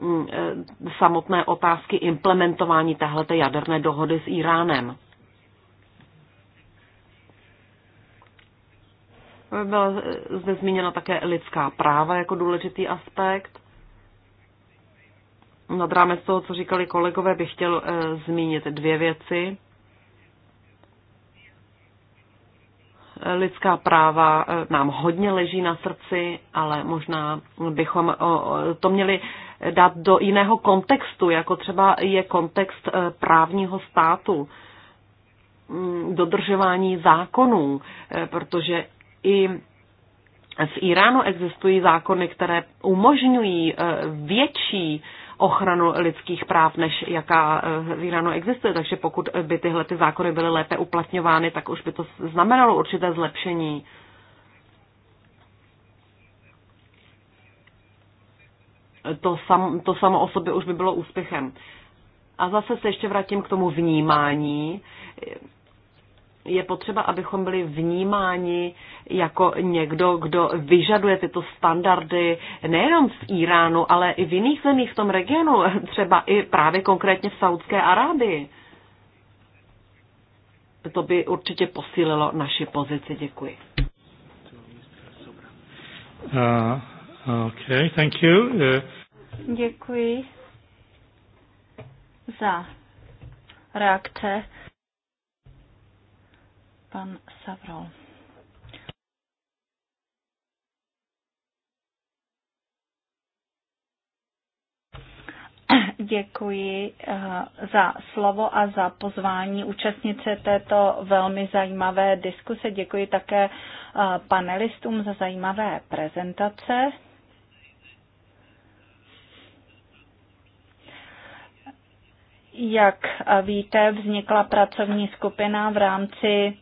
mm, eh, samotné otázky implementování téhle jaderné dohody s Iránem. Byla zde zmíněna také lidská práva jako důležitý aspekt nad rámec toho, co říkali kolegové, bych chtěl e, zmínit dvě věci. Lidská práva eh, nám hodně leží na srdci, ale možná bychom to měli dát do jiného kontextu, jako třeba je kontext eh, právního státu, mm, dodržování zákonů, protože i v Iránu existují zákony, které umožňují větší ochranu lidských práv, než jaká eh, v Iránu no existuje. Takže pokud by tyhle ty zákony byly lépe uplatňovány, tak už by to znamenalo určité zlepšení. To, sam, to samo o sobě už by bylo úspěchem. A zase se ještě vrátím k tomu vnímání je potřeba, abychom byli vnímáni jako někdo, kdo vyžaduje tyto standardy nejenom v Iránu, ale i v jiných zemích v tom regionu, *laughs* třeba i právě konkrétně v Saudské Arábii. To by určitě posílilo naši pozici. Děkuji. Uh, okay, thank you. Uh... Děkuji za reakce Pan Savrol. *clears throat* Děkuji eh, za slovo a za pozvání účastnice této velmi zajímavé diskuse. Děkuji také eh, panelistům za zajímavé prezentace. Jak víte, vznikla pracovní skupina v rámci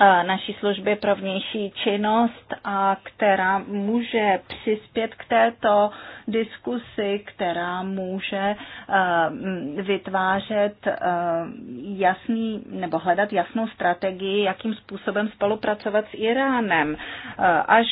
naší služby pro vnější činnost a která může přispět k této diskusi, která může vytvářet jasný nebo hledat jasnou strategii, jakým způsobem spolupracovat s Iránem. Až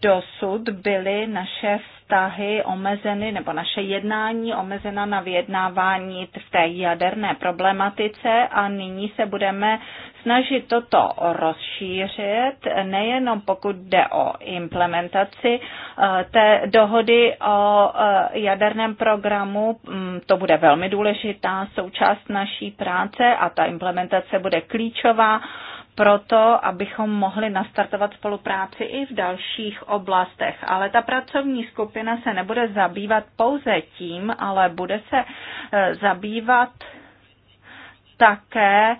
dosud byly naše vztahy omezeny nebo naše jednání omezena na vyjednávání v té jaderné problematice a nyní se budeme snažit toto rozšířit, nejenom pokud jde o implementaci eh, té dohody o eh, jaderném programu, mm, to bude velmi důležitá součást naší práce a ta implementace bude klíčová proto, abychom mohli nastartovat spolupráci i v dalších oblastech. Ale ta pracovní skupina se nebude zabývat pouze tím, ale bude se e, zabývat také e,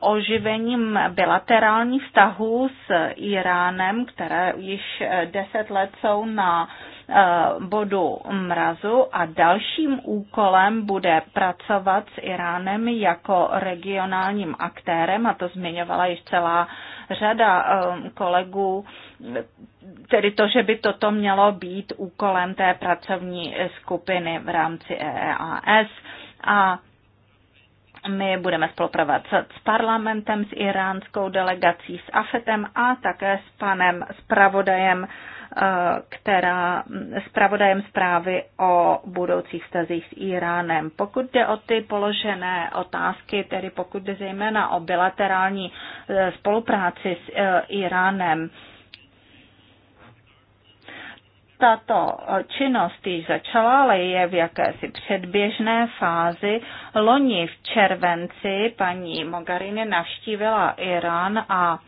oživením bilaterálních vztahů s Iránem, které již e, deset let jsou na Eh, bodu mrazu a dalším úkolem bude pracovat s Iránem jako regionálním aktérem, a to zmiňovala již celá řada eh, kolegů, tedy to, že by toto mělo být úkolem té pracovní skupiny v rámci EEAS. A my budeme spolupracovat s parlamentem, s iránskou delegací, s AFETem a také s panem zpravodajem Eh, která mm, zpravodajem zprávy o budoucích vztazích s Iránem. Pokud jde o ty položené otázky, tedy pokud jde zejména o bilaterální eh, spolupráci s eh, Iránem, tato činnost již začala, ale je v jakési předběžné fázi. Loni v červenci paní Mogarini navštívila Irán a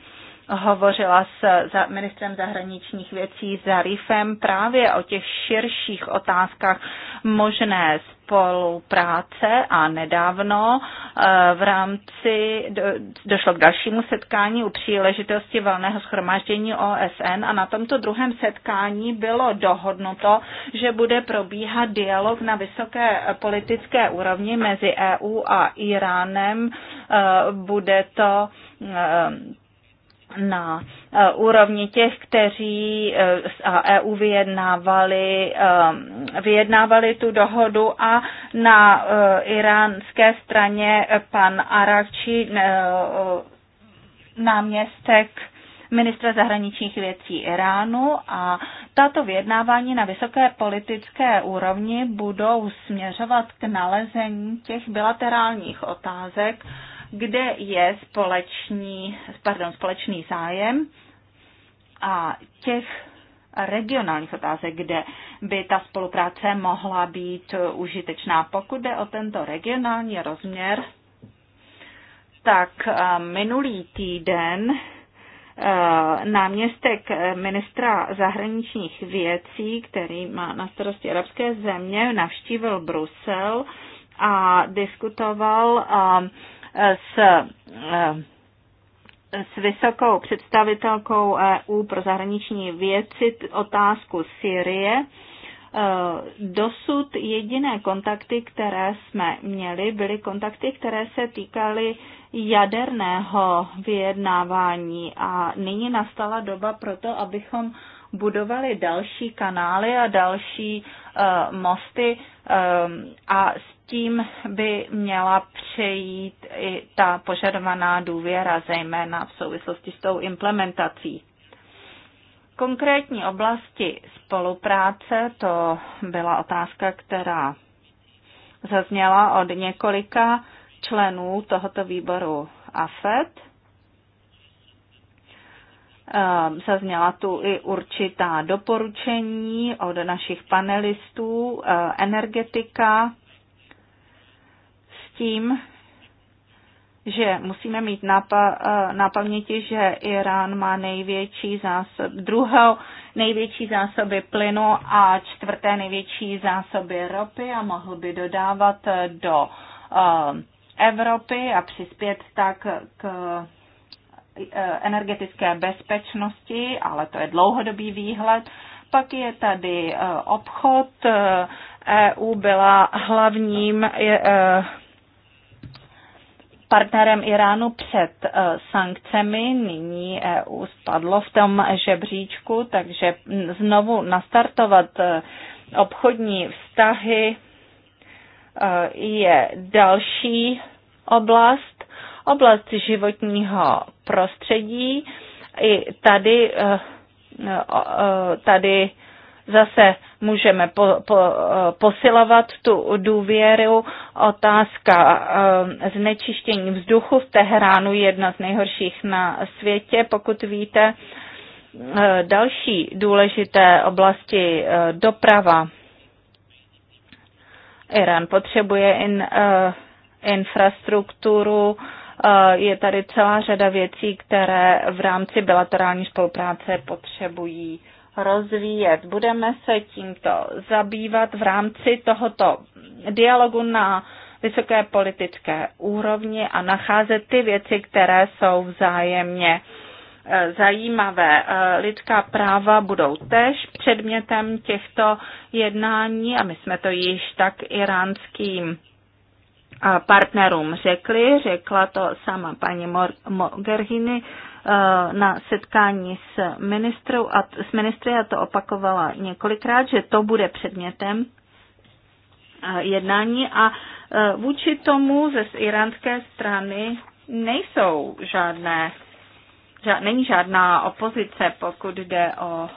hovořila s ministrem zahraničních věcí Zarifem právě o těch širších otázkách možné spolupráce a nedávno eh, v rámci došlo k dalšímu setkání u příležitosti valného schromáždění OSN a na tomto druhém setkání bylo dohodnuto, že bude probíhat dialog na vysoké politické úrovni mezi EU a Iránem. Eh, bude to eh, na eh, úrovni těch, kteří z eh, EU vyjednávali, eh, vyjednávali tu dohodu a na iránské straně pan Arakči, náměstek ministra zahraničních věcí Iránu a tato vyjednávání na vysoké politické úrovni budou směřovat k nalezení těch bilaterálních otázek, kde je společný, pardon, společný zájem a těch regionálních otázek, kde by ta spolupráce mohla být užitečná. Pokud jde o tento regionální rozměr, tak eh, minulý týden eh, náměstek ministra zahraničních věcí, který má na starosti arabské země, navštívil Brusel a diskutoval eh, s eh, s vysokou představitelkou EU pro zahraniční věci otázku Syrie. Eh, dosud jediné kontakty, které jsme měli, byly kontakty, které se týkaly jaderného vyjednávání a nyní nastala doba pro to, abychom budovali další kanály a další uh, mosty um, a tím by měla přejít i ta požadovaná důvěra, zejména v souvislosti s tou implementací. Konkrétní oblasti spolupráce, to byla otázka, která zazněla od několika členů tohoto výboru AFED. Ehm, zazněla tu i určitá doporučení od našich panelistů, ehm, energetika, tím, že musíme mít na, eh, na paměti, že Irán má největší zásob, druhou největší zásoby plynu a čtvrté největší zásoby ropy a mohl by dodávat eh, do eh, Evropy a přispět tak k energetické bezpečnosti, ale to je dlouhodobý výhled. Pak je tady obchod. EU e byla hlavním partnerem Iránu před eh, sankcemi. Nyní EU spadlo v tom žebříčku, takže znovu nastartovat eh, obchodní vztahy eh, je další oblast, oblast životního prostředí. I tady, tady zase můžeme po, po, posilovat tu důvěru. Otázka eh, znečištění vzduchu v Tehránu je jedna z nejhorších na světě, pokud víte. Eh, další důležité oblasti eh, doprava. Irán potřebuje in, uh, infrastrukturu, uh, je tady celá řada věcí, které v rámci bilaterální spolupráce potřebují uh, rozvíjet. Budeme se tímto zabývat v rámci tohoto dialogu na vysoké politické úrovni a nacházet ty věci, které jsou vzájemně eh, zajímavé. Eh, lidská práva budou tež předmětem těchto jednání a my jsme to již tak iránským eh, partnerům řekli, řekla to sama paní Mogherini Eh, na setkání s, ministrou a, s ministry a to opakovala několikrát, že to bude předmětem eh, jednání a eh, vůči tomu ze iránské strany nejsou žádné, žád, není žádná opozice, pokud jde o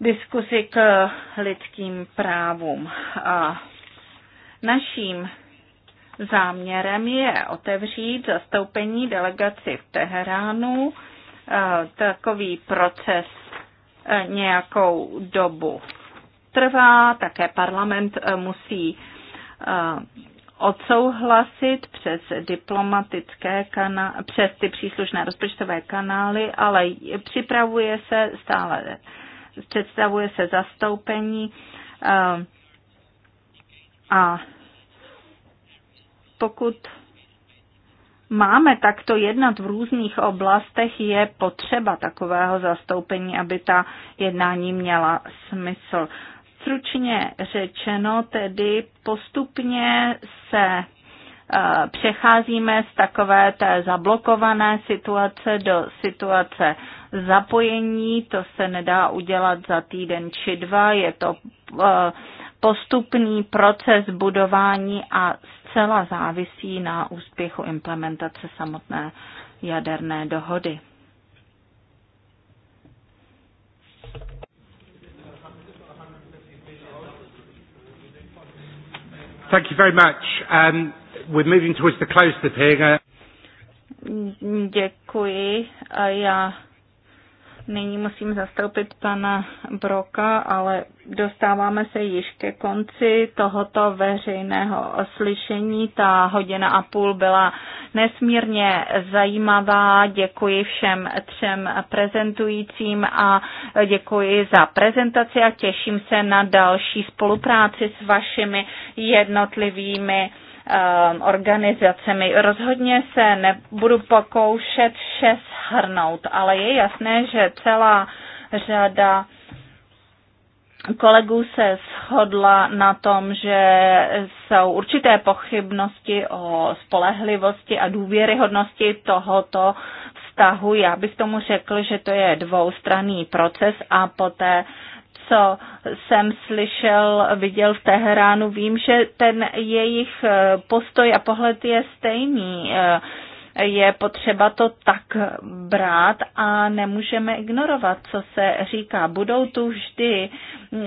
diskusi k lidským právům. A naším Záměrem je otevřít zastoupení delegaci v Teheránu eh, takový proces eh, nějakou dobu trvá, také parlament eh, musí odsouhlasit přes diplomatické kana- přes ty příslušné rozpočtové kanály, ale připravuje se stále, představuje se zastoupení a pokud máme takto jednat v různých oblastech, je potřeba takového zastoupení, aby ta jednání měla smysl. Stručně řečeno, tedy postupně se eh, přecházíme z takové té zablokované situace do situace zapojení. To se nedá udělat za týden či dva, je to eh, postupný proces budování a zcela závisí na úspěchu implementace samotné jaderné dohody. Thank you very much. Um, we're moving towards the close of the hearing. Děkuji. Uh, yeah. Nyní musím zastoupit pana Broka, ale dostáváme se již ke konci tohoto veřejného slyšení. Ta hodina a půl byla nesmírně zajímavá. Děkuji všem třem prezentujícím a děkuji za prezentaci a těším se na další spolupráci s vašimi jednotlivými Um, organizacemi. Rozhodně se nebudu pokoušet vše shrnout, ale je jasné, že celá řada kolegů se shodla na tom, že jsou určité pochybnosti o spolehlivosti a důvěryhodnosti tohoto vztahu. Já bych tomu řekl, že to je dvoustranný proces a poté co jsem slyšel, viděl v Teheránu, vím, že ten jejich eh, postoj a pohled je stejný eh, je potřeba to tak brát a nemůžeme ignorovat, co se říká. Budou tu vždy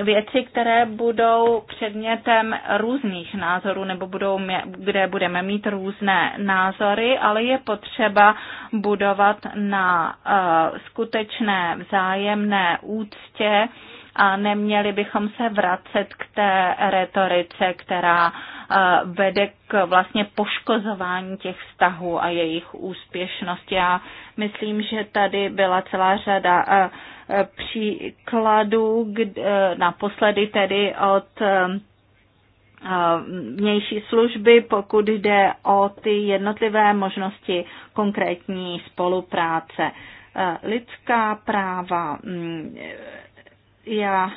věci, které budou předmětem různých názorů nebo budou, kde budeme mít různé názory, ale je potřeba budovat na uh, skutečné vzájemné úctě uh, a neměli bychom se vracet k té retorice, která eh, vede k vlastně poškozování těch vztahů a jejich úspěšnosti. Já myslím, že tady byla celá řada eh, příkladů, eh, naposledy tedy od vnější služby, pokud jde o ty jednotlivé možnosti konkrétní spolupráce. Lidská práva, mm, já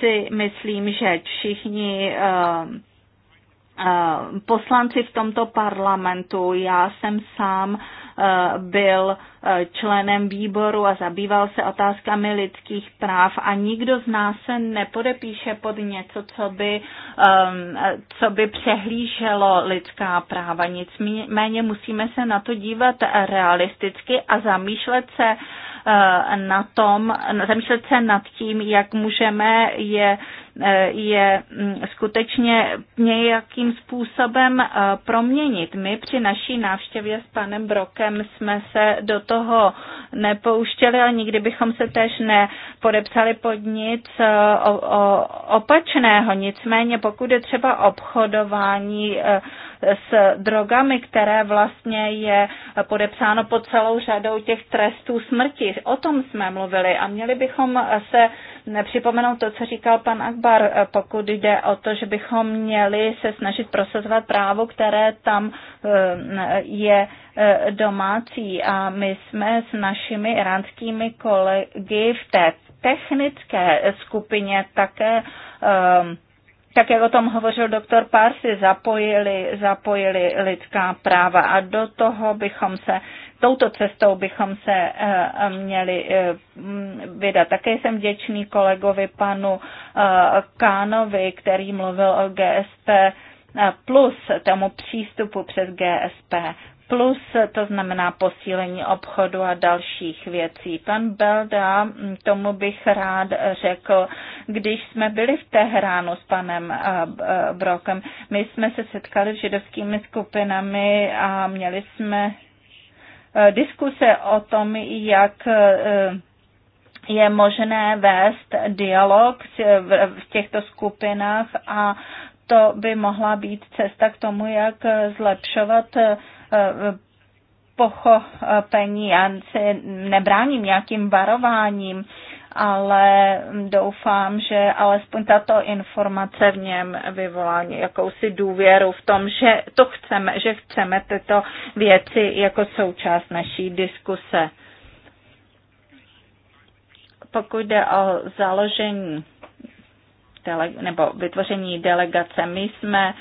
si myslím, že všichni eh, eh, poslanci v tomto parlamentu, já jsem sám eh, byl členem výboru a zabýval se otázkami lidských práv a nikdo z nás se nepodepíše pod něco, co by, um, co by přehlíželo lidská práva. Nicméně musíme se na to dívat realisticky a zamýšlet se uh, na tom, zamýšlet se nad tím, jak můžeme je, uh, je mm, skutečně nějakým způsobem uh, proměnit. My při naší návštěvě s panem Brokem jsme se do toho toho nepouštěli a nikdy bychom se tež nepodepsali pod nic eh, o, o, opačného. Nicméně pokud je třeba obchodování eh, s drogami, které vlastně je podepsáno pod celou řadou těch trestů smrti, o tom jsme mluvili a měli bychom se připomenout to, co říkal pan Akbar, eh, pokud jde o to, že bychom měli se snažit prosazovat právo, které tam eh, je eh, domácí. A my jsme s našimi iránskými kolegy v té technické skupině také ehm, tak jak o tom hovořil doktor Parsi, zapojili, zapojili lidská práva a do toho bychom se touto cestou bychom se eh, měli eh, vydat. Také jsem vděčný kolegovi panu eh, Kánovi, který mluvil o GSP plus tomu přístupu přes GSP plus to znamená posílení obchodu a dalších věcí. Pan Belda, hm, tomu bych rád řekl, když jsme byli v Tehránu s panem Brokem, my jsme se setkali s židovskými skupinami a měli jsme Eh, diskuse o tom, jak eh, je možné vést dialog eh, v těchto skupinách a to by mohla být cesta k tomu, jak zlepšovat pochopení. Já se nebráním nějakým varováním ale doufám, že alespoň tato informace v něm vyvolá jakousi důvěru v tom, že to chceme, že chceme tyto věci jako součást naší diskuse. Pokud jde o založení dele, nebo vytvoření delegace. My jsme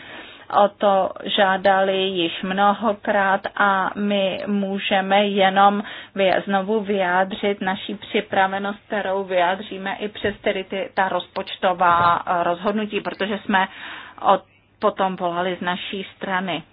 o to žádali již mnohokrát a my můžeme jenom znovu vyjádřit naší připravenost, kterou vyjádříme i přes tedy ty, ta rozpočtová e, rozhodnutí, protože jsme od, potom volali z naší strany.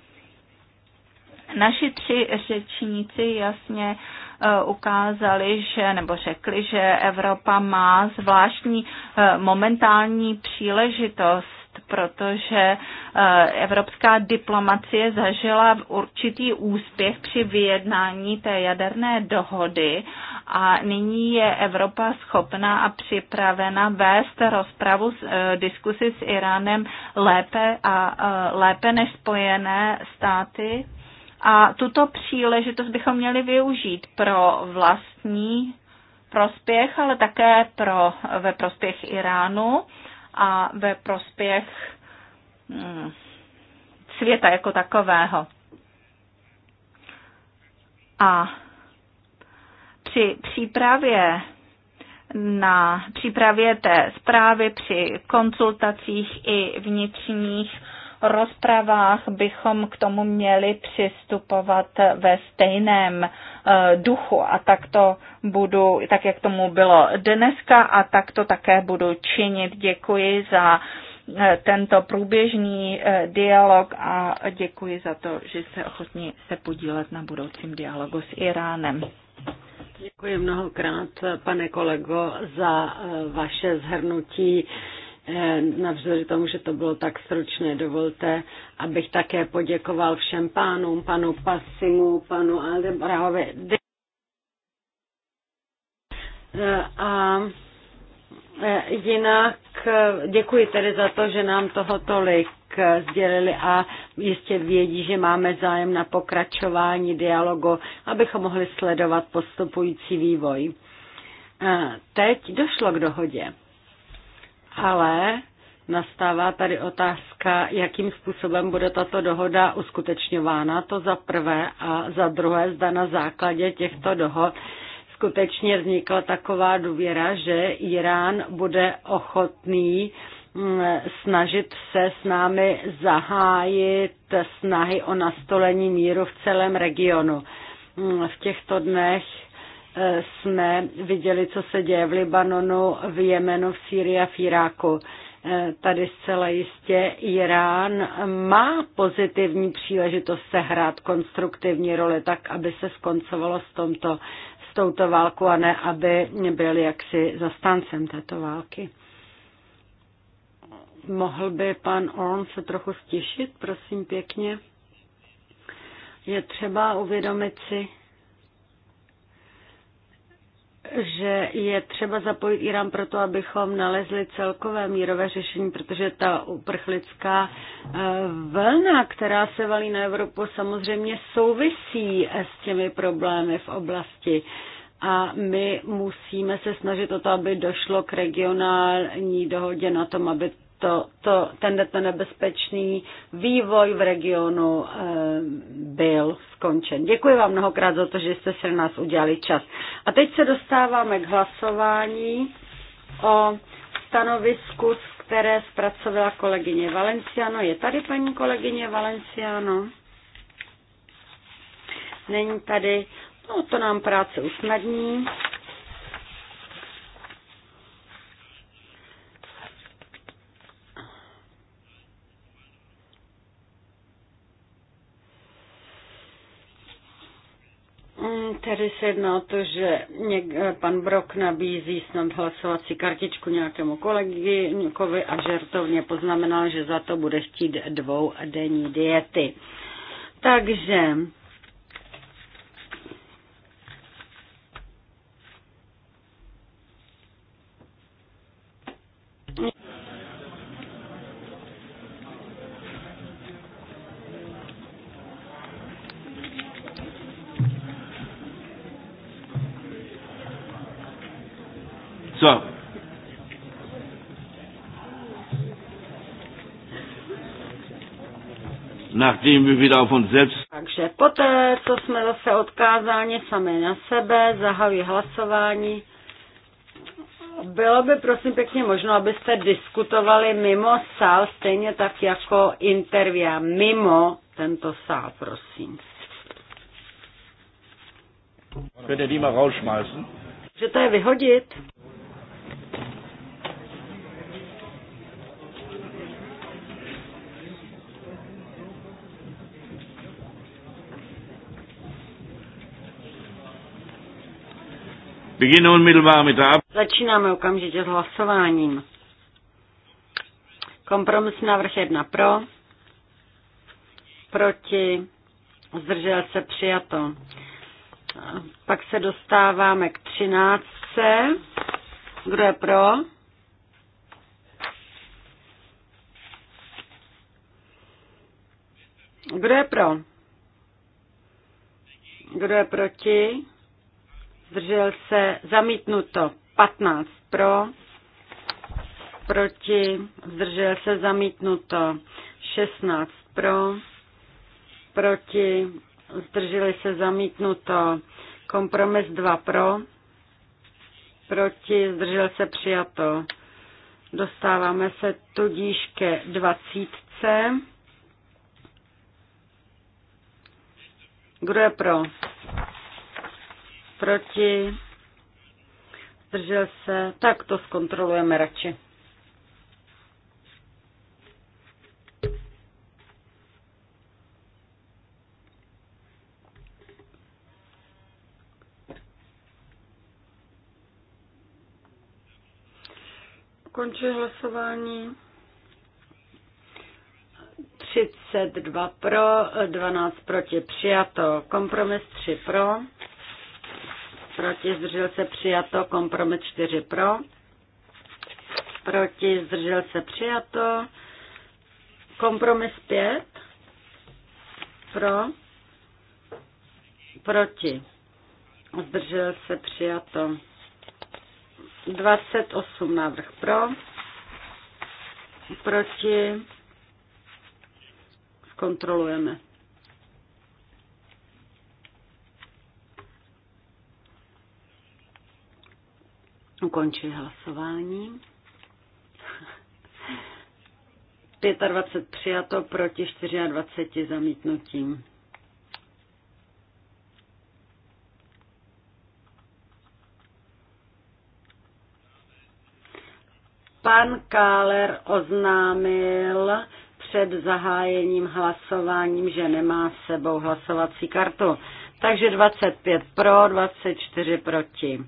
Naši tři řečníci jasně e, ukázali, že, nebo řekli, že Evropa má zvláštní e, momentální příležitost protože eh, evropská diplomacie zažila určitý úspěch při vyjednání té jaderné dohody a nyní je Evropa schopná a připravena vést rozpravu, eh, diskusi s Iránem lépe a eh, lépe než spojené státy. A tuto příležitost bychom měli využít pro vlastní prospěch, ale také pro, ve prospěch Iránu a ve prospěch mm, světa jako takového. A při přípravě na přípravě té zprávy při konzultacích i vnitřních rozpravách bychom k tomu měli přistupovat ve stejném eh, duchu a tak to budu, tak jak tomu bylo dneska a tak to také budu činit. Děkuji za eh, tento průběžný eh, dialog a děkuji za to, že jste ochotni se podílet na budoucím dialogu s Iránem. Děkuji mnohokrát, pane kolego, za vaše zhrnutí Eh, navzdory tomu, že to bylo tak stručné, dovolte, abych také poděkoval všem pánům, panu Pasimu, panu Aldebrahovi. Eh, a eh, jinak děkuji tedy za to, že nám toho tolik sdělili a jistě vědí, že máme zájem na pokračování dialogu, abychom mohli sledovat postupující vývoj. Teď došlo k dohodě ale nastává tady otázka, jakým způsobem bude tato dohoda uskutečňována, to za prvé a za druhé, zda na základě těchto dohod skutečně vznikla taková důvěra, že Irán bude ochotný mm, snažit se s námi zahájit snahy o nastolení míru v celém regionu. Mm, v těchto dnech jsme viděli, co se děje v Libanonu, v Jemenu, v Sýrii a v Iráku. E, tady zcela jistě Irán má pozitivní příležitost sehrát konstruktivní roli tak, aby se skoncovalo s, tomto, s touto válkou a ne, aby byl jaksi zastáncem této války. Mohl by pan Orn se trochu stěšit, prosím pěkně? Je třeba uvědomit si, že je třeba zapojit Irán proto, abychom nalezli celkové mírové řešení, protože ta uprchlická eh, vlna, která se valí na Evropu, samozřejmě souvisí s těmi problémy v oblasti a my musíme se snažit o to, aby došlo k regionální dohodě na tom, aby to, to, ten nebezpečný vývoj v regionu e, byl skončen. Děkuji vám mnohokrát za to, že jste se nás udělali čas. A teď se dostáváme k hlasování o stanovisku, které zpracovala kolegyně Valenciano. Je tady paní kolegyně Valenciano? Není tady. No, to nám práce usnadní. Mm, tady se jedná o to, že něk, pan Brok nabízí snad hlasovací kartičku nějakému kolegovi a žertovně poznamenal, že za to bude chtít dvou denní diety. Takže So. Nachdem wir wieder auf uns selbst. Takže poté, co jsme zase odkázáni sami na sebe, zahajuji hlasování. Bylo by prosím pěkně možno, abyste diskutovali mimo sál, stejně tak jako intervia mimo tento sál, prosím. Könnt to je vyhodit? Začínáme okamžitě s hlasováním. Kompromis návrh 1 pro, proti, zdržel se přijato. Pak se dostáváme k 13. Kdo je pro? Kdo je pro? Kdo je proti? zdržel se, zamítnuto 15 pro, proti, zdržel se, zamítnuto 16 pro, proti, zdrželi se, zamítnuto kompromis 2 pro, proti, zdržel se, přijato. Dostáváme se tudíž ke 20. Kdo je pro? proti, zdržel se, tak to zkontrolujeme radši. Končí hlasování. 32 pro, 12 proti přijato. Kompromis 3 pro, proti, zdržel se přijato, kompromis 4 pro, proti, zdržel se přijato, kompromis 5 pro, proti, zdržel se přijato, 28 návrh pro, proti, zkontrolujeme. Ukončuji hlasování. 25 přijato proti 24 zamítnutím. Pan Káler oznámil před zahájením hlasováním, že nemá s sebou hlasovací kartu. Takže 25 pro, 24 proti.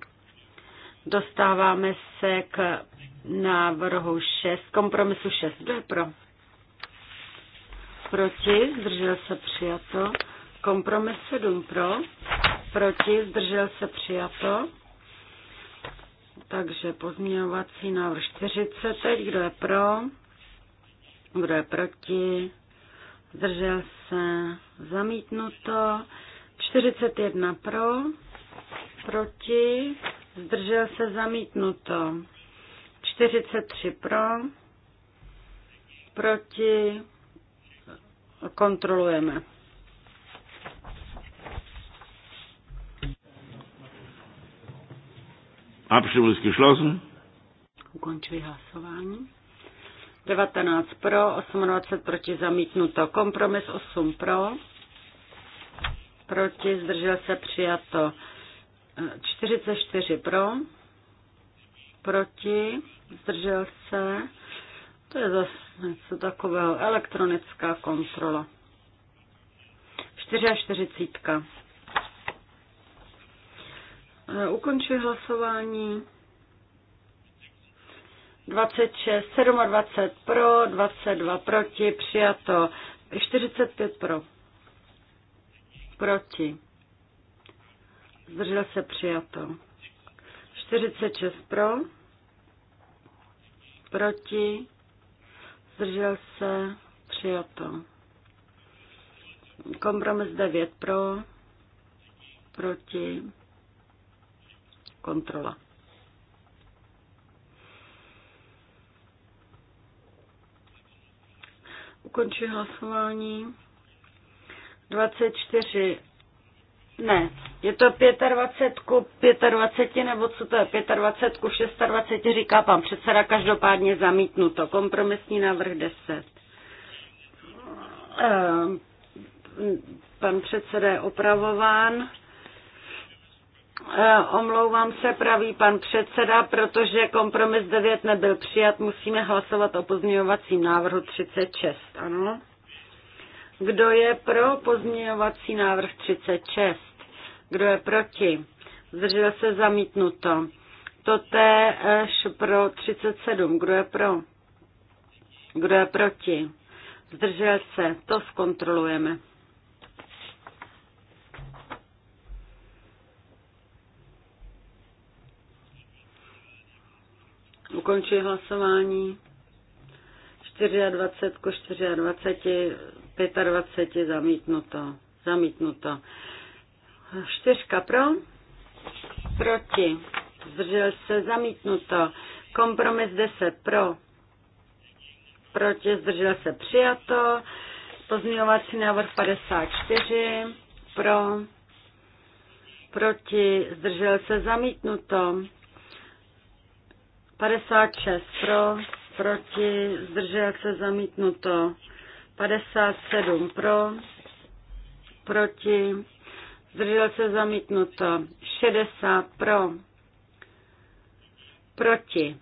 Dostáváme se k návrhu 6, kompromisu 6. Kdo je pro? Proti, zdržel se přijato. Kompromis 7 pro, proti, zdržel se přijato. Takže pozměňovací návrh 40 teď, kdo je pro, kdo je proti, zdržel se, zamítnuto. 41 pro, proti, zdržel se zamítnuto. 43 pro, proti, kontrolujeme. a ist geschlossen. Ukončuji hlasování. 19 pro, 28 proti zamítnuto. Kompromis 8 pro, proti zdržel se přijato. 44 pro, proti, zdržel se. To je zase něco takového, elektronická kontrola. 44. E, ukončuji hlasování. 26, 27 pro, 22 proti, přijato, 45 pro, proti, zdržel se přijato. 46 pro, proti, zdržel se přijato. Kompromis 9 pro, proti, kontrola. Ukončuji hlasování. 24 ne, je to 25 ku 25, nebo co to je, 25 ku 26, říká pan předseda, každopádně zamítnuto. Kompromisní návrh 10. Ehm, pan předseda je opravován. Ehm, omlouvám se, pravý pan předseda, protože kompromis 9 nebyl přijat, musíme hlasovat o pozměňovacím návrhu 36, ano? Kdo je pro pozměňovací návrh 36? Kdo je proti? Zdržel se zamítnuto. též pro 37. Kdo je pro? Kdo je proti? Zdržel se. To zkontrolujeme. Ukončuji hlasování. 24 ku 24 25 zamítnuto. Zamítnuto. Čtyřka pro. Proti. Zdržel se zamítnuto. Kompromis 10 pro. Proti. Zdržel se přijato. Pozměňovací návrh 54 pro. Proti. Zdržel se zamítnuto. 56 pro. Proti. Zdržel se zamítnuto. 57 pro, proti, zdržel se zamítnuto, 60 pro, proti,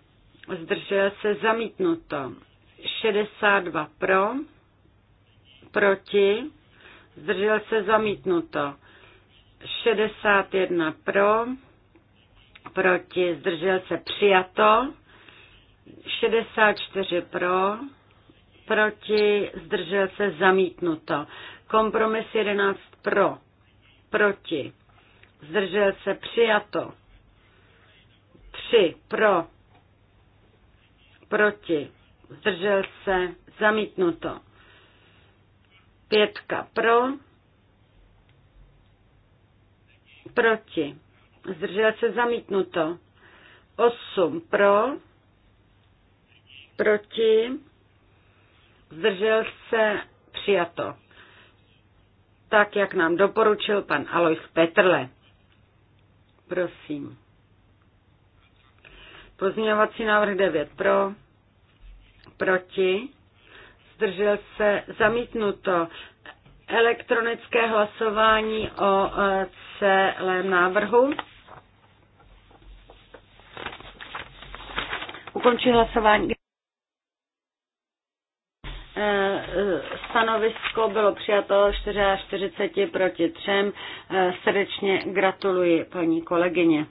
zdržel se zamítnuto, 62 pro, proti, zdržel se zamítnuto, 61 pro, proti, zdržel se přijato, 64 pro, proti, zdržel se, zamítnuto. Kompromis 11 pro, proti, zdržel se, přijato. 3 pro, proti, zdržel se, zamítnuto. Pětka pro, proti, zdržel se, zamítnuto. 8 pro, proti, zdržel se, přijato. Tak, jak nám doporučil pan Alois Petrle. Prosím. Pozměňovací návrh 9 pro, proti, zdržel se, zamítnuto elektronické hlasování o e, celém návrhu. Ukončí hlasování. Eh, eh, stanovisko bylo přijato 44 proti 3. Eh, srdečně gratuluji paní kolegyně.